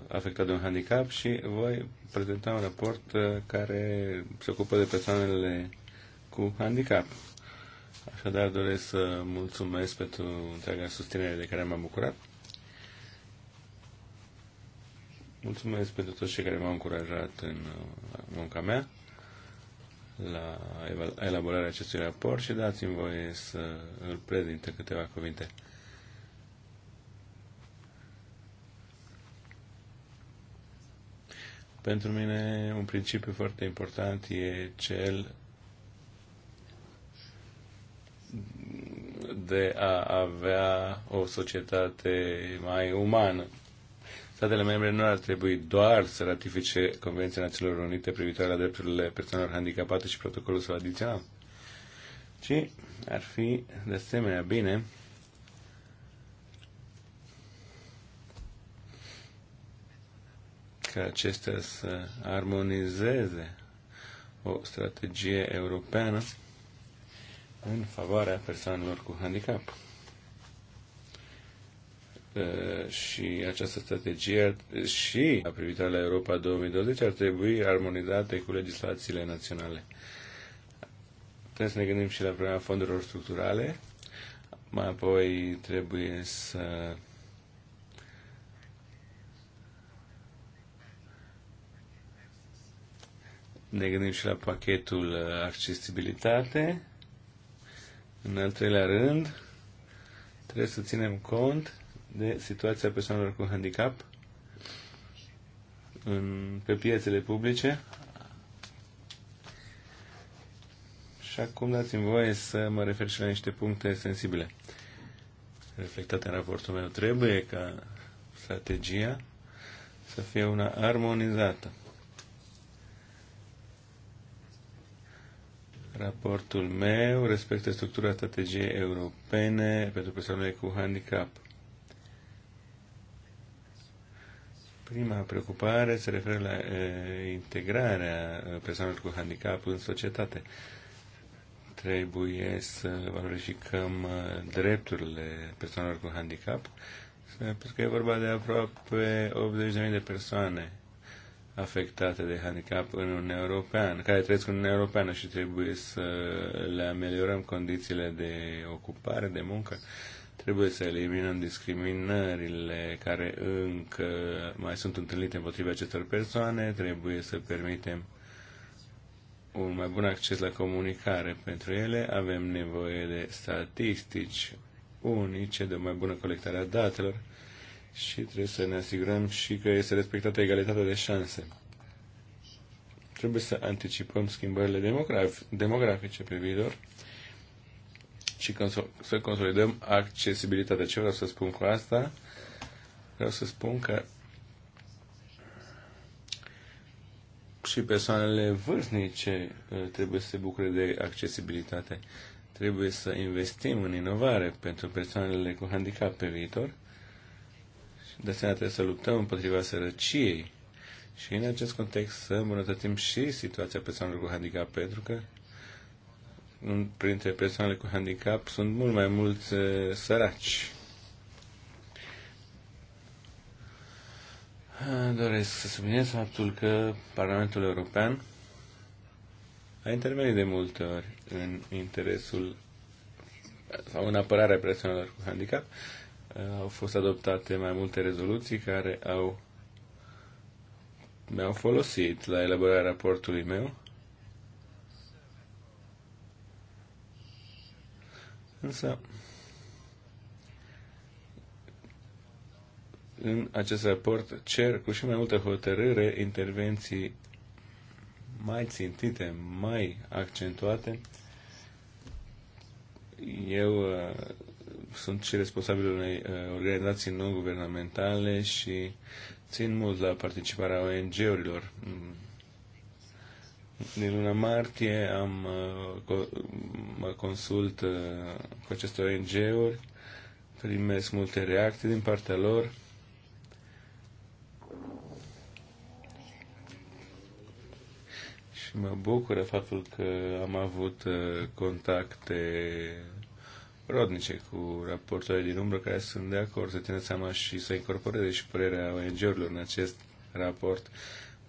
S3: afectat de un handicap și voi prezenta un raport uh, care se ocupă de persoanele cu handicap. Așadar, doresc să mulțumesc pentru întreaga susținere de care m-am bucurat. Mulțumesc pentru toți cei care m-au încurajat în munca mea la elaborarea acestui raport și dați-mi voie să îl prezint câteva cuvinte. Pentru mine un principiu foarte important e cel de a avea o societate mai umană. Statele membre nu ar trebui doar să ratifice Convenția Națiunilor Unite privitoare la drepturile persoanelor handicapate și protocolul său adițional, ci ar fi de asemenea bine ca acestea să armonizeze o strategie europeană în favoarea persoanelor cu handicap. Și această strategie și a privitoare la Europa 2020 ar trebui armonizate cu legislațiile naționale. Trebuie să ne gândim și la problema fondurilor structurale, mai apoi trebuie să ne gândim și la pachetul uh, accesibilitate. În al treilea rând, trebuie să ținem cont de situația persoanelor cu handicap în, pe piețele publice. Și acum dați-mi voie să mă refer și la niște puncte sensibile reflectate în raportul meu. Trebuie ca strategia să fie una armonizată Raportul meu respectă structura strategiei europene pentru persoanele cu handicap. Prima preocupare se referă la e, integrarea persoanelor cu handicap în societate. Trebuie să valorificăm drepturile persoanelor cu handicap, pentru că e vorba de aproape 80.000 de persoane afectate de handicap în Uniunea Europeană, care trăiesc în Uniunea Europeană și trebuie să le ameliorăm condițiile de ocupare, de muncă. Trebuie să eliminăm discriminările care încă mai sunt întâlnite împotriva acestor persoane, trebuie să permitem un mai bun acces la comunicare pentru ele, avem nevoie de statistici unice, de o mai bună colectare a datelor, și trebuie să ne asigurăm și că este respectată egalitatea de șanse. Trebuie să anticipăm schimbările demografice pe viitor și să consolidăm accesibilitatea. Ce vreau să spun cu asta? Vreau să spun că și persoanele vârstnice uh, trebuie să se bucure de accesibilitate. Trebuie să investim în inovare pentru persoanele cu handicap pe viitor de asemenea, trebuie să luptăm împotriva sărăciei și în acest context să îmbunătățim și situația persoanelor cu handicap, pentru că printre persoanele cu handicap sunt mult mai mulți uh, săraci. Doresc să subliniez faptul că Parlamentul European a intervenit de multe ori în interesul sau în apărarea persoanelor cu handicap au fost adoptate mai multe rezoluții care au mi-au folosit la elaborarea raportului meu. Însă, în acest raport cer cu și mai multă hotărâre intervenții mai țintite, mai accentuate. Eu sunt și responsabil unei uh, organizații non-guvernamentale și țin mult la participarea ONG-urilor. Mm. Din luna martie am, uh, mă consult uh, cu aceste ONG-uri, primesc multe reacții din partea lor. Și mă bucură faptul că am avut contacte rodnice cu raportorii din umbră care sunt de acord să țină seama și să incorporeze și părerea ONG-urilor în acest raport,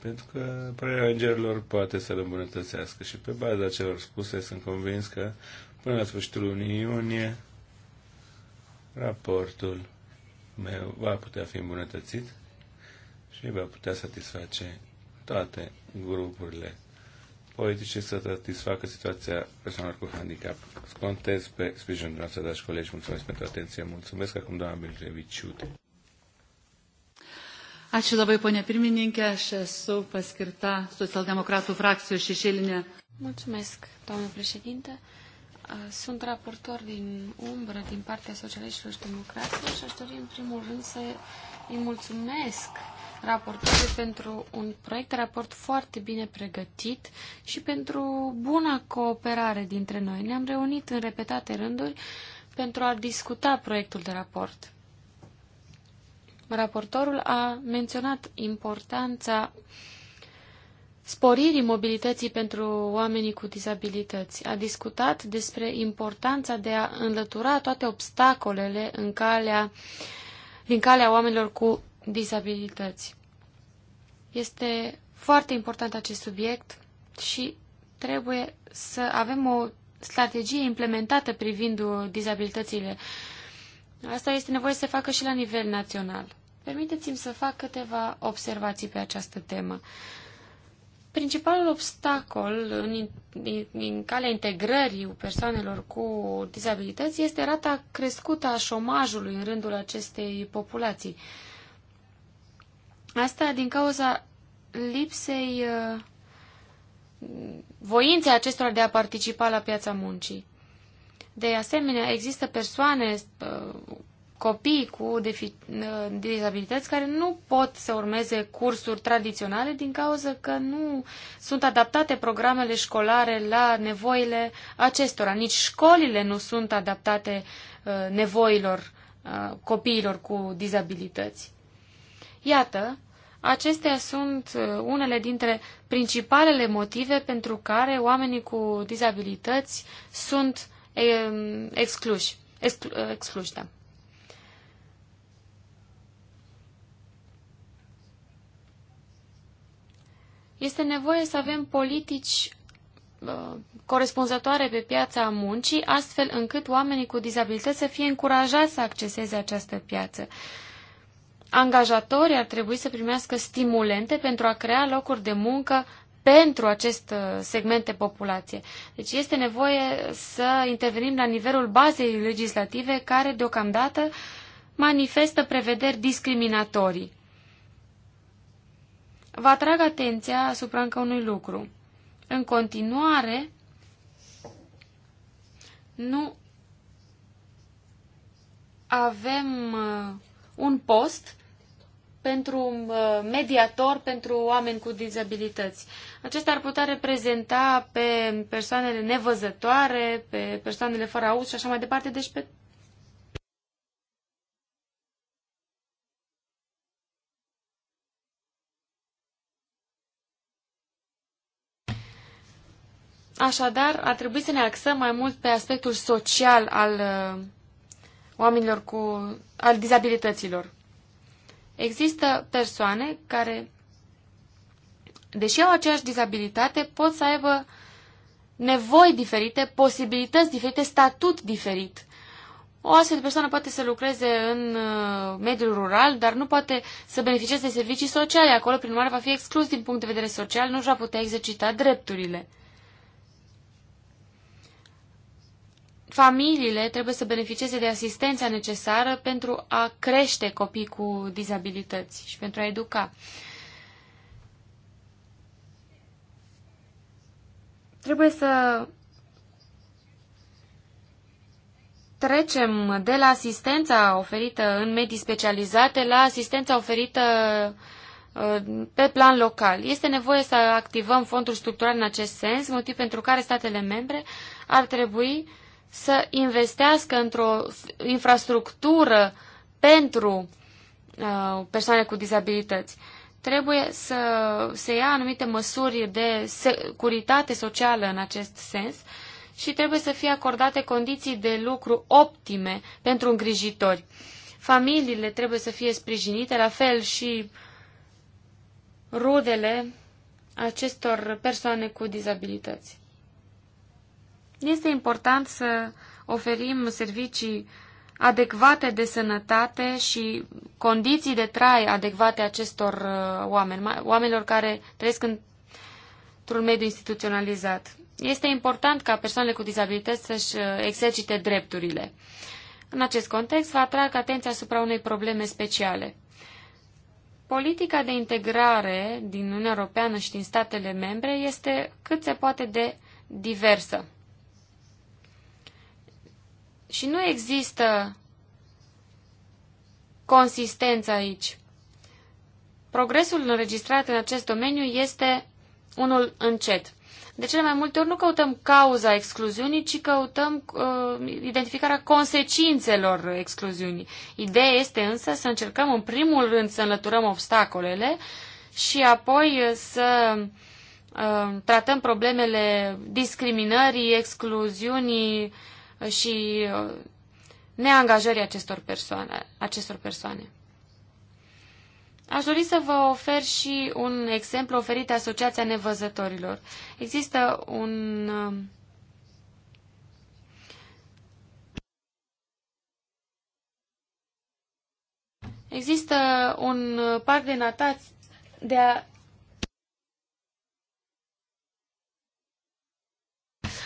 S3: pentru că părerea ONG-urilor poate să-l îmbunătățească și pe baza celor spuse sunt convins că până la sfârșitul lunii iunie raportul meu va putea fi îmbunătățit și va putea satisface toate grupurile politice să satisfacă situația persoanelor cu handicap. Contez pe sprijinul dumneavoastră, dragi colegi. Mulțumesc pentru atenție. Mulțumesc acum, doamna Bilgevičiūtė.
S2: Ačiū labai, ponia pirmininkė. Aš esu paskirta socialdemokratų frakcijos šešėlinė. Mulțumesc, doamna președinte. Sunt raportor din umbră din partea socialiștilor și democraților și aș dori în primul rând să îi mulțumesc raportorului pentru un proiect de raport foarte bine pregătit și pentru buna cooperare dintre noi. Ne-am reunit în repetate rânduri pentru a discuta proiectul de raport. Raportorul a menționat importanța sporirii mobilității pentru oamenii cu dizabilități. A discutat despre importanța de a înlătura toate obstacolele în calea, din calea oamenilor cu disabilități. Este foarte important acest subiect și trebuie să avem o strategie implementată privind dizabilitățile. Asta este nevoie să se facă și la nivel național. Permiteți-mi să fac câteva observații pe această temă. Principalul obstacol în, în, în calea integrării persoanelor cu dizabilități este rata crescută a șomajului în rândul acestei populații. Uh, Asta din cauza lipsei uh, voinței acestora de a participa la piața muncii. De asemenea, există persoane, uh, copii cu uh, dizabilități care nu pot să urmeze cursuri tradiționale din cauza că nu sunt adaptate programele școlare la nevoile acestora. Nici școlile nu sunt adaptate nevoilor copiilor cu dizabilități. Iată Acestea sunt uh, unele dintre principalele motive pentru care oamenii cu dizabilități sunt um, excluși. Exclu, uh, excluși da. Este nevoie să avem politici uh, corespunzătoare pe piața muncii, astfel încât oamenii cu dizabilități să fie încurajați să acceseze această piață angajatorii ar trebui să primească stimulente pentru a crea locuri de muncă pentru acest uh, segment de populație. Deci este nevoie să intervenim la nivelul bazei legislative care deocamdată manifestă prevederi discriminatorii. Vă atrag atenția asupra încă unui lucru. În continuare, nu avem uh, un post pentru uh, mediator pentru oameni cu dizabilități. Acesta ar putea reprezenta pe persoanele nevăzătoare, pe persoanele fără auz și așa mai departe, deci pe Așadar, ar trebui să ne axăm mai mult pe aspectul social al uh, oamenilor cu al dizabilităților. Există persoane care, deși au aceeași dizabilitate, pot să aibă nevoi diferite, posibilități diferite, statut diferit. O astfel de persoană poate să lucreze în uh, mediul rural, dar nu poate să beneficieze de servicii sociale. Acolo, prin urmare, va fi exclus din punct de vedere social, nu își va putea exercita drepturile. Familiile trebuie să beneficieze de asistența necesară pentru a crește copii cu dizabilități și pentru a educa. Trebuie să trecem de la asistența oferită în medii specializate la asistența oferită uh, pe plan local. Este nevoie să activăm fonduri structurale în acest sens, motiv pentru care statele membre ar trebui să investească într-o infrastructură pentru uh, persoane cu dizabilități. Trebuie să se ia anumite măsuri de securitate socială în acest sens și trebuie să fie acordate condiții de lucru optime pentru îngrijitori. Familiile trebuie să fie sprijinite, la fel și rudele acestor persoane cu dizabilități. Este important să oferim servicii adecvate de sănătate și condiții de trai adecvate acestor uh, oameni, oamenilor care trăiesc într-un mediu instituționalizat. Este important ca persoanele cu dizabilități să-și uh, exercite drepturile. În acest context, vă atrag atenția asupra unei probleme speciale. Politica de integrare din Uniunea Europeană și din statele membre este cât se poate de diversă. Și nu există consistență aici. Progresul înregistrat în acest domeniu este unul încet. De cele mai multe ori nu căutăm cauza excluziunii, ci căutăm uh, identificarea consecințelor excluziunii. Ideea este însă să încercăm în primul rând să înlăturăm obstacolele și apoi uh, să uh, tratăm problemele discriminării, excluziunii, uh, și uh, neangajării acestor persoane. Acestor persoane. Aș dori să vă ofer și un exemplu oferit de Asociația Nevăzătorilor. Există un uh, Există un parc de natați de a...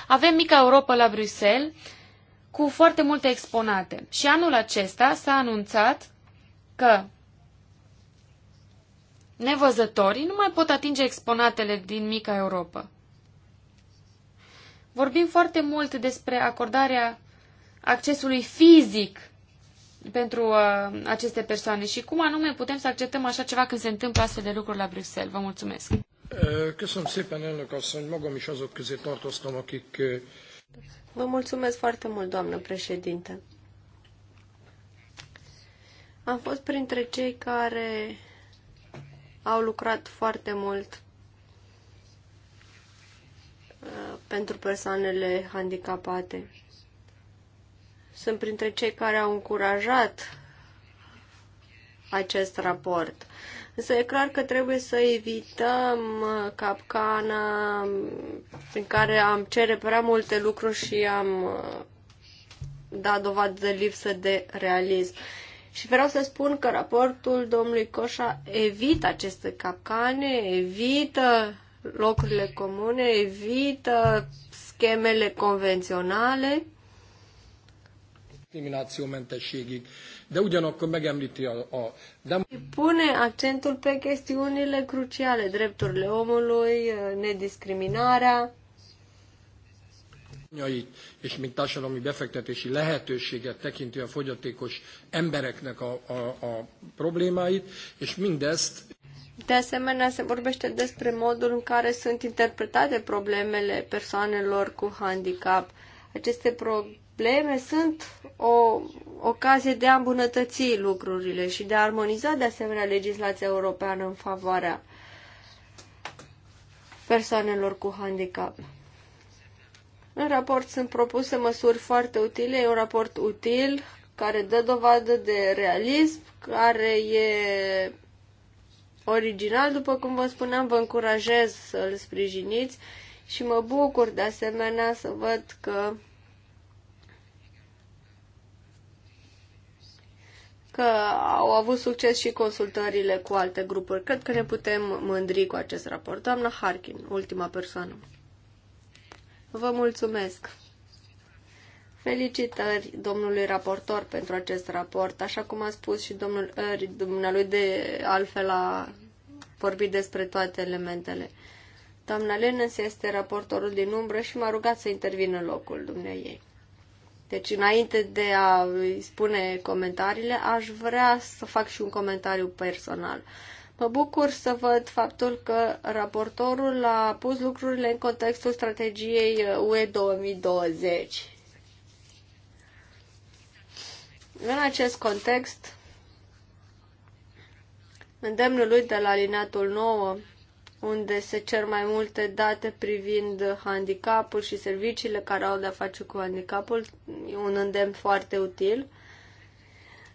S2: Avem mica Europa la Bruxelles cu foarte multe exponate. Și anul acesta s-a anunțat că nevăzătorii nu mai pot atinge exponatele din mica Europa. Vorbim foarte mult despre acordarea accesului fizic pentru uh, aceste persoane și cum anume putem să acceptăm așa ceva când se întâmplă astfel de lucruri la Bruxelles. Vă mulțumesc!
S1: Köszönöm szépen, elnök asszony, magam is azok közé tartoztam, akik eh, Vă mulțumesc foarte mult, doamnă președinte. Am fost printre cei care au lucrat foarte mult uh, pentru persoanele handicapate. Sunt printre cei care au încurajat acest raport. Însă e clar că trebuie să evităm uh, capcana prin care am cere prea multe lucruri și am uh, dat dovadă de lipsă de realism. Și vreau să spun că raportul domnului Coșa evită aceste capcane, evită locurile comune, evită schemele convenționale. Eliminațiumente și de ugyanakkor megemlíti a... a dem- Pune accentul pe chestiunile cruciale, drepturile omului, nediscriminarea, és mint társadalmi befektetési lehetőséget tekinti a fogyatékos embereknek a, a, a problémáit, és mindezt de asemenea, se vorbește despre modul în care sunt interpretate problemele persoanelor cu handicap. Aceste pro- probleme sunt o ocazie de a îmbunătăți lucrurile și de a armoniza de asemenea legislația europeană în favoarea persoanelor cu handicap. În raport sunt propuse măsuri foarte utile, e un raport util care dă dovadă de realism, care e original, după cum vă spuneam, vă încurajez să îl sprijiniți și mă bucur de asemenea să văd că că au avut succes și consultările cu alte grupuri. Cred că ne putem mândri cu acest raport. Doamna Harkin, ultima persoană. Vă mulțumesc. Felicitări domnului raportor pentru acest raport. Așa cum a spus și domnul Eri, dumnealui de altfel a vorbit despre toate elementele. Doamna Lenens este raportorul din umbră și m-a rugat să intervin în locul dumneai ei. Deci, înainte de a îi spune comentariile, aș vrea să fac și un comentariu personal. Mă bucur să văd faptul că raportorul a pus lucrurile în contextul strategiei UE 2020. În acest context, îndemnul lui de la alineatul 9 unde se cer mai multe date privind handicapul și serviciile care au de-a face cu handicapul. E un îndemn foarte util.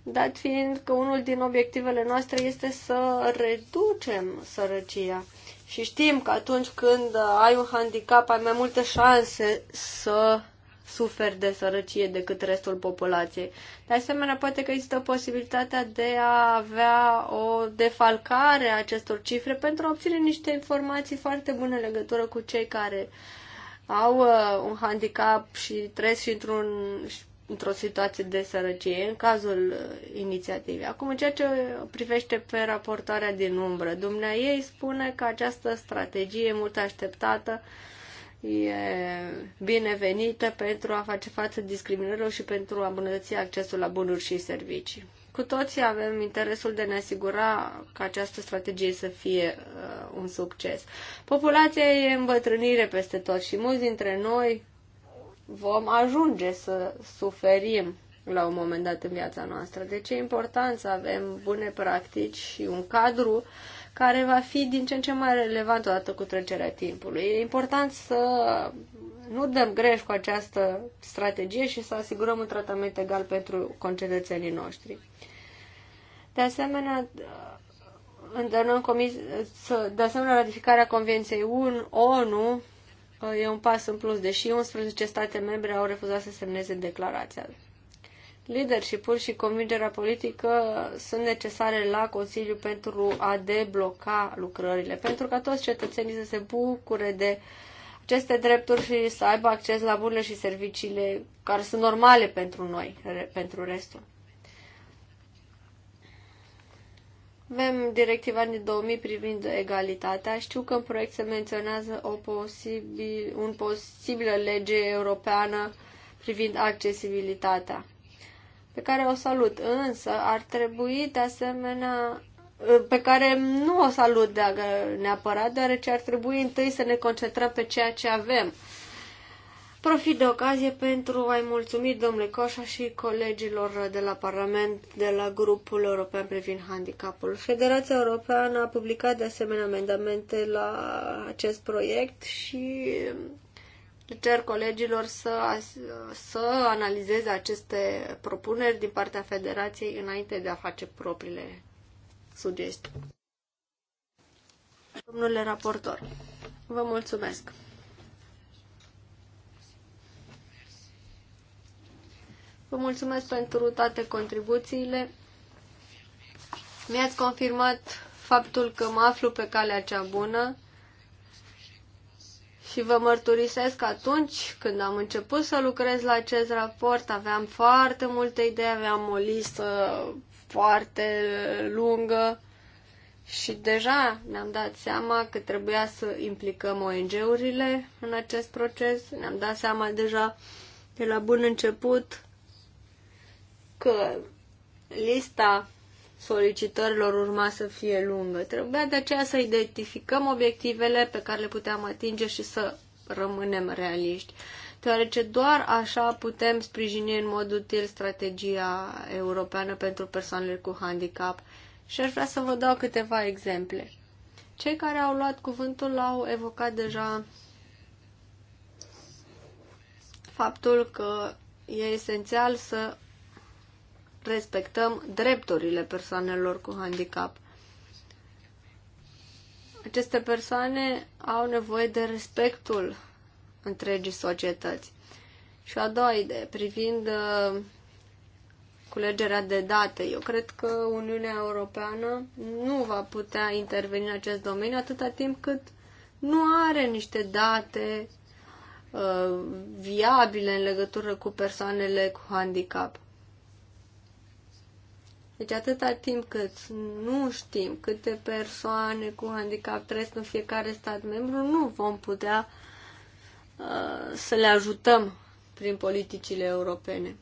S1: Dat fiind că unul din obiectivele noastre este să reducem sărăcia. Și știm că atunci când ai un handicap, ai mai multe șanse să suferi de sărăcie decât restul populației. De asemenea, poate că există posibilitatea de a avea o defalcare a acestor cifre pentru a obține niște informații foarte bune în legătură cu cei care au uh, un handicap și trăiesc și într-un, într-o situație de sărăcie, în cazul uh, inițiativei. Acum, în ceea ce privește pe raportarea din umbră, dumnea ei spune că această strategie mult așteptată uh, e binevenită pentru a face față discriminărilor și pentru a îmbunătăți accesul la bunuri și servicii. Cu toții avem interesul de a ne asigura că această strategie să fie uh, un succes. Populația e îmbătrânire peste tot și mulți dintre noi vom ajunge să suferim la un moment dat în viața noastră. Deci e important să avem bune practici și un cadru uh, care va fi din ce în ce mai relevant odată cu trecerea timpului. E important să nu dăm greș cu această strategie și să asigurăm un tratament egal pentru concetățenii noștri. De asemenea, comis de asemenea ratificarea Convenției UN, ONU e un pas în plus, deși 11 state membre au refuzat să semneze declarația leadership-ul și convingerea politică sunt necesare la Consiliu pentru a debloca lucrările, pentru ca toți cetățenii să se bucure de aceste drepturi și să aibă acces la bunurile și serviciile care sunt normale pentru noi, pentru restul. Avem directiva din 2000 privind egalitatea. Știu că în proiect se menționează o posibil, un posibilă lege europeană privind accesibilitatea pe care o salut, însă ar trebui de asemenea pe care nu o salut dacă neapărat, deoarece ar trebui întâi să ne concentrăm pe ceea ce avem. Profit de ocazie pentru a-i mulțumi domnule Coșa și colegilor de la Parlament, de la grupul european privind handicapul. Federația Europeană a publicat de asemenea amendamente la acest proiect și cer colegilor să, să analizeze aceste propuneri din partea Federației înainte de a face propriile sugestii. Domnule raportor, vă mulțumesc. Vă mulțumesc pentru toate contribuțiile. Mi-ați confirmat faptul că mă aflu pe calea cea bună și vă mărturisesc că atunci când am început să lucrez la acest raport, aveam foarte multe idei, aveam o listă foarte lungă și deja ne-am dat seama că trebuia să implicăm ONG-urile în acest proces. Ne-am dat seama deja de la bun început că lista solicitărilor urma să fie lungă. Trebuia de aceea să identificăm obiectivele pe care le puteam atinge și să rămânem realiști, deoarece doar așa putem sprijini în mod util strategia europeană pentru persoanele cu handicap. Și aș vrea să vă dau câteva exemple. Cei care au luat cuvântul au evocat deja faptul că e esențial să respectăm drepturile persoanelor cu handicap. Aceste persoane au nevoie de respectul întregii societăți. Și a doua idee, privind uh, culegerea de date, eu cred că Uniunea Europeană nu va putea interveni în acest domeniu atâta timp cât nu are niște date uh, viabile în legătură cu persoanele cu handicap. Deci atâta timp cât nu știm câte persoane cu handicap trăiesc în fiecare stat membru, nu vom putea uh, să le ajutăm prin politicile europene.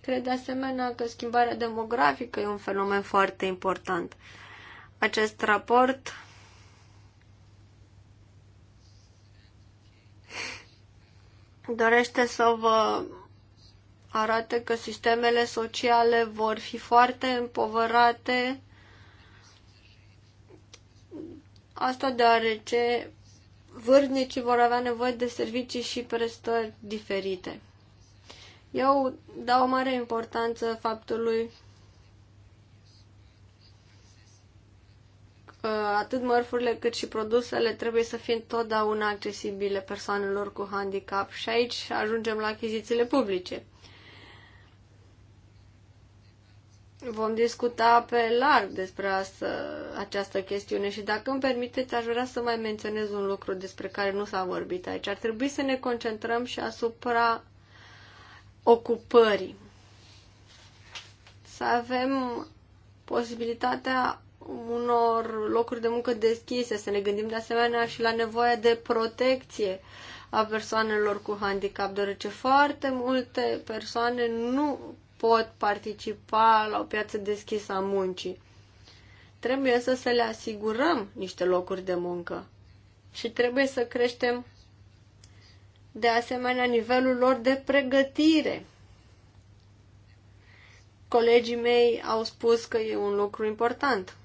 S1: Cred de asemenea că schimbarea demografică e un fenomen foarte important. Acest raport dorește să vă arată că sistemele sociale vor fi foarte împovărate. Asta deoarece vârnicii vor avea nevoie de servicii și prestări diferite. Eu dau o mare importanță faptului că atât mărfurile cât și produsele trebuie să fie întotdeauna accesibile persoanelor cu handicap și aici ajungem la achizițiile publice. Vom discuta pe larg despre asta, această chestiune și dacă îmi permiteți, aș vrea să mai menționez un lucru despre care nu s-a vorbit aici. Ar trebui să ne concentrăm și asupra ocupării. Să avem posibilitatea unor locuri de muncă deschise, să ne gândim de asemenea și la nevoia de protecție a persoanelor cu handicap, deoarece foarte multe persoane nu pot participa la o piață deschisă a muncii. Trebuie să, să le asigurăm niște locuri de muncă și trebuie să creștem de asemenea nivelul lor de pregătire. Colegii mei au spus că e un lucru important.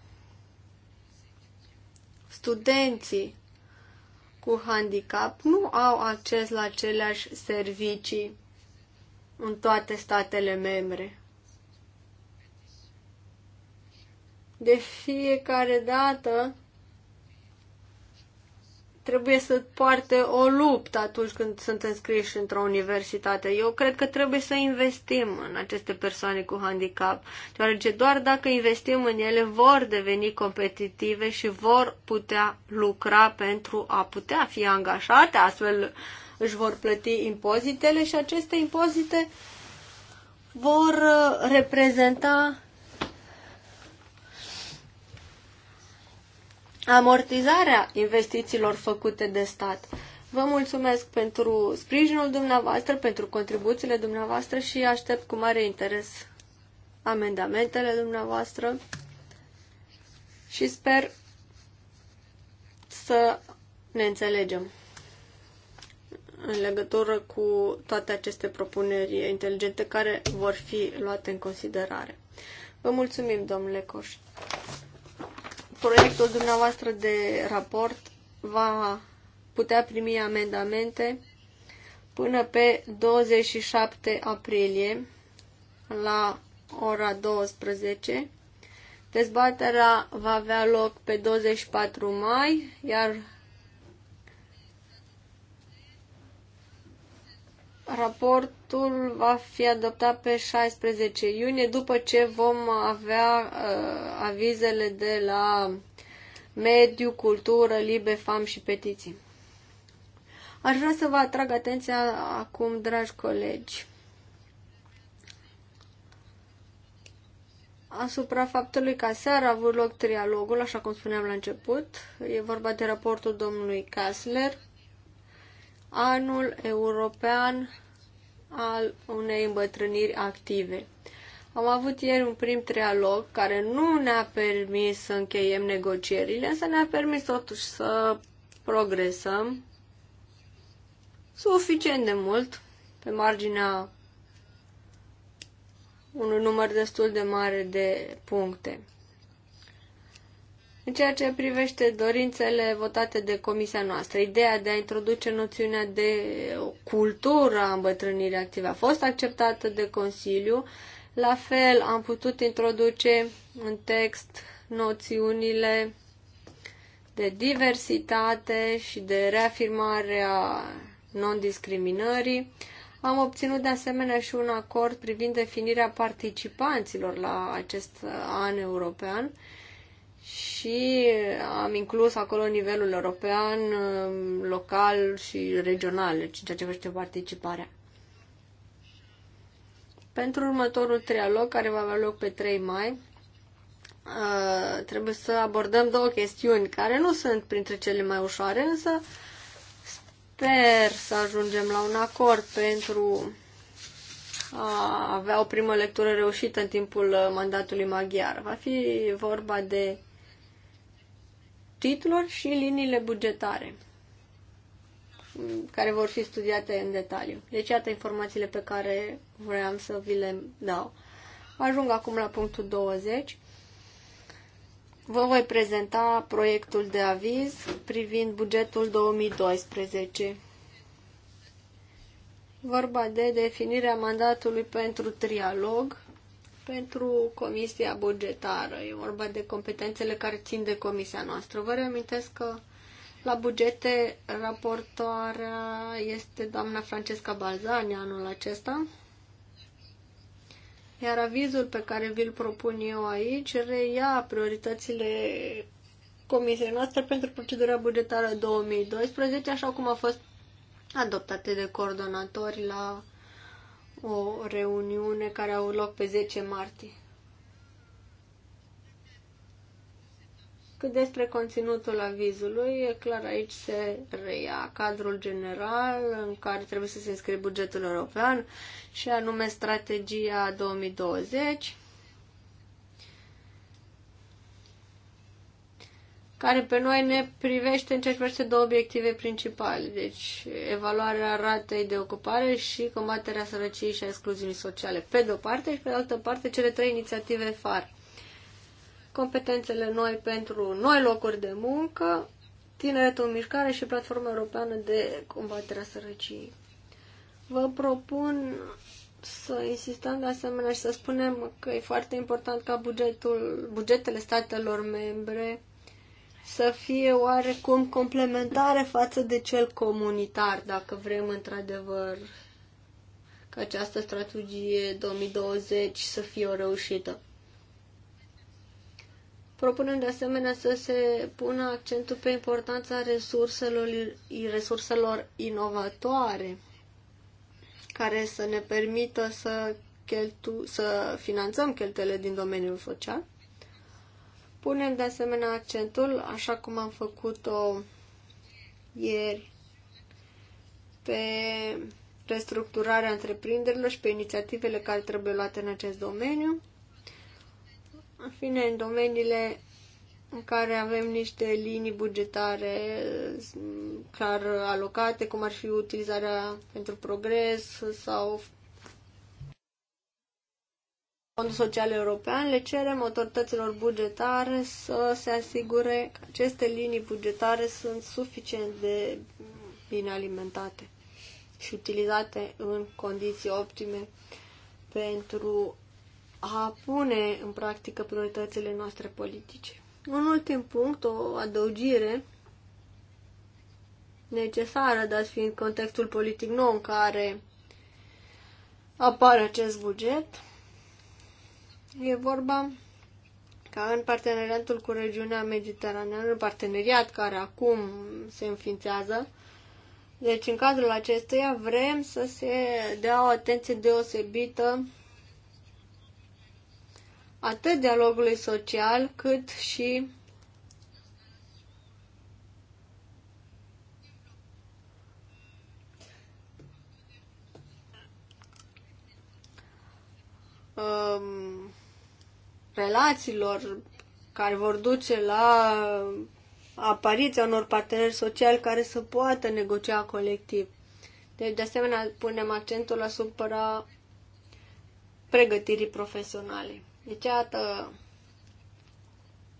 S1: Studenții cu handicap nu au acces la aceleași servicii în toate statele membre. De fiecare dată trebuie să poarte o luptă atunci când sunt înscriși într-o universitate. Eu cred că trebuie să investim în aceste persoane cu handicap, deoarece doar dacă investim în ele vor deveni competitive și vor putea lucra pentru a putea fi angajate, astfel își vor plăti impozitele și aceste impozite vor uh, reprezenta amortizarea investițiilor făcute de stat. Vă mulțumesc pentru sprijinul dumneavoastră, pentru contribuțiile dumneavoastră și aștept cu mare interes amendamentele dumneavoastră și sper să ne înțelegem în legătură cu toate aceste propuneri inteligente care vor fi luate în considerare. Vă mulțumim, domnule Coș. Proiectul dumneavoastră de raport va putea primi amendamente până pe 27 aprilie la ora 12. Dezbaterea va avea loc pe 24 mai, iar Raportul va fi adoptat pe 16 iunie, după ce vom avea uh, avizele de la Mediu, Cultură, Libe, Fam și Petiții. Aș vrea să vă atrag atenția acum, dragi colegi, asupra faptului că seara a avut loc trialogul, așa cum spuneam la început. E vorba de raportul domnului Kassler anul european al unei îmbătrâniri active. Am avut ieri un prim trialog care nu ne-a permis să încheiem negocierile, însă ne-a permis totuși să progresăm suficient de mult pe marginea unui număr destul de mare de puncte. În ceea ce privește dorințele votate de comisia noastră, ideea de a introduce noțiunea de cultură a îmbătrânirii active a fost acceptată de Consiliu. La fel, am putut introduce în text noțiunile de diversitate și de reafirmare a non-discriminării. Am obținut de asemenea și un acord privind definirea participanților la acest an european și am inclus acolo nivelul european, local și regional, deci ceea ce privește participarea. Pentru următorul trialog, care va avea loc pe 3 mai, trebuie să abordăm două chestiuni care nu sunt printre cele mai ușoare, însă sper să ajungem la un acord pentru a avea o primă lectură reușită în timpul uh, mandatului maghiar. Va fi vorba de titluri și liniile bugetare mm, care vor fi studiate în detaliu. Deci, iată informațiile pe care vreau să vi le dau. Ajung acum la punctul 20. Vă voi prezenta proiectul de aviz privind bugetul 2012. Vorba de definirea mandatului pentru trialog pentru Comisia Bugetară. E vorba de competențele care țin de Comisia noastră. Vă reamintesc că la bugete raportoarea este doamna Francesca Balzani anul acesta. Iar avizul pe care vi-l propun eu aici reia prioritățile Comisiei noastre pentru procedura bugetară 2012, așa cum a fost adoptate de coordonatori la o reuniune care a avut loc pe 10 martie. Cât despre conținutul avizului, e clar aici se reia cadrul general în care trebuie să se înscrie bugetul european și anume strategia 2020 care pe noi ne privește în ceea ce privește două obiective principale, deci evaluarea ratei de ocupare și combaterea sărăciei și a excluziunii sociale, pe de o parte și pe de altă parte cele trei inițiative far. Competențele noi pentru noi locuri de muncă, tineretul în mișcare și platforma europeană de combaterea sărăciei. Vă propun să insistăm de asemenea și să spunem că e foarte important ca bugetul, bugetele statelor membre să fie oarecum complementare față de cel comunitar, dacă vrem într-adevăr ca această strategie 2020 să fie o reușită. Propunem de asemenea să se pună accentul pe importanța resurselor, resurselor inovatoare care să ne permită să, cheltu- să finanțăm cheltuielile din domeniul social Punem de asemenea accentul, așa cum am făcut-o ieri, pe restructurarea întreprinderilor și pe inițiativele care trebuie luate în acest domeniu. În fine, în domeniile în care avem niște linii bugetare mm, clar alocate, cum ar fi utilizarea pentru progres sau Fondul Social European, le cerem autorităților bugetare să se asigure că aceste linii bugetare sunt suficient de bine alimentate și utilizate în condiții optime pentru a pune în practică prioritățile noastre politice. Un ultim punct, o adăugire necesară, dat fiind contextul politic nou în care apare acest buget, E vorba ca în parteneriatul cu regiunea mediteraneană, în parteneriat care acum se înființează, deci în cadrul acestuia vrem să se dea o atenție deosebită atât dialogului social cât și um, relațiilor care vor duce la apariția unor parteneri sociali care să poată negocia colectiv. Deci, de asemenea, punem accentul asupra pregătirii profesionale. Deci, iată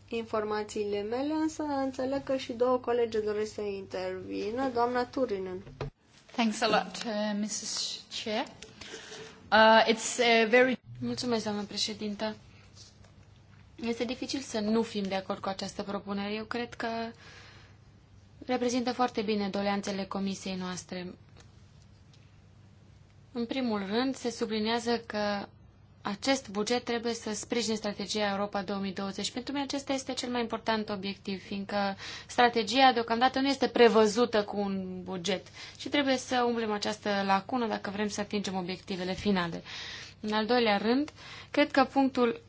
S1: informațiile mele, însă înțeleg că și două colegi doresc să intervină. Doamna Turinen.
S2: Thanks a lot, uh, Mrs. Chair. Uh, it's a uh, very... Mulțumesc, doamnă președintă. Este dificil să nu fim de acord cu această propunere. Eu cred că reprezintă foarte bine doleanțele comisiei noastre. În primul rând, se sublinează că acest buget trebuie să sprijine strategia Europa 2020. Pentru mine acesta este cel mai important obiectiv, fiindcă strategia deocamdată nu este prevăzută cu un buget și trebuie să umblem această lacună dacă vrem să atingem obiectivele finale. În al doilea rând, cred că punctul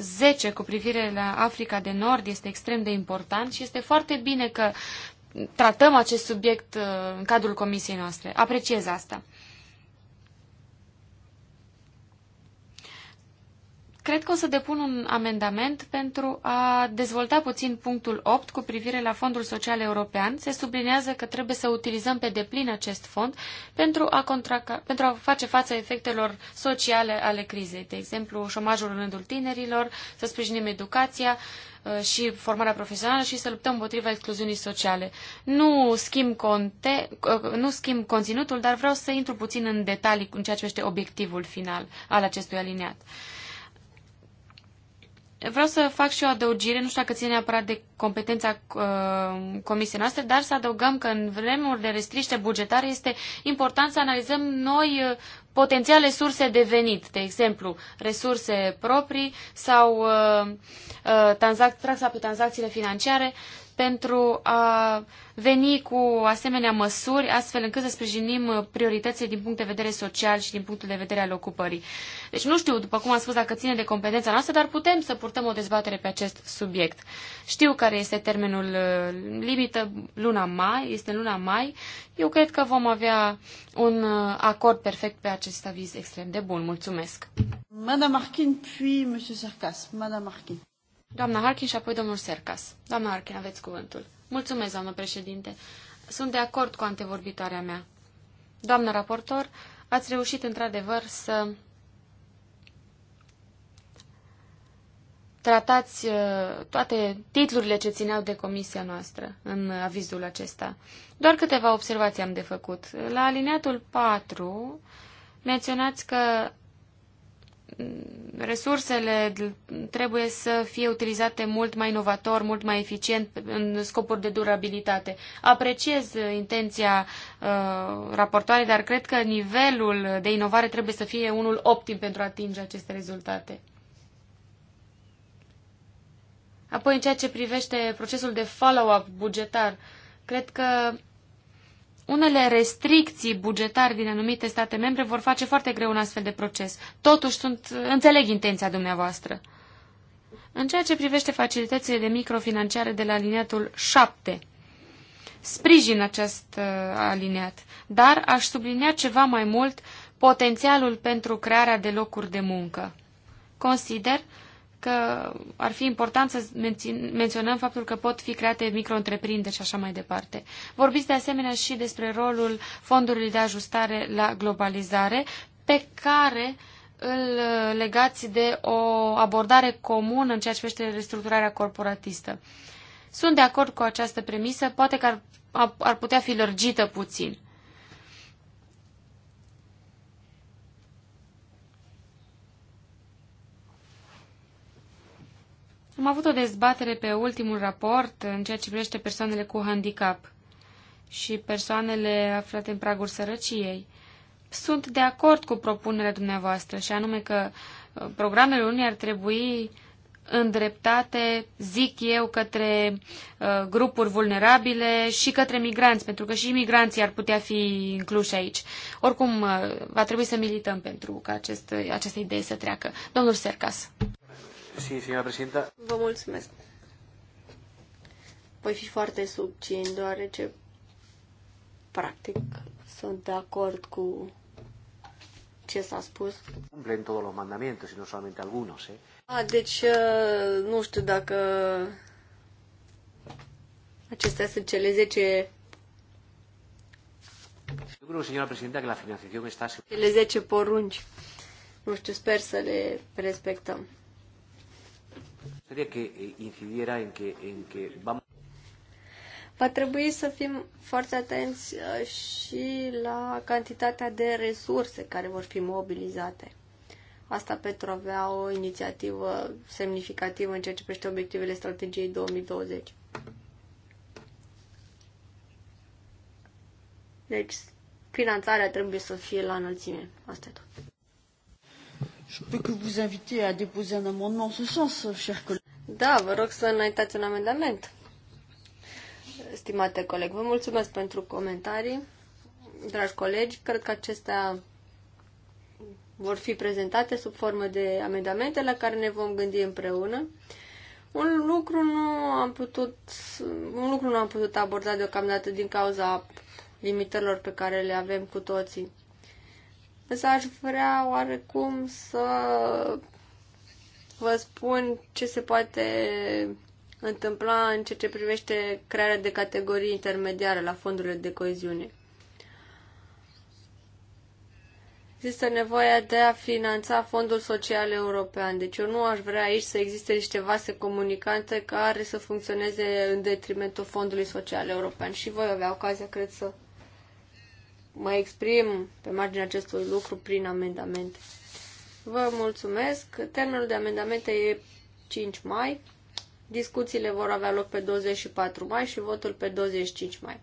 S2: 10 cu privire la Africa de Nord este extrem de important și este foarte bine că tratăm acest subiect uh, în cadrul comisiei noastre. Apreciez asta. Cred că o să depun un amendament pentru a dezvolta puțin punctul 8 cu privire la Fondul Social European. Se sublinează că trebuie să utilizăm pe deplin acest fond pentru a, contraca, pentru a face față efectelor sociale ale crizei, de exemplu șomajul în rândul tinerilor, să sprijinim educația uh, și formarea profesională și să luptăm împotriva excluziunii sociale. Nu schimb, conte, uh, nu schimb conținutul, dar vreau să intru puțin în detalii în ceea ce este obiectivul final al acestui aliniat. Vreau să fac și o adăugire, nu știu dacă ține neapărat de competența uh, comisiei noastre, dar să adăugăm că în vremuri de restriște bugetare este important să analizăm noi uh, potențiale surse de venit, de exemplu, resurse proprii sau uh, uh, transact, taxa pe tranzacțiile financiare pentru a veni cu asemenea măsuri, astfel încât să sprijinim prioritățile din punct de vedere social și din punctul de vedere al ocupării. Deci nu știu, după cum am spus, dacă ține de competența noastră, dar putem să purtăm o dezbatere pe acest subiect. Știu care este termenul uh, limită, luna mai, este luna mai. Eu cred că vom avea un uh, acord perfect pe acest aviz extrem de bun. Mulțumesc! Madame Arkin, puis Monsieur Sarkas. Madame Arkin. Doamna Harkin și apoi domnul Sercas. Doamna Harkin, aveți cuvântul. Mulțumesc, doamnă președinte. Sunt de acord cu antevorbitoarea mea. Doamnă raportor, ați reușit într-adevăr să tratați uh, toate titlurile ce țineau de comisia noastră în avizul acesta. Doar câteva observații am de făcut. La alineatul 4 menționați că resursele trebuie să fie utilizate mult mai inovator, mult mai eficient în scopuri de durabilitate. Apreciez uh, intenția uh, raportoarei, dar cred că nivelul de inovare trebuie să fie unul optim pentru a atinge aceste rezultate. Apoi, în ceea ce privește procesul de follow-up bugetar, cred că unele restricții bugetare din anumite state membre vor face foarte greu un astfel de proces. Totuși, sunt, înțeleg intenția dumneavoastră. În ceea ce privește facilitățile de microfinanciare de la aliniatul 7, sprijin acest uh, aliniat, dar aș sublinia ceva mai mult potențialul pentru crearea de locuri de muncă. Consider că ar fi important să menționăm faptul că pot fi create micro-întreprinderi și așa mai departe. Vorbiți de asemenea și despre rolul fondurilor de ajustare la globalizare, pe care îl legați de o abordare comună în ceea ce privește restructurarea corporatistă. Sunt de acord cu această premisă, poate că ar, ar putea fi lărgită puțin. Am avut o dezbatere pe ultimul raport în ceea ce privește persoanele cu handicap și persoanele aflate în pragul sărăciei. Sunt de acord cu propunerea dumneavoastră și anume că uh, programele unii ar trebui îndreptate, zic eu, către uh, grupuri vulnerabile și către migranți, pentru că și migranții ar putea fi incluși aici. Oricum, uh, va trebui să milităm pentru ca acest, această idee să treacă. Domnul Sercas.
S1: Sí, señora președintă. Vă mulțumesc. Voi fi foarte subțin, deoarece practic sunt de acord cu ce s-a spus. Cumplen todos los mandamientos, no solamente algunos, eh? A, deci uh, nu știu dacă acestea sunt cele 10
S2: Eu creo, señora presidenta, que la financiación está... Cele
S1: 10 porunci. Nu știu, sper să le respectăm. Eh, Va trebui să fim foarte atenți uh, și la cantitatea de resurse care vor fi mobilizate. Asta pentru a avea o inițiativă semnificativă în ceea ce privește obiectivele strategiei 2020. Deci, finanțarea trebuie să fie la înălțime. Asta e tot. Je peux que vous inviter à déposer un amendement en ce sens, chers collègues. Da, vă rog să înaintați un amendament. Stimate coleg, vă mulțumesc pentru comentarii. Dragi colegi, cred că acestea vor fi prezentate sub formă de amendamente la care ne vom gândi împreună. Un lucru nu am putut, un lucru nu am putut aborda deocamdată din cauza limitărilor pe care le avem cu toții. Însă aș vrea oarecum să vă spun ce se poate întâmpla în ceea ce privește crearea de categorii intermediare la fondurile de coeziune. Există nevoia de a finanța Fondul Social European. Deci eu nu aș vrea aici să existe niște vase comunicante care să funcționeze în detrimentul Fondului Social European. Și voi avea ocazia, cred, să mă exprim pe marginea acestui lucru prin amendamente. Vă mulțumesc. Termenul de amendamente e 5 mai. Discuțiile vor avea loc pe 24 mai și votul pe 25 mai.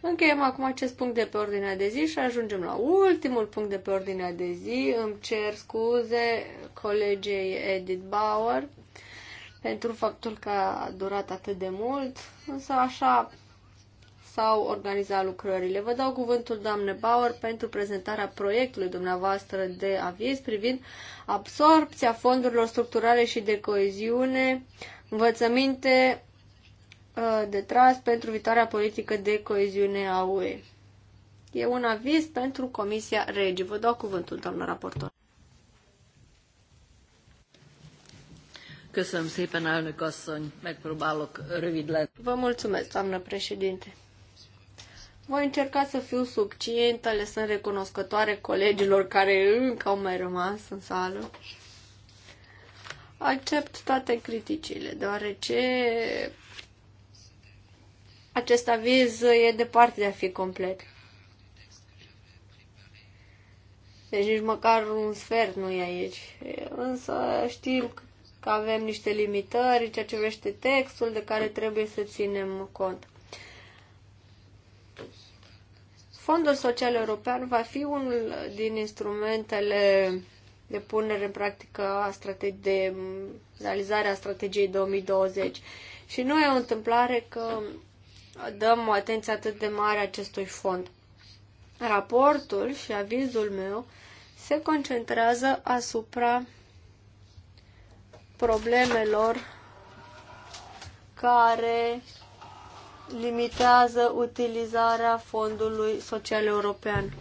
S1: Încheiem acum acest punct de pe ordinea de zi și ajungem la ultimul punct de pe ordinea de zi. Îmi cer scuze colegei Edith Bauer pentru faptul că a durat atât de mult, însă așa sau organiza lucrările. Vă dau cuvântul, doamne Bauer, pentru prezentarea proiectului dumneavoastră de aviz privind absorpția fondurilor structurale și de coeziune, învățăminte uh, de tras pentru viitoarea politică de coeziune a UE. E un aviz pentru Comisia Regi. Vă dau cuvântul, doamnă raportor. szépen, megpróbálok rövid lenni. Vă mulțumesc, doamnă președinte. Voi încerca să fiu succintă, le sunt recunoscătoare colegilor care încă au mai rămas în sală. Accept toate criticile, deoarece acest aviz e departe de a fi complet. Deci nici măcar un sfert nu e aici. Însă știm că avem niște limitări în ceea ce vește textul de care trebuie să ținem cont. Fondul Social European va fi unul din instrumentele de punere în practică a strategiei de a strategiei 2020. Și nu e o întâmplare că dăm o atenție atât de mare acestui fond. Raportul și avizul meu se concentrează asupra problemelor care limitează utilizarea Fondului Social European.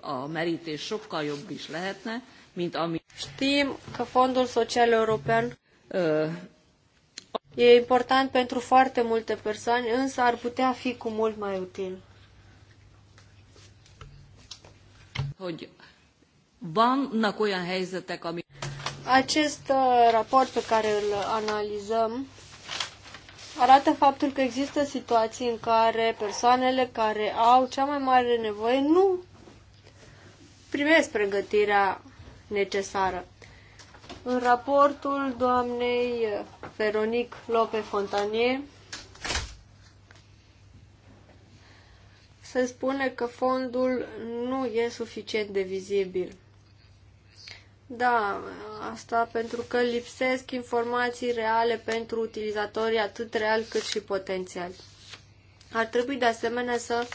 S1: A merítés sokkal jobb is lehetne, mint ami... Știm că Fondul Social European uh... e important pentru foarte multe persoane, însă ar putea fi cu mult mai util. Hogy vannak olyan helyzetek, ami... Acest uh, raport pe care îl analizăm arată faptul că există situații în care persoanele care au cea mai mare nevoie nu primesc pregătirea necesară. În raportul doamnei Veronic Lope Fontanier se spune că fondul nu e suficient de vizibil. Da, asta pentru că lipsesc informații reale pentru utilizatorii atât real cât și potențial. Ar trebui de asemenea să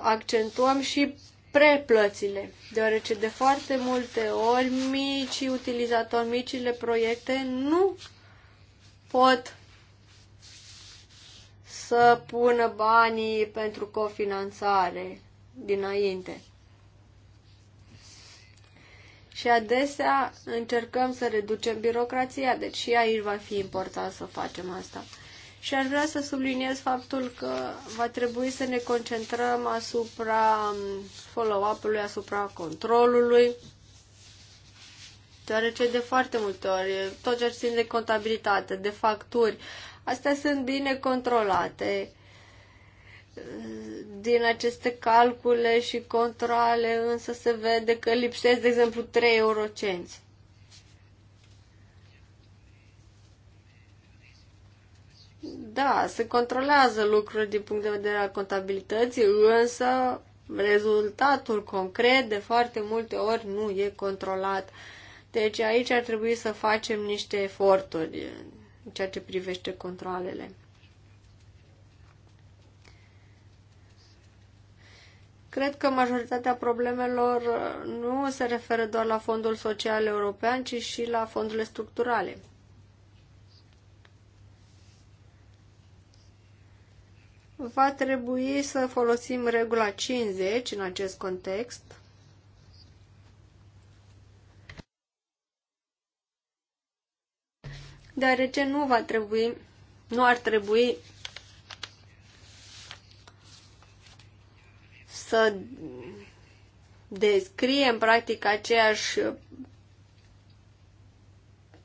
S1: accentuăm și preplățile, deoarece de foarte multe ori mici utilizatori, micile proiecte nu pot să pună banii pentru cofinanțare dinainte și adesea încercăm să reducem birocrația, deci și aici va fi important să facem asta. Și aș vrea să subliniez faptul că va trebui să ne concentrăm asupra um, follow-up-ului, asupra controlului, deoarece de foarte multe ori tot ce țin de contabilitate, de facturi, astea sunt bine controlate din aceste calcule și controle însă se vede că lipsesc, de exemplu, 3 eurocenți. Da, se controlează lucruri din punct de vedere al contabilității, însă rezultatul concret de foarte multe ori nu e controlat. Deci aici ar trebui să facem niște eforturi în ceea ce privește controlele. Cred că majoritatea problemelor uh, nu se referă doar la Fondul Social European, ci și la fondurile structurale. Va trebui să folosim regula 50 în acest context. Deoarece nu va trebui, nu ar trebui să descriem practic aceeași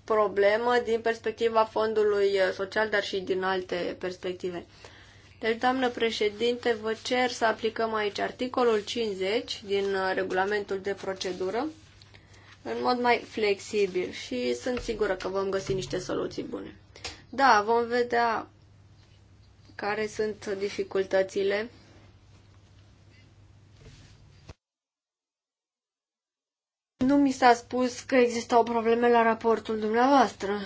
S1: problemă din perspectiva fondului social, dar și din alte perspective. Deci, doamnă președinte, vă cer să aplicăm aici articolul 50 din regulamentul de procedură în mod mai flexibil și sunt sigură că vom găsi niște soluții bune. Da, vom vedea care sunt dificultățile Nu mi s-a spus că existau probleme la raportul dumneavoastră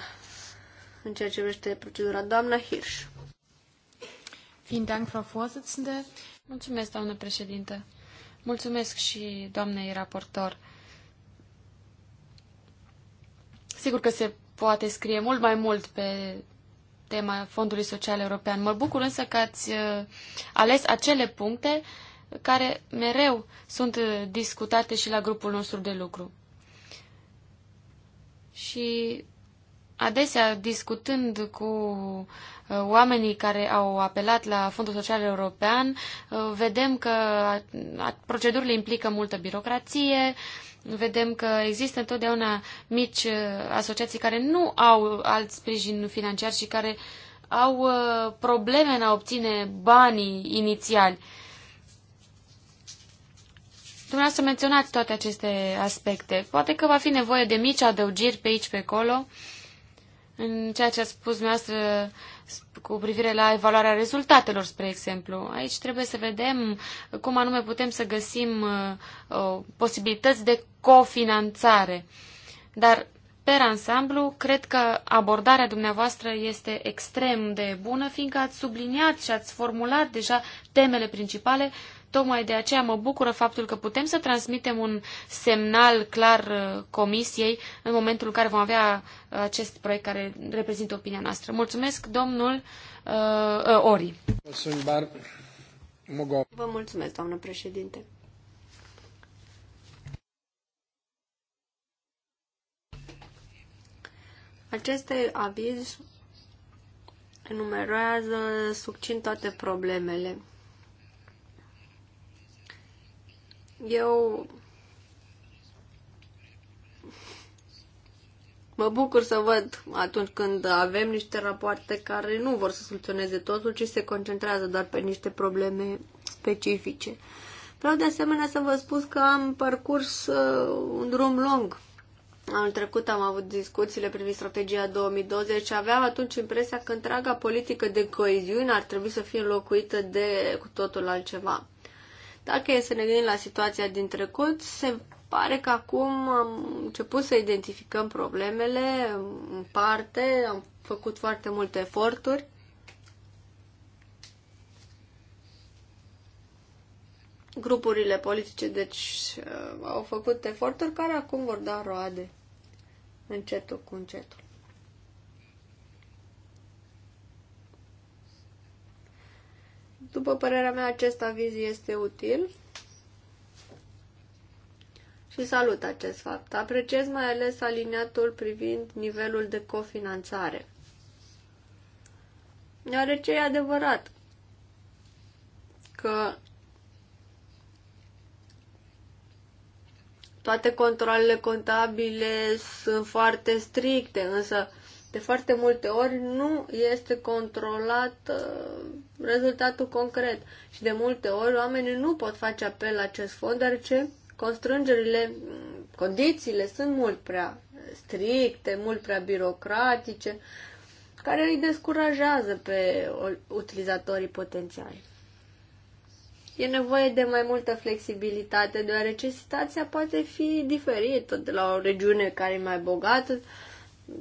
S1: în ceea ce privește procedura. Doamna Hirsch.
S2: Mulțumesc, doamnă președinte. Mulțumesc și doamnei raportor. Sigur că se poate scrie mult mai mult pe tema Fondului Social European. Mă bucur însă că ați uh, ales acele puncte uh, care mereu sunt uh, discutate și la grupul nostru de lucru. Și adesea discutând cu uh, oamenii care au apelat la Fondul Social European, uh, vedem că procedurile implică multă birocrație, vedem că există întotdeauna mici asociații care nu au alt sprijin financiar și care au probleme în a obține banii inițiali. Dumneavoastră menționați toate aceste aspecte. Poate că va fi nevoie de mici adăugiri pe aici, pe acolo, în ceea ce a spus dumneavoastră cu privire la evaluarea rezultatelor, spre exemplu. Aici trebuie să vedem cum anume putem să găsim uh, posibilități de cofinanțare. Dar, per ansamblu, cred că abordarea dumneavoastră este extrem de bună, fiindcă ați subliniat și ați formulat deja temele principale Tocmai de aceea mă bucură faptul că putem să transmitem un semnal clar uh, comisiei în momentul în care vom avea uh, acest proiect care reprezintă opinia noastră. Mulțumesc, domnul uh, uh Ori.
S1: Vă mulțumesc, doamnă
S2: președinte.
S1: Acest aviz enumerează succint toate problemele Eu mă bucur să văd atunci când avem niște rapoarte care nu vor să soluționeze totul, ci se concentrează doar pe niște probleme specifice. Vreau de asemenea să vă spun că am parcurs uh, un drum lung. Anul trecut am avut discuțiile privind strategia 2020 și aveam atunci impresia că întreaga politică de coeziune ar trebui să fie înlocuită de cu totul altceva. Dacă e să ne gândim la situația din trecut, se pare că acum am început să identificăm problemele în parte, am făcut foarte multe eforturi. Grupurile politice, deci, uh, au făcut eforturi care acum vor da roade încetul cu încetul. După părerea mea, acest aviz este util și salut acest fapt. Apreciez mai ales aliniatul privind nivelul de cofinanțare. Deoarece e adevărat că toate controlele contabile sunt foarte stricte, însă de foarte multe ori nu este controlat uh, rezultatul concret și de multe ori oamenii nu pot face apel la acest fond, deoarece constrângerile, mm, condițiile sunt mult prea stricte, mult prea birocratice, care îi descurajează pe utilizatorii potențiali. E nevoie de mai multă flexibilitate, deoarece situația poate fi diferită de la o regiune care e mai bogată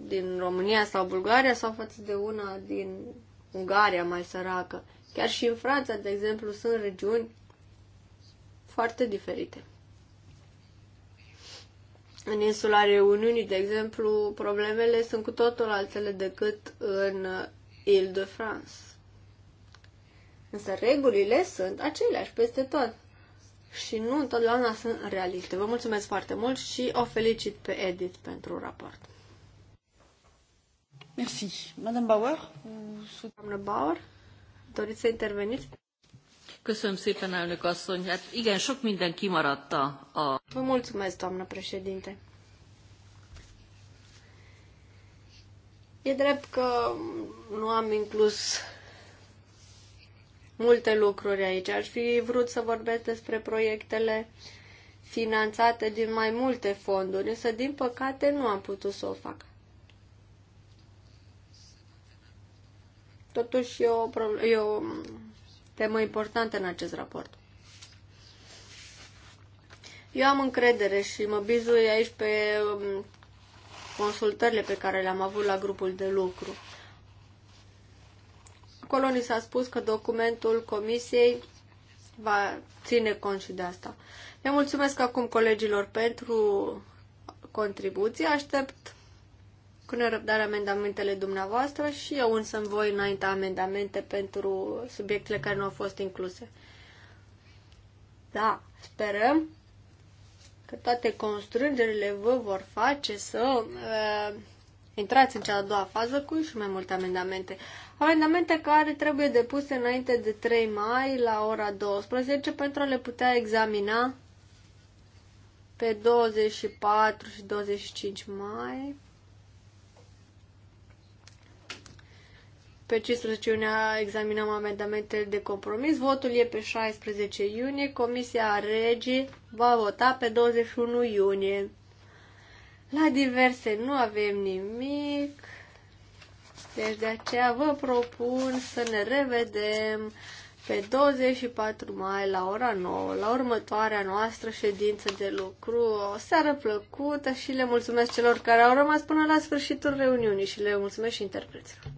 S1: din România sau Bulgaria sau față de una din Ungaria mai săracă. Chiar și în Franța, de exemplu, sunt regiuni foarte diferite. În insula Reuniunii, de exemplu, problemele sunt cu totul altele decât în Ile-de-France. Însă regulile sunt aceleași peste tot și nu întotdeauna sunt realiste. Vă mulțumesc foarte mult și o felicit pe Edith pentru raport. Merci. Madame Bauer, doamnă Bauer, doriți să interveniți? Köszönöm szépen, elnök asszony. Hát igen, sok minden kimaradt a... Vă mulțumesc, doamnă președinte. E drept că nu am inclus multe lucruri aici. Aș fi vrut să vorbesc despre proiectele finanțate din mai multe fonduri, însă din păcate nu am putut să o fac. totuși e o, e o temă importantă în acest raport. Eu am încredere și mă bizui aici pe um, consultările pe care le-am avut la grupul de lucru. Acolo ni s-a spus că documentul comisiei va ține cont și de asta. Le mulțumesc acum colegilor pentru contribuții. Aștept cu nerăbdare amendamentele dumneavoastră și eu însă îmi voi înainta amendamente pentru subiectele care nu au fost incluse. Da, sperăm că toate constrângerile vă vor face să uh, intrați în cea a doua fază cu și mai multe amendamente. Amendamente care trebuie depuse înainte de 3 mai la ora 12 pentru a le putea examina pe 24 și 25 mai Pe 15 iunie examinăm amendamentele de compromis. Votul e pe 16 iunie. Comisia Regii va vota pe 21 iunie. La diverse nu avem nimic. Deci de aceea vă propun să ne revedem pe 24 mai la ora 9, la următoarea noastră ședință de lucru. O seară plăcută și le mulțumesc celor care au rămas până la sfârșitul reuniunii și le mulțumesc și interpreților.